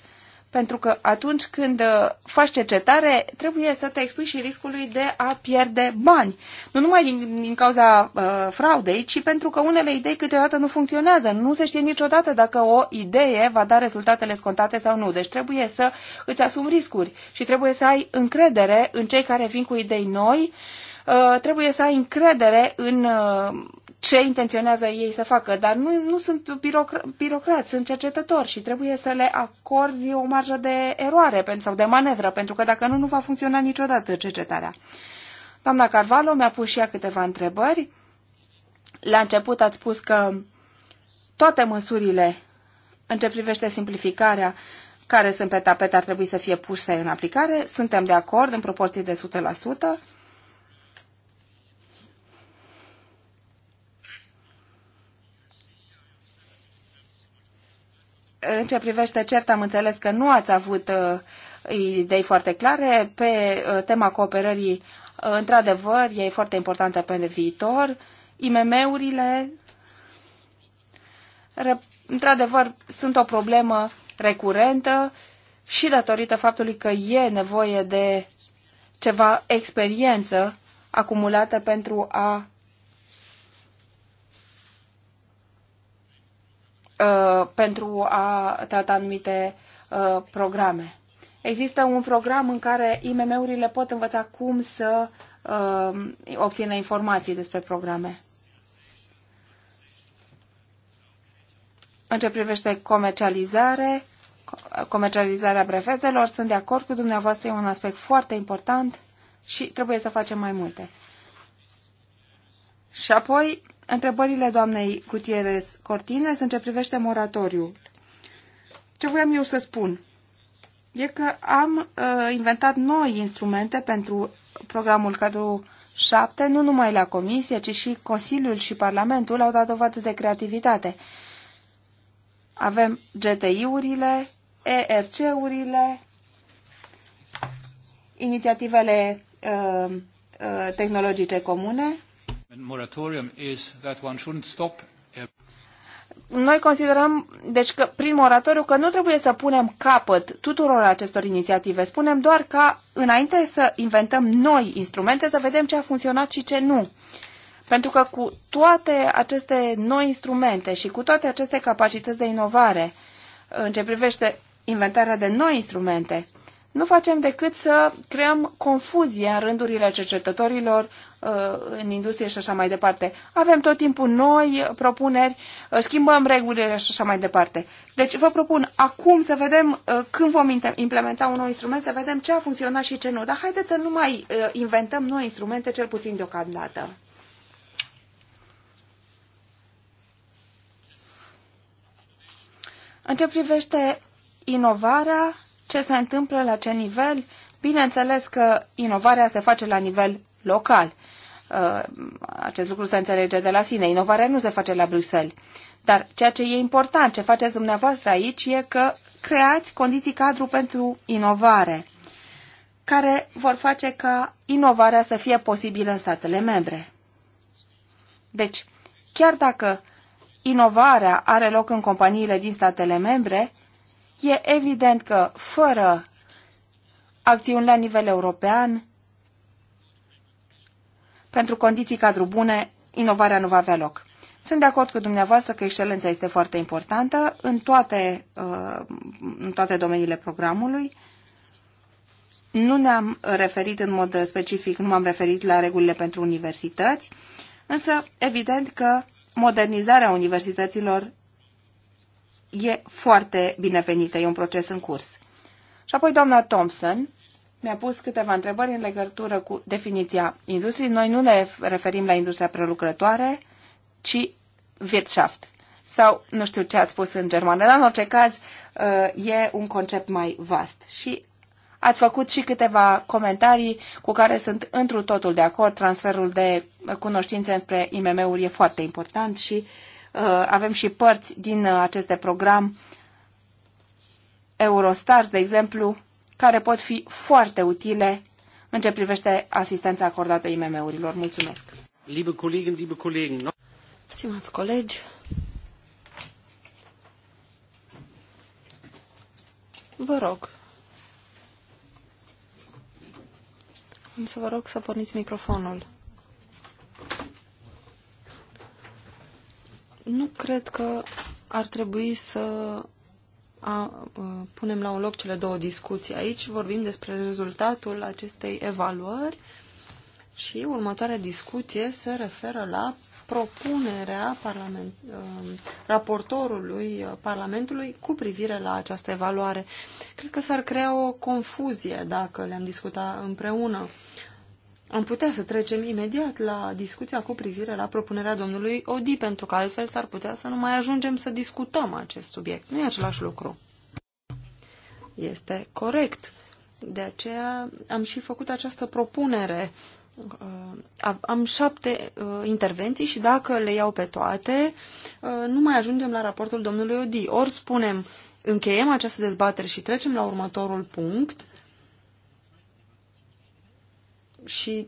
pentru că atunci când uh, faci cercetare, trebuie să te expui și riscului de a pierde bani. Nu numai din, din cauza uh, fraudei, ci pentru că unele idei câteodată nu funcționează. Nu se știe niciodată dacă o idee va da rezultatele scontate sau nu. Deci trebuie să îți asumi riscuri și trebuie să ai încredere în cei care vin cu idei noi, uh, trebuie să ai încredere în. Uh, ce intenționează ei să facă, dar nu, nu sunt birocra- birocrați, sunt cercetători și trebuie să le acorzi o marjă de eroare sau de manevră, pentru că dacă nu, nu va funcționa niciodată cercetarea. Doamna Carvalho mi-a pus și ea câteva întrebări. La început ați spus că toate măsurile în ce privește simplificarea care sunt pe tapet ar trebui să fie puse în aplicare. Suntem de acord în proporții de 100%. în ce privește CERT, am înțeles că nu ați avut uh, idei foarte clare pe uh, tema cooperării. Într-adevăr, e foarte importantă pentru viitor. IMM-urile, într-adevăr, sunt o problemă recurentă și datorită faptului că e nevoie de ceva experiență acumulată pentru a Uh, pentru a trata anumite uh, programe. Există un program în care IMM-urile pot învăța cum să uh, obțină informații despre programe. În ce privește comercializare, comercializarea brevetelor, sunt de acord cu dumneavoastră, e un aspect foarte important și trebuie să facem mai multe. Și apoi, întrebările doamnei Gutierrez Cortines în ce privește moratoriul. Ce voiam eu să spun? E că am uh, inventat noi instrumente pentru programul cadru 7, nu numai la Comisie, ci și Consiliul și Parlamentul au dat dovadă de creativitate. Avem GTI-urile, ERC-urile, inițiativele uh, uh, tehnologice comune, moratorium is that one shouldn't stop noi considerăm, deci, că prin moratoriu, că nu trebuie să punem capăt tuturor acestor inițiative. Spunem doar ca, înainte să inventăm noi instrumente, să vedem ce a funcționat și ce nu. Pentru că cu toate aceste noi instrumente și cu toate aceste capacități de inovare, în ce privește inventarea de noi instrumente, nu facem decât să creăm confuzie în rândurile cercetătorilor uh, în industrie și așa mai departe. Avem tot timpul noi propuneri, uh, schimbăm regulile și așa mai departe. Deci vă propun acum să vedem uh, când vom implementa un nou instrument, să vedem ce a funcționat și ce nu. Dar haideți să nu mai inventăm noi instrumente, cel puțin deocamdată. În ce privește inovarea, ce se întâmplă, la ce nivel. Bineînțeles că inovarea se face la nivel local. Uh, acest lucru se înțelege de la sine. Inovarea nu se face la Bruxelles. Dar ceea ce e important, ce faceți dumneavoastră aici, e că creați condiții cadru pentru inovare, care vor face ca inovarea să fie posibilă în statele membre. Deci, chiar dacă inovarea are loc în companiile din statele membre, E evident că fără acțiuni la nivel european, pentru condiții cadru bune, inovarea nu va avea loc. Sunt de acord cu dumneavoastră că excelența este foarte importantă în toate, uh, în toate domeniile programului. Nu ne-am referit în mod specific, nu m-am referit la regulile pentru universități, însă evident că modernizarea universităților e foarte binevenită, e un proces în curs. Și apoi doamna Thompson mi-a pus câteva întrebări în legătură cu definiția industriei. Noi nu ne referim la industria prelucrătoare, ci Wirtschaft. Sau nu știu ce ați spus în germană, dar în orice caz uh, e un concept mai vast. Și ați făcut și câteva comentarii cu care sunt întru totul de acord. Transferul de cunoștințe înspre IMM-uri e foarte important și uh, Uh, avem și părți din uh, aceste program Eurostars, de exemplu, care pot fi foarte utile în ce privește asistența acordată IMM-urilor. Mulțumesc! Liebe Kollegen, liebe Kollegen, no? Stimați colegi, vă rog, am să vă rog să porniți microfonul. Nu cred că ar trebui să a, a, punem la un loc cele două discuții. Aici vorbim despre rezultatul acestei evaluări și următoarea discuție se referă la propunerea parlament, a, raportorului Parlamentului cu privire la această evaluare. Cred că s-ar crea o confuzie dacă le-am discuta împreună. Am putea să trecem imediat la discuția cu privire la propunerea domnului Odi, pentru că altfel s-ar putea să nu mai ajungem să discutăm acest subiect. Nu e același lucru. Este corect. De aceea am și făcut această propunere. Uh, am șapte uh, intervenții și dacă le iau pe toate, uh, nu mai ajungem la raportul domnului Odi. Ori spunem, încheiem această dezbatere și trecem la următorul punct, și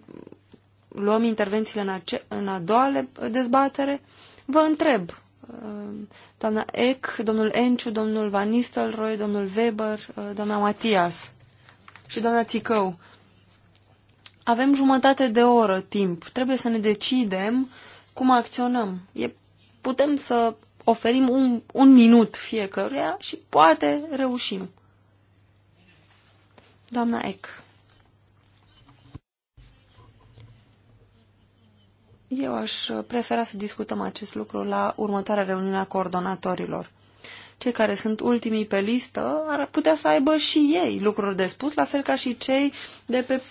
luăm intervențiile în, ce, în a doua dezbatere, vă întreb, uh, doamna Eck, domnul Enciu, domnul Van Nistelrooy, domnul Weber, uh, doamna Matias și doamna Ticău, avem jumătate de oră timp, trebuie să ne decidem cum acționăm. E, putem să oferim un, un minut fiecăruia și poate reușim. Doamna Eck. Eu aș prefera să discutăm acest lucru la următoarea reuniune a coordonatorilor. Cei care sunt ultimii pe listă ar putea să aibă și ei lucruri de spus, la fel ca și cei de pe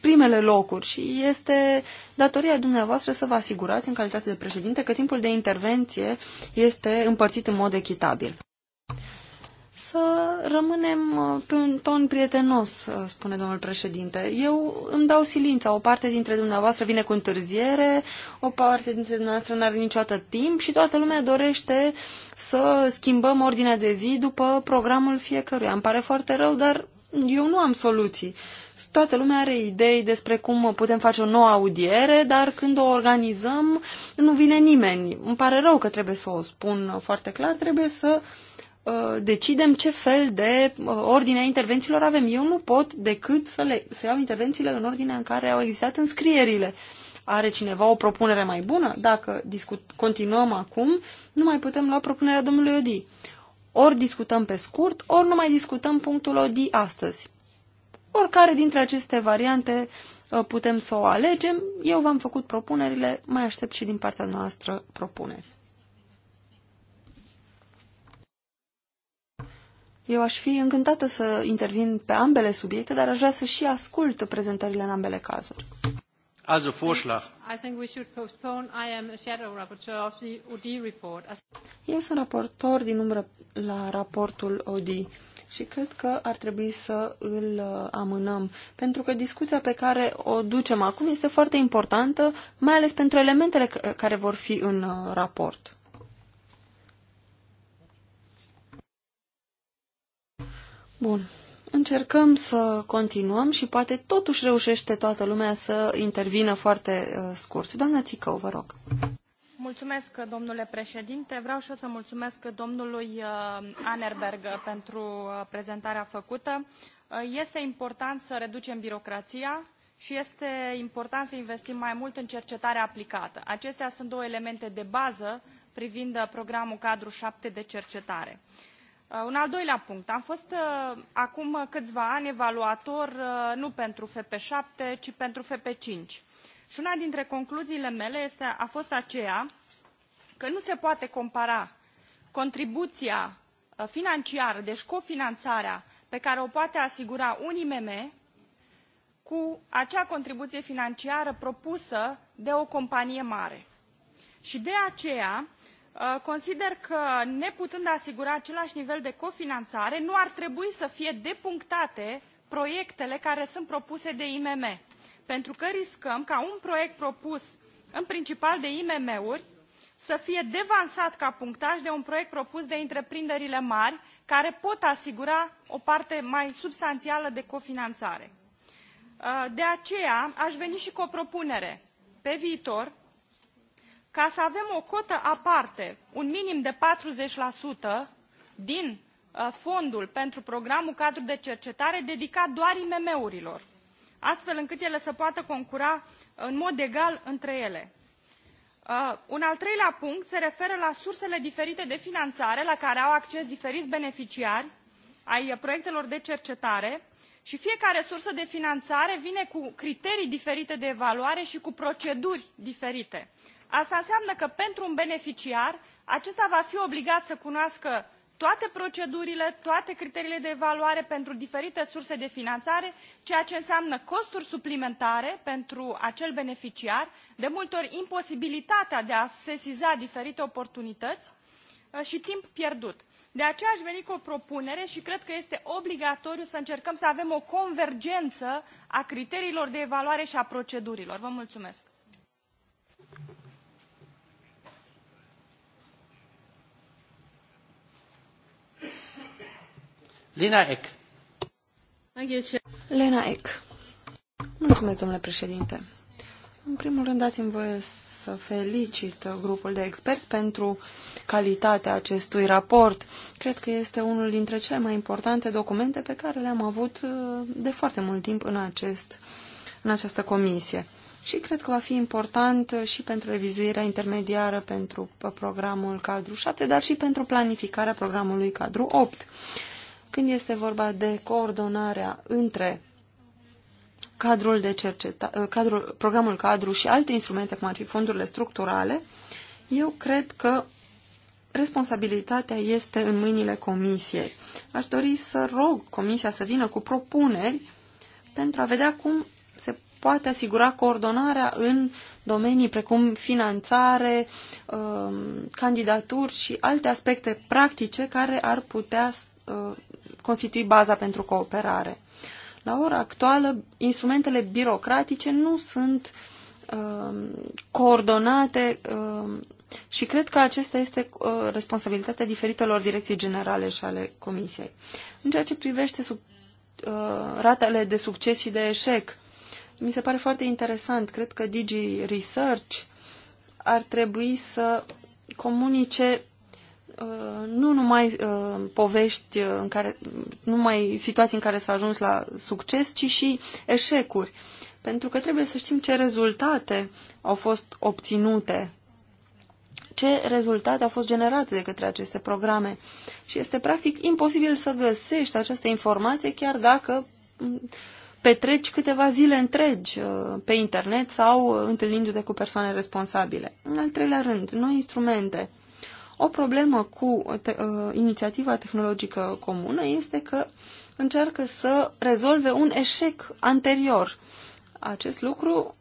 primele locuri și este datoria dumneavoastră să vă asigurați în calitate de președinte că timpul de intervenție este împărțit în mod echitabil să rămânem uh, pe un ton prietenos, uh, spune domnul președinte. Eu îmi dau silința. O parte dintre dumneavoastră vine cu întârziere, o parte dintre dumneavoastră nu are niciodată timp și toată lumea dorește să schimbăm ordinea de zi după programul fiecăruia. Îmi pare foarte rău, dar eu nu am soluții. Toată lumea are idei despre cum putem face o nouă audiere, dar când o organizăm nu vine nimeni. Îmi pare rău că trebuie să o spun foarte clar, trebuie să Uh, decidem ce fel de uh, ordine a intervențiilor avem. Eu nu pot decât să, le, să iau intervențiile în ordinea în care au existat înscrierile. Are cineva o propunere mai bună? Dacă discut, continuăm acum, nu mai putem lua propunerea domnului Odi. Ori discutăm pe scurt, ori nu mai discutăm punctul Odi astăzi. Oricare dintre aceste variante uh, putem să o alegem. Eu v-am făcut propunerile, mai aștept și din partea noastră propuneri. Eu aș fi încântată să intervin pe ambele subiecte, dar aș vrea să și ascult prezentările în ambele cazuri. Also Vorschlag. I think we should postpone. I am a shadow rapporteur of the OD report. Eu sunt raportor din umbră la raportul OD și cred că ar trebui să îl uh, amânăm, pentru că discuția pe care o ducem acum este foarte importantă, mai ales pentru elementele care vor fi în uh, raport. Bun. Încercăm să continuăm și poate totuși reușește toată lumea să intervină foarte uh, scurt. Doamna Țicău, vă rog. Mulțumesc, domnule președinte. Vreau și să mulțumesc domnului uh, Anerberg pentru uh, prezentarea făcută. Este important să reducem birocrația și este important să investim mai mult în cercetarea aplicată. Acestea sunt două elemente de bază privind programul cadru 7 de cercetare. Uh, un al doilea punct. Am fost uh, acum câțiva ani evaluator uh, nu pentru FP7, ci pentru FP5. Și una dintre concluziile mele este, a fost aceea că nu se poate compara contribuția financiară, deci cofinanțarea pe care o poate asigura un IMM cu acea contribuție financiară propusă de o companie mare. Și de aceea Uh, consider că neputând asigura același nivel de cofinanțare nu ar trebui să fie depunctate proiectele care sunt propuse de imm pentru că riscăm ca un proiect propus în principal de imm uri să fie devansat ca punctaj de un proiect propus de întreprinderile mari care pot asigura o parte mai substanțială de cofinanțare. Uh, de aceea aș veni și cu o propunere. Pe viitor, ca să avem o cotă aparte, un minim de 40% din uh, fondul pentru programul cadru de cercetare dedicat doar IMM-urilor, astfel încât ele să poată concura în mod egal între ele. Uh, un al treilea punct se referă la sursele diferite de finanțare la care au acces diferiți beneficiari ai uh, proiectelor de cercetare și fiecare sursă de finanțare vine cu criterii diferite de evaluare și cu proceduri diferite asta înseamnă că pentru un beneficiar acesta va fi obligat să cunoască toate procedurile toate criteriile de evaluare pentru diferite surse de finanțare ceea ce înseamnă costuri suplimentare pentru acel beneficiar de multe ori imposibilitatea de a sesiza diferite oportunități uh, și timp pierdut. De aceea aș veni cu o propunere și cred că este obligatoriu să încercăm să avem o convergență a criteriilor de evaluare și a procedurilor. Vă mulțumesc! Lena Eck. Lena Eck. Mulțumesc, domnule președinte. În primul rând, dați-mi voie să felicit grupul de experți pentru calitatea acestui raport. Cred că este unul dintre cele mai importante documente pe care le-am avut uh, de foarte mult timp în, acest, în această comisie. Și cred că va fi important uh, și pentru revizuirea intermediară pentru programul cadru 7, dar și pentru planificarea programului cadru 8 când este vorba de coordonarea între cadrul de cerceta, ă, cadrul, programul cadru și alte instrumente, cum ar fi fondurile structurale, eu cred că responsabilitatea este în mâinile comisiei. Aș dori să rog comisia să vină cu propuneri pentru a vedea cum se poate asigura coordonarea în domenii precum finanțare, ă, candidaturi și alte aspecte practice care ar putea ă, constitui baza pentru cooperare. La ora actuală, instrumentele birocratice nu sunt uh, coordonate uh, și cred că acesta este uh, responsabilitatea diferitelor direcții generale și ale Comisiei. În ceea ce privește sub, uh, ratele de succes și de eșec, mi se pare foarte interesant. Cred că Digi Research ar trebui să comunice Uh, nu numai uh, povești uh, în care, nu numai situații în care s-a ajuns la succes, ci și eșecuri. Pentru că trebuie să știm ce rezultate au fost obținute, ce rezultate au fost generate de către aceste programe. Și este practic imposibil să găsești această informație chiar dacă mm, petreci câteva zile întregi pe internet sau întâlnindu-te cu persoane responsabile. În al treilea rând, noi instrumente – o problemă cu te uh, inițiativa tehnologică comună este că încearcă să rezolve un eșec anterior. Acest lucru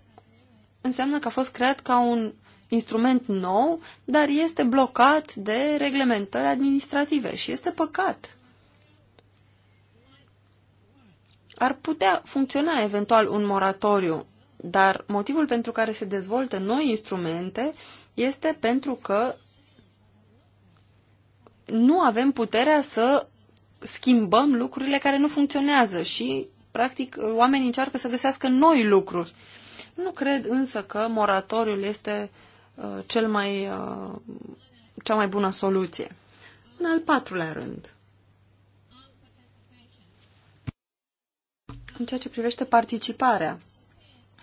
înseamnă că a fost creat ca un instrument nou, dar este blocat de reglementări administrative și este păcat. Ar putea funcționa eventual un moratoriu, dar motivul pentru care se dezvoltă noi instrumente este pentru că nu avem puterea să schimbăm lucrurile care nu funcționează și, practic, oamenii încearcă să găsească noi lucruri. Nu cred însă că moratoriul este uh, cel mai, uh, cea mai bună soluție. În al patrulea rând, în ceea ce privește participarea,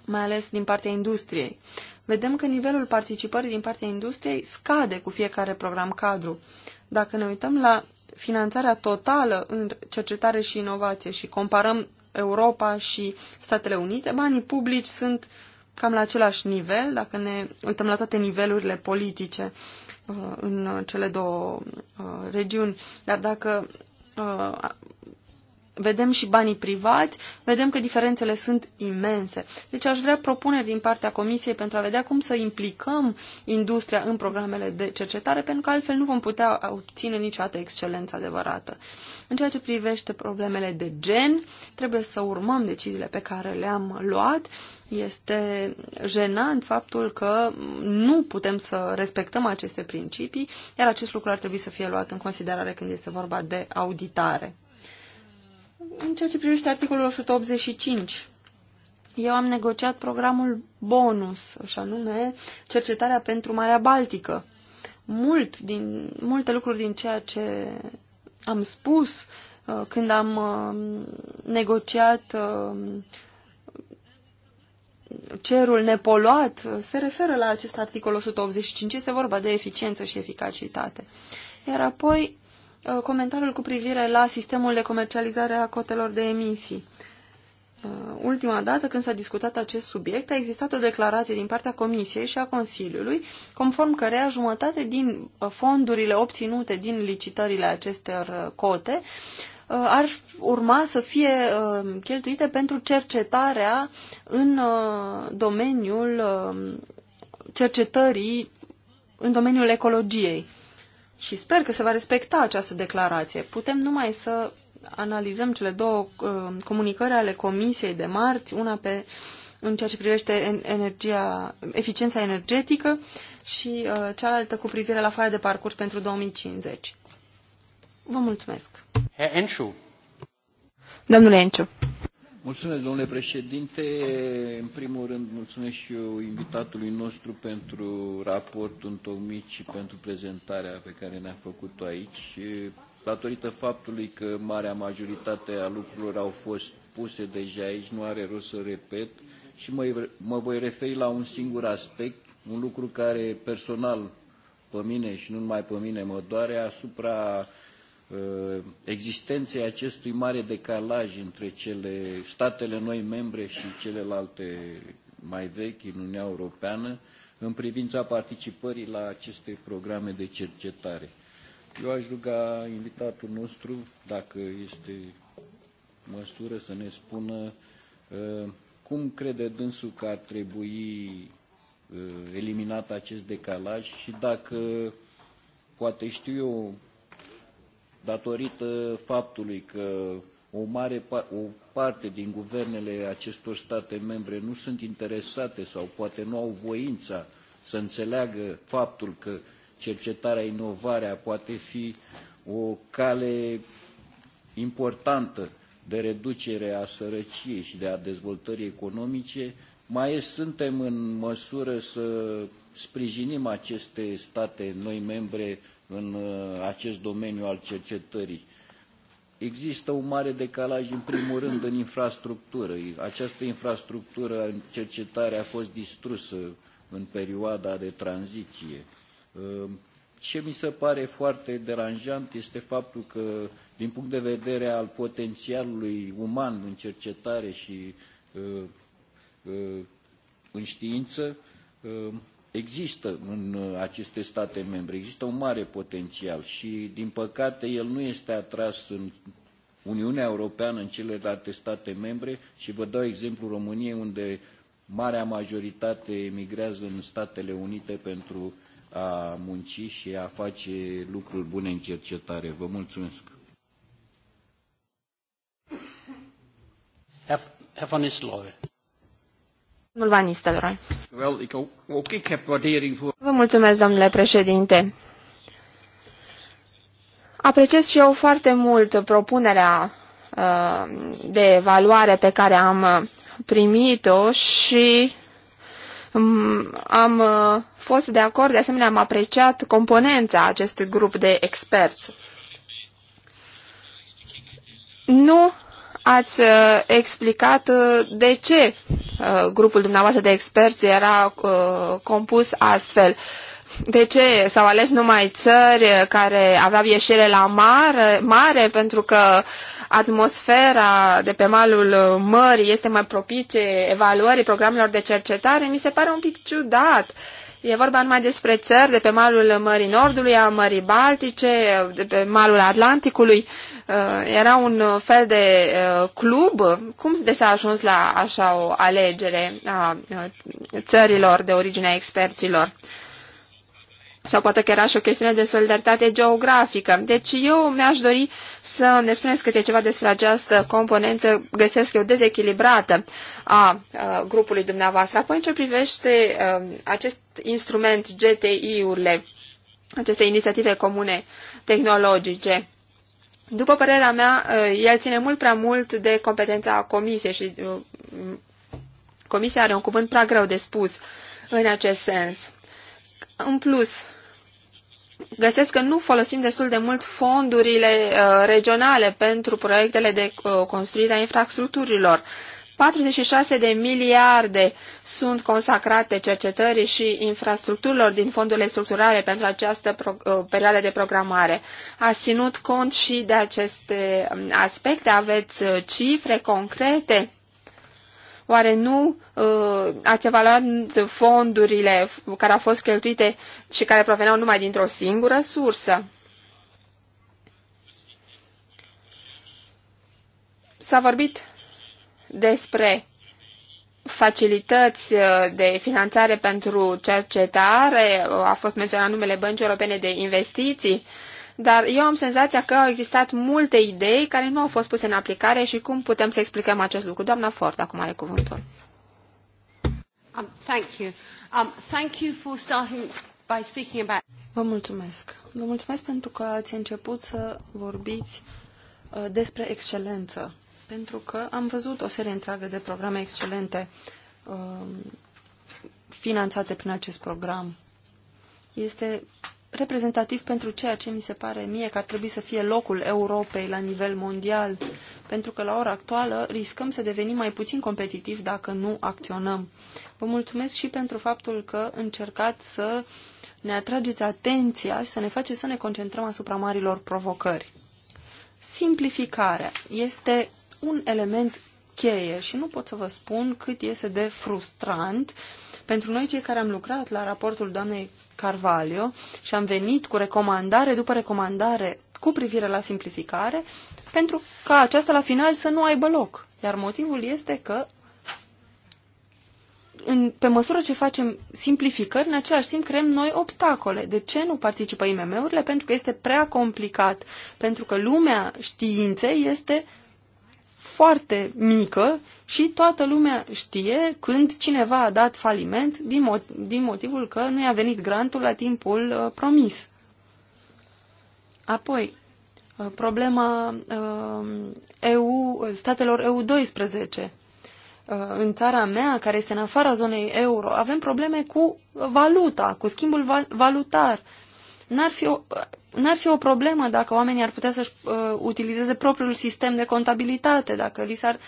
mai ales din partea industriei, vedem că nivelul participării din partea industriei scade cu fiecare program cadru. Uh, dacă ne uităm la finanțarea totală în cercetare și inovație și comparăm Europa și Statele Unite, banii publici sunt cam la același nivel, dacă ne uităm la toate nivelurile politice uh, în cele două uh, regiuni. Dar dacă uh, vedem și banii privați, vedem că diferențele sunt imense. Deci aș vrea propuneri din partea Comisiei pentru a vedea cum să implicăm industria în programele de cercetare, pentru că altfel nu vom putea obține niciodată excelența adevărată. În ceea ce privește problemele de gen, trebuie să urmăm deciziile pe care le-am luat. Este jenant faptul că nu putem să respectăm aceste principii, iar acest lucru ar trebui să fie luat în considerare când este vorba de auditare. În ceea ce privește articolul 185, eu am negociat programul bonus, așa nume, cercetarea pentru Marea Baltică. Mult din, multe lucruri din ceea ce am spus uh, când am uh, negociat uh, cerul nepoluat uh, se referă la acest articol 185, este vorba de eficiență și eficacitate. Iar apoi Uh, comentariul cu privire la sistemul de comercializare a cotelor de emisii. Uh, ultima dată când s-a discutat acest subiect a existat o declarație din partea Comisiei și a Consiliului, conform cărea jumătate din uh, fondurile obținute din licitările acestor cote ar urma să fie cheltuite pentru cercetarea în domeniul cercetării în domeniul ecologiei și sper că se va respecta această declarație. Putem numai să analizăm cele două uh, comunicări ale Comisiei de marți, una pe în ceea ce privește energia, eficiența energetică și uh, cealaltă cu privire la foaia de parcurs pentru 2050. Vă mulțumesc. Enciu. Domnule Enciu. Mulțumesc, domnule președinte. În primul rând, mulțumesc și eu invitatului nostru pentru raportul întocmit și pentru prezentarea pe care ne-a făcut-o aici. Datorită faptului că marea majoritate a lucrurilor au fost puse deja aici, nu are rost să repet și mă, mă voi referi la un singur aspect, un lucru care personal pe mine și nu numai pe mine mă doare asupra Uh, existenței acestui mare decalaj între cele statele noi membre și celelalte mai vechi în Uniunea Europeană în privința participării la aceste programe de cercetare. Eu aș ruga invitatul nostru, dacă este măsură, să ne spună uh, cum crede dânsul că ar trebui uh, eliminat acest decalaj și dacă poate știu eu datorită faptului că o mare o parte din guvernele acestor state membre nu sunt interesate sau poate nu au voința să înțeleagă faptul că cercetarea, inovarea poate fi o cale importantă de reducere a sărăciei și de a dezvoltării economice, mai suntem în măsură să sprijinim aceste state noi membre în uh, acest domeniu al cercetării. Există un mare decalaj, în primul rând, în infrastructură. Această infrastructură în cercetare a fost distrusă în perioada de tranziție. Uh, ce mi se pare foarte deranjant este faptul că, din punct de vedere al potențialului uman în cercetare și uh, în știință, există în uh, aceste state membre, există un mare potențial și, din păcate, el nu este atras în Uniunea Europeană, în celelalte state membre și vă dau exemplu României, unde marea majoritate emigrează în Statele Unite pentru a munci și a face lucruri bune în cercetare. Vă mulțumesc! Herr von Nistelrooy. Domnul Van Nistelrooy. Vă mulțumesc, domnule președinte. Apreciez și eu foarte mult propunerea uh, de evaluare pe care am uh, primit-o și um, am uh, fost de acord, de asemenea am apreciat componența acestui grup de experți. Nu ați uh, explicat uh, de ce uh, grupul dumneavoastră de experți era compus astfel. De ce s-au ales numai țări care aveau ieșire la mare, mare pentru că atmosfera de pe malul mării este mai propice evaluării programelor de cercetare? Mi se pare un pic ciudat. Uh, E vorba numai despre țări de pe malul Mării Nordului, a Mării Baltice, de pe malul Atlanticului. Uh, era un fel de uh, club. Cum de s-a ajuns la așa o alegere a uh, țărilor de origine a experților? sau poate că era și o chestiune de solidaritate geografică. Deci eu mi-aș dori să ne spuneți câte ceva despre această componență, găsesc eu, dezechilibrată a, a grupului dumneavoastră. Apoi, în ce privește a, acest instrument GTI-urile, aceste inițiative comune tehnologice, după părerea mea, el ține mult prea mult de competența comisiei și comisia are un cuvânt prea greu de spus în acest sens. În plus, găsesc că nu folosim destul de mult fondurile uh, regionale pentru proiectele de uh, construire a infrastructurilor. 46 de miliarde sunt consacrate cercetării și infrastructurilor din fondurile structurale pentru această uh, perioadă de programare. Ați ținut cont și de aceste um, aspecte? Aveți cifre concrete? Oare nu uh, ați evaluat fondurile care au fost cheltuite și care proveneau numai dintr-o singură sursă? S-a vorbit despre facilități uh, de finanțare pentru cercetare, a fost menționat numele Băncii Europene de Investiții, dar eu am senzația că au existat multe idei care nu au fost puse în aplicare și cum putem să explicăm acest lucru. Doamna Ford, acum are cuvântul. Um, thank you. Um, thank you for starting by speaking about... Vă mulțumesc. Vă mulțumesc pentru că ați început să vorbiți uh, despre excelență, pentru că am văzut o serie întreagă de programe excelente uh, finanțate prin acest program. Este reprezentativ pentru ceea ce mi se pare mie că ar trebui să fie locul Europei la nivel mondial, pentru că la ora actuală riscăm să devenim mai puțin competitivi dacă nu acționăm. Vă mulțumesc și pentru faptul că încercați să ne atrageți atenția și să ne faceți să ne concentrăm asupra marilor provocări. Simplificarea este un element cheie și nu pot să vă spun cât este de frustrant uh, pentru noi, cei care am lucrat la raportul doamnei Carvalho și am venit cu recomandare după recomandare cu privire la simplificare, pentru ca aceasta la final să nu aibă loc. Iar motivul este că în, pe măsură ce facem simplificări, în același timp creăm noi obstacole. De ce nu participă IMM-urile? Pentru că este prea complicat. Pentru că lumea științei este uh, foarte mică și toată lumea știe când cineva a dat faliment din, mo din motivul că nu i-a venit grantul la timpul uh, promis. Apoi, uh, problema uh, EU, statelor EU12. Uh, în țara mea, care este în afara zonei euro, avem probleme cu valuta, cu schimbul valutar. N-ar fi o, N-ar fi o problemă dacă oamenii ar putea să-și uh, utilizeze propriul sistem de contabilitate, dacă li s-ar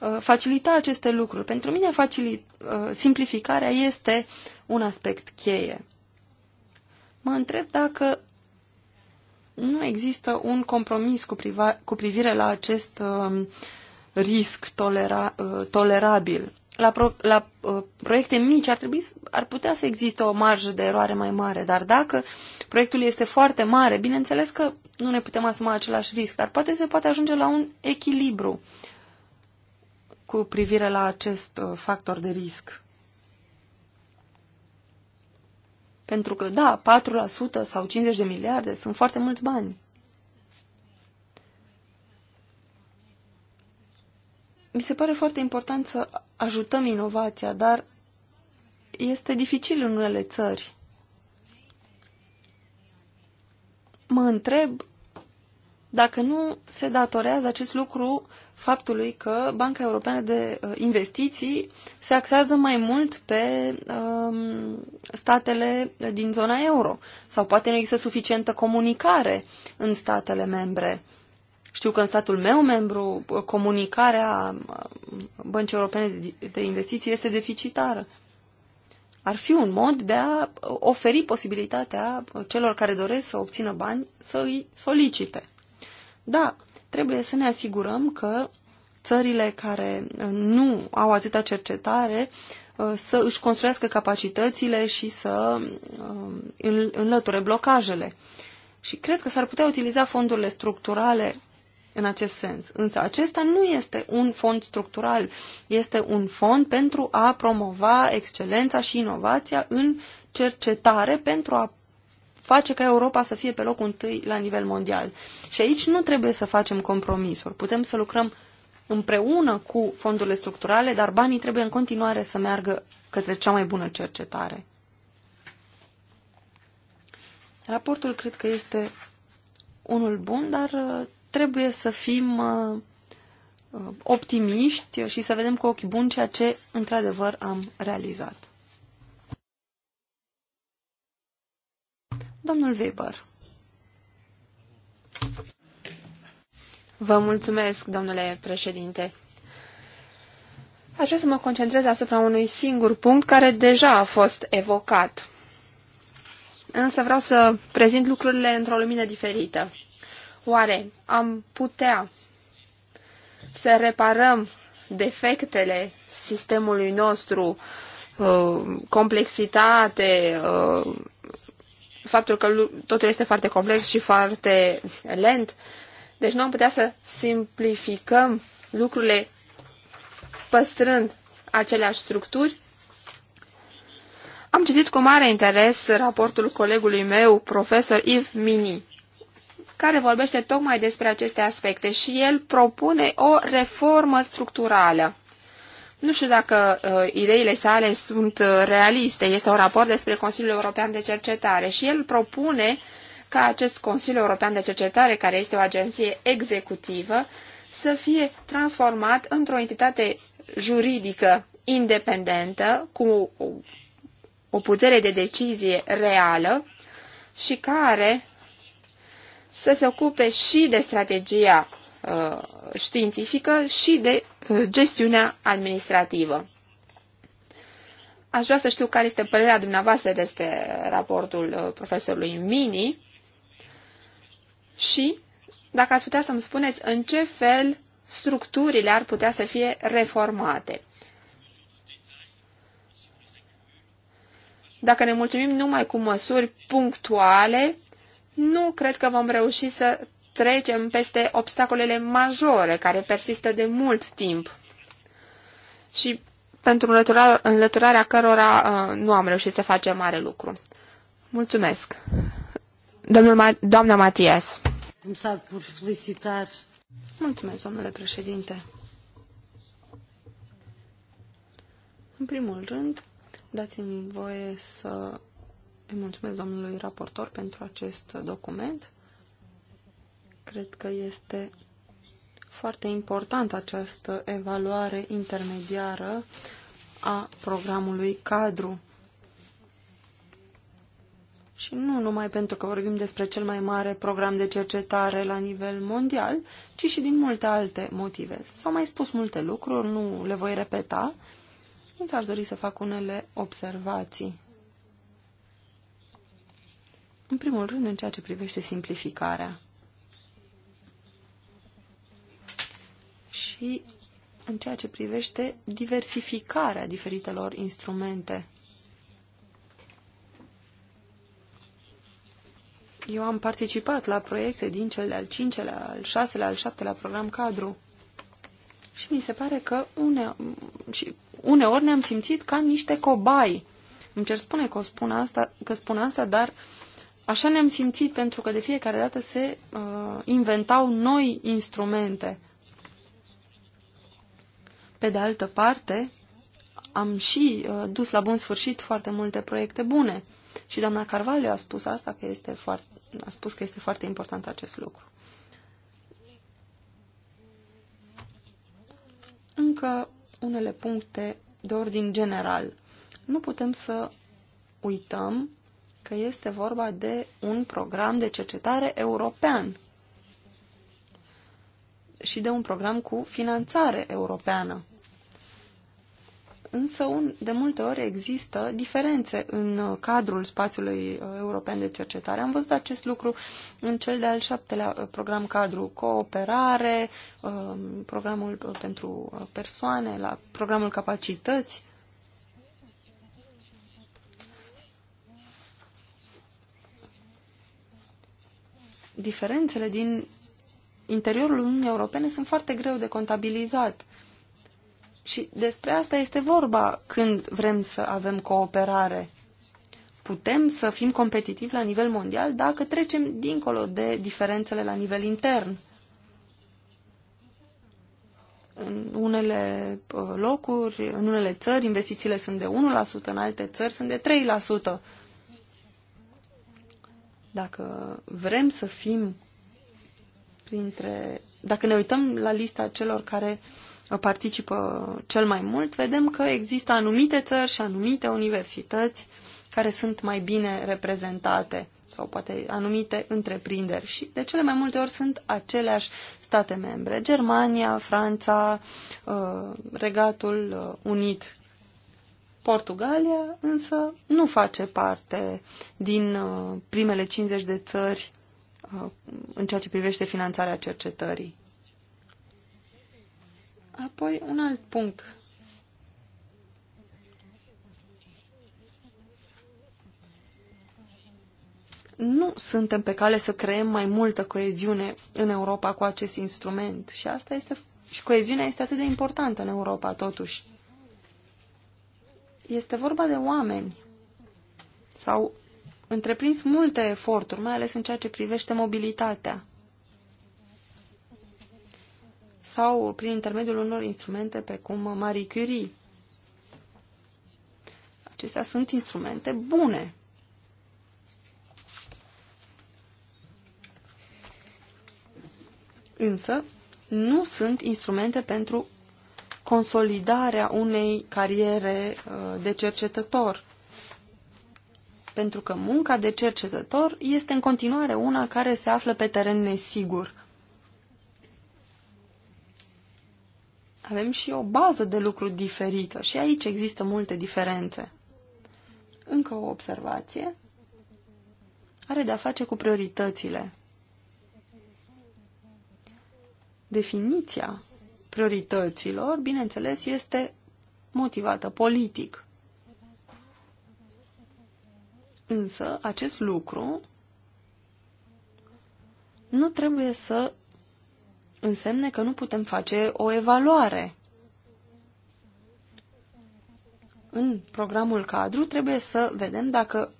uh, facilita aceste lucruri. Pentru mine facili, uh, simplificarea este un aspect cheie. Mă întreb dacă nu există un compromis cu, priva, cu privire la acest uh, risc tolera, uh, tolerabil la, pro, la uh, proiecte mici ar, trebui, ar putea să existe o marjă de eroare mai mare, dar dacă proiectul este foarte mare, bineînțeles că nu ne putem asuma același risc, dar poate se poate ajunge la un echilibru cu privire la acest uh, factor de risc. Pentru că, da, 4% sau 50 de miliarde sunt foarte mulți bani. Mi se pare foarte important să ajutăm inovația, dar este dificil în unele țări. Mă întreb dacă nu se datorează acest lucru faptului că Banca Europeană de uh, Investiții se axează mai mult pe um, statele din zona euro. Sau poate nu există suficientă comunicare în statele membre. Știu că în statul meu membru comunicarea Băncii Europene de Investiții este deficitară. Ar fi un mod de a oferi posibilitatea celor care doresc să obțină bani să îi solicite. Da, trebuie să ne asigurăm că țările care nu au atâta cercetare uh, să își construiască capacitățile și să um, înlăture blocajele. Și cred că s-ar putea utiliza fondurile structurale în acest sens. Însă acesta nu este un fond structural, este un fond pentru a promova excelența și inovația în cercetare pentru a face ca Europa să fie pe locul întâi la nivel mondial. Și aici nu trebuie să facem compromisuri. Putem să lucrăm împreună cu fondurile structurale, dar banii trebuie în continuare să meargă către cea mai bună cercetare. Raportul cred că este unul bun, dar trebuie să fim uh, optimiști și să vedem cu ochi buni ceea ce într-adevăr am realizat. Domnul Weber. Vă mulțumesc, domnule președinte. Aș vrea să mă concentrez asupra unui singur punct care deja a fost evocat. Însă vreau să prezint lucrurile într-o lumină diferită. Oare am putea să reparăm defectele sistemului nostru, uh, complexitate, uh, faptul că totul este foarte complex și foarte lent. Deci nu am putea să simplificăm lucrurile păstrând aceleași structuri. Am citit cu mare interes raportul colegului meu, profesor Yves Mini care vorbește tocmai despre aceste aspecte și el propune o reformă structurală. Nu știu dacă uh, ideile sale sunt uh, realiste. Este un raport despre Consiliul European de Cercetare și el propune ca acest Consiliu European de Cercetare, care este o agenție executivă, să fie transformat într-o entitate juridică independentă, cu o putere de decizie reală și care să se ocupe și de strategia uh, științifică și de uh, gestiunea administrativă. Aș vrea să știu care este părerea dumneavoastră despre raportul uh, profesorului Mini și dacă ați putea să-mi spuneți în ce fel structurile ar putea să fie reformate. Dacă ne mulțumim numai cu măsuri punctuale, nu cred că vom reuși să trecem peste obstacolele majore care persistă de mult timp și pentru înlăturarea cărora uh, nu am reușit să facem mare lucru. Mulțumesc. Domnul Ma doamna Matias. Mulțumesc, domnule președinte. În primul rând, dați-mi voie să îi mulțumesc domnului raportor pentru acest document. Cred că este foarte importantă această evaluare intermediară a programului cadru. Și nu numai pentru că vorbim despre cel mai mare program de cercetare la nivel mondial, ci și din multe alte motive. S-au mai spus multe lucruri, nu le voi repeta, însă aș dori să fac unele observații. În primul rând, în ceea ce privește simplificarea. Și în ceea ce privește diversificarea diferitelor instrumente. Eu am participat la proiecte din cel de-al cincelea, al șaselea, al șaptelea program cadru. Și mi se pare că une, și uneori ne-am simțit ca niște cobai. Îmi cer spune că spun asta, că spun asta dar uh, Așa ne-am simțit pentru că de fiecare dată se uh, inventau noi instrumente. Pe de altă parte, am și uh, dus la bun sfârșit foarte multe proiecte bune. Și doamna Carvalho a spus asta, că este foarte, a spus că este foarte important acest lucru. Încă unele puncte de ordin general. Nu putem să uităm că este vorba de un program de cercetare european și de un program cu finanțare europeană. Însă, un, de multe ori există diferențe în uh, cadrul spațiului uh, european de cercetare. Am văzut acest lucru în cel de-al șaptelea uh, program cadru cooperare, um, programul pentru persoane, la programul capacități. diferențele din interiorul Uniunii Europene sunt foarte greu de contabilizat. Și despre asta este vorba când vrem să avem cooperare. Putem să fim competitivi la nivel mondial dacă trecem dincolo de diferențele la nivel intern. În unele uh, locuri, în unele țări, investițiile sunt de 1%, în alte țări sunt de dacă vrem să fim printre... Dacă ne uităm la lista celor care participă cel mai mult, vedem că există anumite țări și anumite universități care sunt mai bine reprezentate sau poate anumite întreprinderi și de cele mai multe ori sunt aceleași state membre, Germania, Franța, uh, Regatul uh, Unit. Portugalia însă nu face parte din uh, primele 50 de țări uh, în ceea ce privește finanțarea cercetării. Apoi, un alt punct. Nu suntem pe cale să creăm mai multă coeziune în Europa cu acest instrument și asta este și coeziunea este atât de importantă în Europa totuși. Este vorba de oameni. S-au întreprins multe eforturi, mai ales în ceea ce privește mobilitatea. Sau prin intermediul unor instrumente precum Marie Curie. Acestea sunt instrumente bune. Însă, nu sunt instrumente pentru consolidarea unei cariere uh, de cercetător. Pentru că munca de cercetător este în continuare una care se află pe teren nesigur. Avem și o bază de lucru diferită și aici există multe diferențe. Încă o observație are de-a face cu prioritățile. Definiția priorităților, bineînțeles, este motivată politic. Însă, acest lucru nu trebuie să însemne că nu putem face o evaluare. În programul cadru trebuie să vedem dacă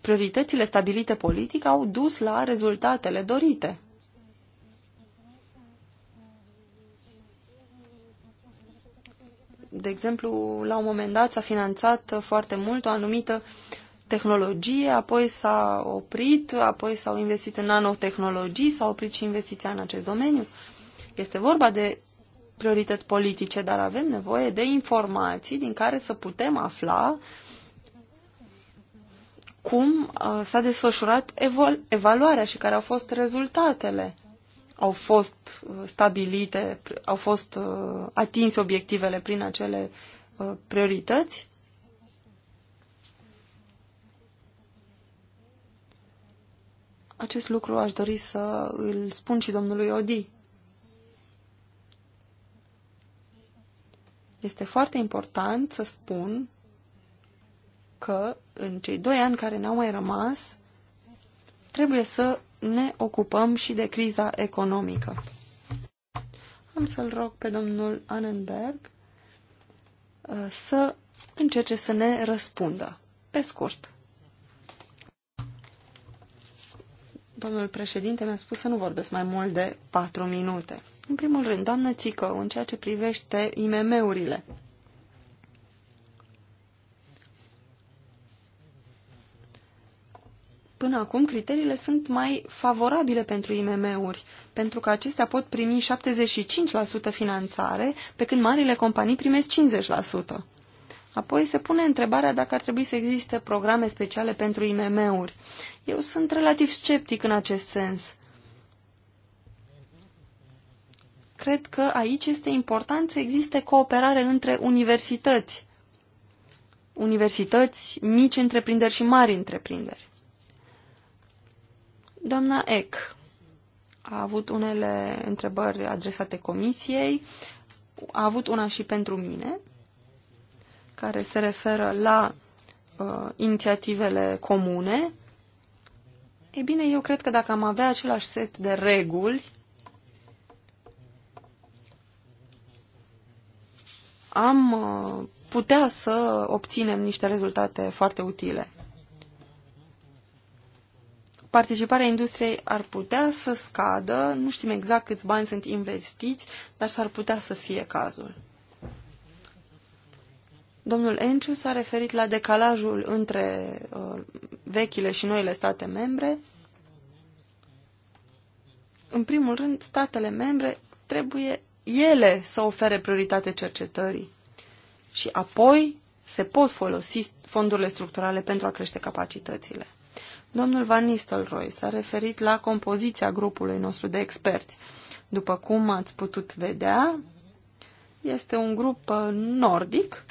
prioritățile stabilite politic au dus la rezultatele dorite. de exemplu, la un moment dat s-a finanțat foarte mult o anumită tehnologie, apoi s-a oprit, apoi s-au investit în nanotehnologii, s-a oprit și investiția în acest domeniu. Este vorba de priorități politice, dar avem nevoie de informații din care să putem afla cum uh, s-a desfășurat evaluarea și care au fost rezultatele au fost uh, stabilite, au fost uh, atinse obiectivele prin acele uh, priorități? Acest lucru aș dori să îl spun și domnului Odi. Este foarte important să spun că în cei doi ani care ne-au mai rămas, trebuie să ne ocupăm și de criza economică. Am să-l rog pe domnul Annenberg uh, să încerce să ne răspundă, pe scurt. Domnul președinte mi-a spus să nu vorbesc mai mult de patru minute. În primul rând, doamnă Țică, în ceea ce privește IMM-urile, Până acum, criteriile sunt mai favorabile pentru IMM-uri, pentru că acestea pot primi 75% finanțare, pe când marile companii primesc 50%. Apoi se pune întrebarea dacă ar trebui să existe programe speciale pentru IMM-uri. Eu sunt relativ sceptic în acest sens. Cred că aici este important să existe cooperare între universități. Universități, mici întreprinderi și mari întreprinderi. Doamna Eck a avut unele întrebări adresate comisiei, a avut una și pentru mine, care se referă la uh, inițiativele comune. Ei bine, eu cred că dacă am avea același set de reguli, am uh, putea să obținem niște rezultate foarte utile participarea industriei ar putea să scadă, nu știm exact câți bani sunt investiți, dar s-ar putea să fie cazul. Domnul Enciu s-a referit la decalajul între uh, vechile și noile state membre. În primul rând, statele membre trebuie ele să ofere prioritate cercetării și apoi se pot folosi fondurile structurale pentru a crește capacitățile. Domnul Van Nistelrooy s-a referit la compoziția grupului nostru de experți. După cum ați putut vedea, este un grup uh, nordic,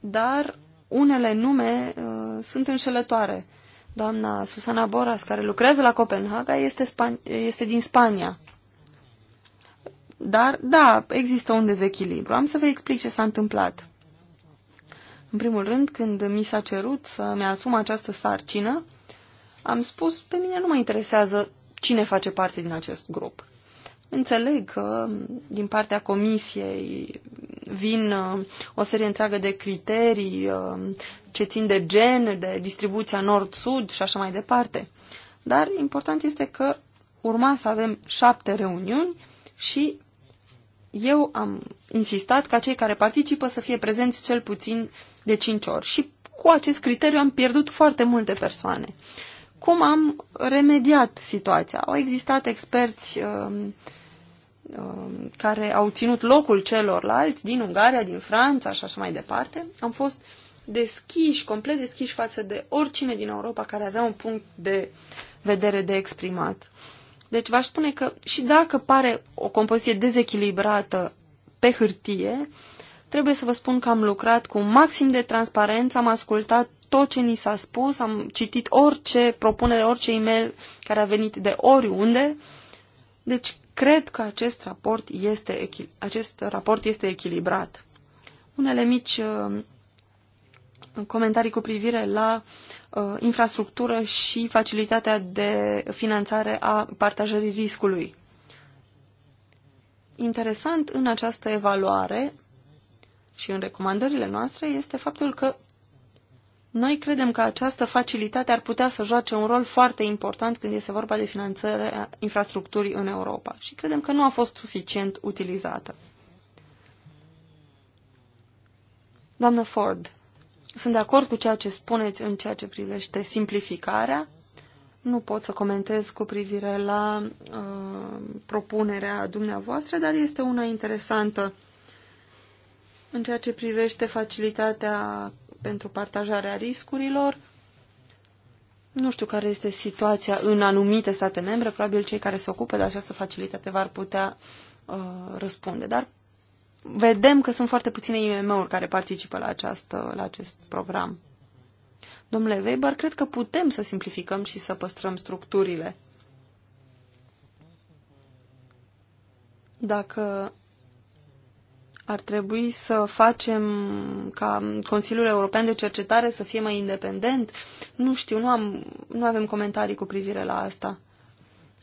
dar unele nume uh, sunt înșelătoare. Doamna Susana Boras, care lucrează la Copenhaga, este, este din Spania. Dar, da, există un dezechilibru. Am să vă explic ce s-a întâmplat. În primul rând, când mi s-a cerut să-mi asum această sarcină, am spus, pe mine nu mă interesează cine face parte din acest grup. Înțeleg că din partea comisiei vin uh, o serie întreagă de criterii uh, ce țin de gen, de distribuția nord-sud și așa mai departe. Dar important este că urma să avem șapte reuniuni și eu am insistat ca cei care participă să fie prezenți cel puțin de 5 ori. Și cu acest criteriu am pierdut foarte multe persoane. Cum am remediat situația? Au existat experți uh, uh, care au ținut locul celorlalți din Ungaria, din Franța și așa mai departe. Am fost deschiși, complet deschiși față de oricine din Europa care avea un punct de vedere de exprimat. Deci v-aș spune că și dacă pare o compoziție dezechilibrată pe hârtie, uh, Trebuie să vă spun că am lucrat cu maxim de transparență, am ascultat tot ce ni s-a spus, am citit orice propunere, orice e-mail care a venit de oriunde. Deci, cred că acest raport este, acest raport este echilibrat. Unele mici uh, comentarii cu privire la uh, infrastructură și facilitatea de finanțare a partajării riscului. Interesant în această evaluare și în recomandările noastre este faptul că noi credem că această facilitate ar putea să joace un rol foarte important când este vorba de finanțarea infrastructurii în Europa și credem că nu a fost suficient utilizată. Doamnă Ford, sunt de acord cu ceea ce spuneți în ceea ce privește simplificarea. Nu pot să comentez cu privire la uh, propunerea dumneavoastră, dar este una interesantă în ceea ce privește facilitatea pentru partajarea riscurilor, nu știu care este situația în anumite state membre, probabil cei care se ocupă de această facilitate v-ar putea uh, răspunde, dar vedem că sunt foarte puține IMM-uri care participă la, această, la acest program. Domnule Weber, cred că putem să simplificăm și să păstrăm structurile. Dacă ar trebui să facem ca Consiliul European de Cercetare să fie mai independent? Nu știu, nu, am, nu avem comentarii cu privire la asta.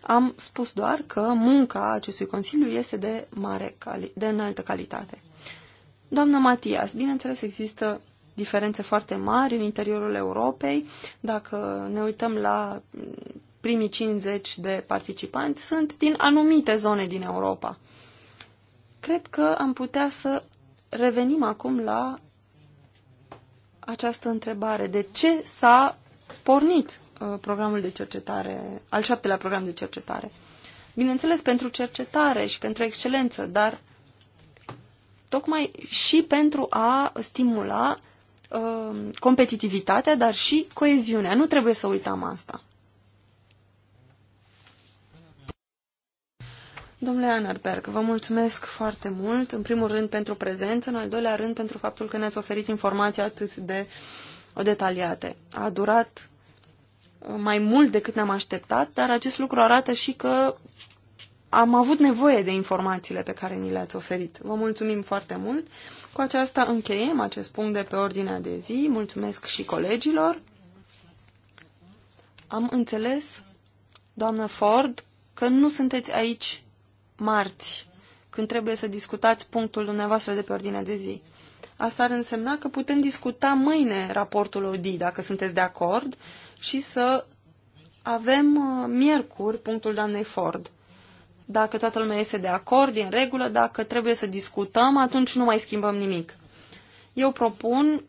Am spus doar că munca acestui Consiliu este de, mare cali- de înaltă calitate. Doamna Matias, bineînțeles există diferențe foarte mari în interiorul Europei. Dacă ne uităm la primii 50 de participanți, sunt din anumite zone din Europa. Cred că am putea să revenim acum la această întrebare. De ce s-a pornit uh, programul de cercetare, al șaptelea program de cercetare? Bineînțeles, pentru cercetare și pentru excelență, dar tocmai și pentru a stimula uh, competitivitatea, dar și coeziunea. Nu trebuie să uităm asta. Domnule Anerberg, vă mulțumesc foarte mult, în primul rând pentru prezență, în al doilea rând pentru faptul că ne-ați oferit informații atât de detaliate. A durat uh, mai mult decât ne-am așteptat, dar acest lucru arată și că am avut nevoie de informațiile pe care ni le-ați oferit. Vă mulțumim foarte mult. Cu aceasta încheiem acest punct de pe ordinea de zi. Mulțumesc și colegilor. Am înțeles, doamnă Ford, că nu sunteți aici marți, când trebuie să discutați punctul dumneavoastră de pe ordinea de zi. Asta ar însemna că putem discuta mâine raportul ODI, dacă sunteți de acord, și să avem uh, miercuri punctul doamnei Ford. Dacă toată lumea este de acord, din regulă, dacă trebuie să discutăm, atunci nu mai schimbăm nimic. Eu propun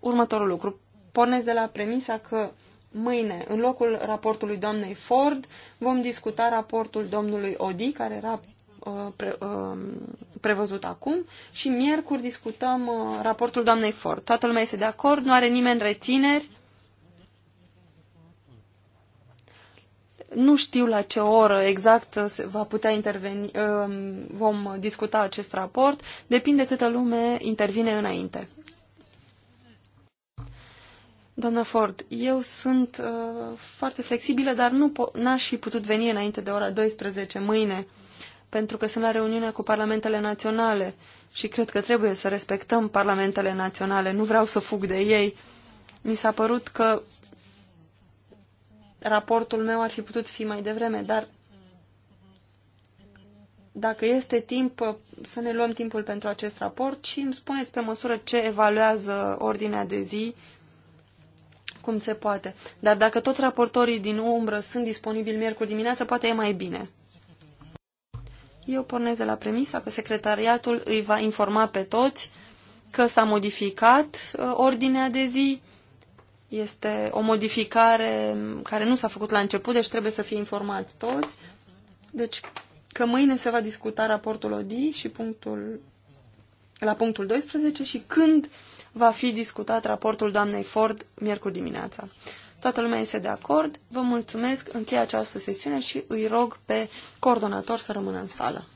următorul lucru. Pornesc de la premisa că mâine, în locul raportului doamnei Ford, vom discuta raportul domnului Odi, care era uh, pre, uh, prevăzut acum, și miercuri discutăm uh, raportul doamnei Ford. Toată lumea este de acord, nu are nimeni rețineri. Nu știu la ce oră exact va putea interveni, vom discuta acest raport, depinde câtă lume intervine înainte. Doamna Ford, eu sunt uh, foarte flexibilă, dar nu n-aș fi putut veni înainte de ora 12 mâine, pentru că sunt la reuniunea cu parlamentele naționale și cred că trebuie să respectăm parlamentele naționale. Nu vreau să fug de ei. Mi s-a părut că raportul meu ar fi putut fi mai devreme, dar dacă este timp uh, să ne luăm timpul pentru acest raport și îmi spuneți pe măsură ce evaluează ordinea de zi cum se poate. Dar dacă toți raportorii din umbră sunt disponibili miercuri dimineață, poate e mai bine. Eu pornesc de la premisa că secretariatul îi va informa pe toți că s-a modificat uh, ordinea de zi. Este o modificare care nu s-a făcut la început, deci trebuie să fie informați toți. Deci că mâine se va discuta raportul ODI și punctul, la punctul 12 și când uh, va fi discutat raportul doamnei Ford miercuri dimineața. Toată lumea este de acord. Vă mulțumesc, închei această sesiune și îi rog pe coordonator să rămână în sală.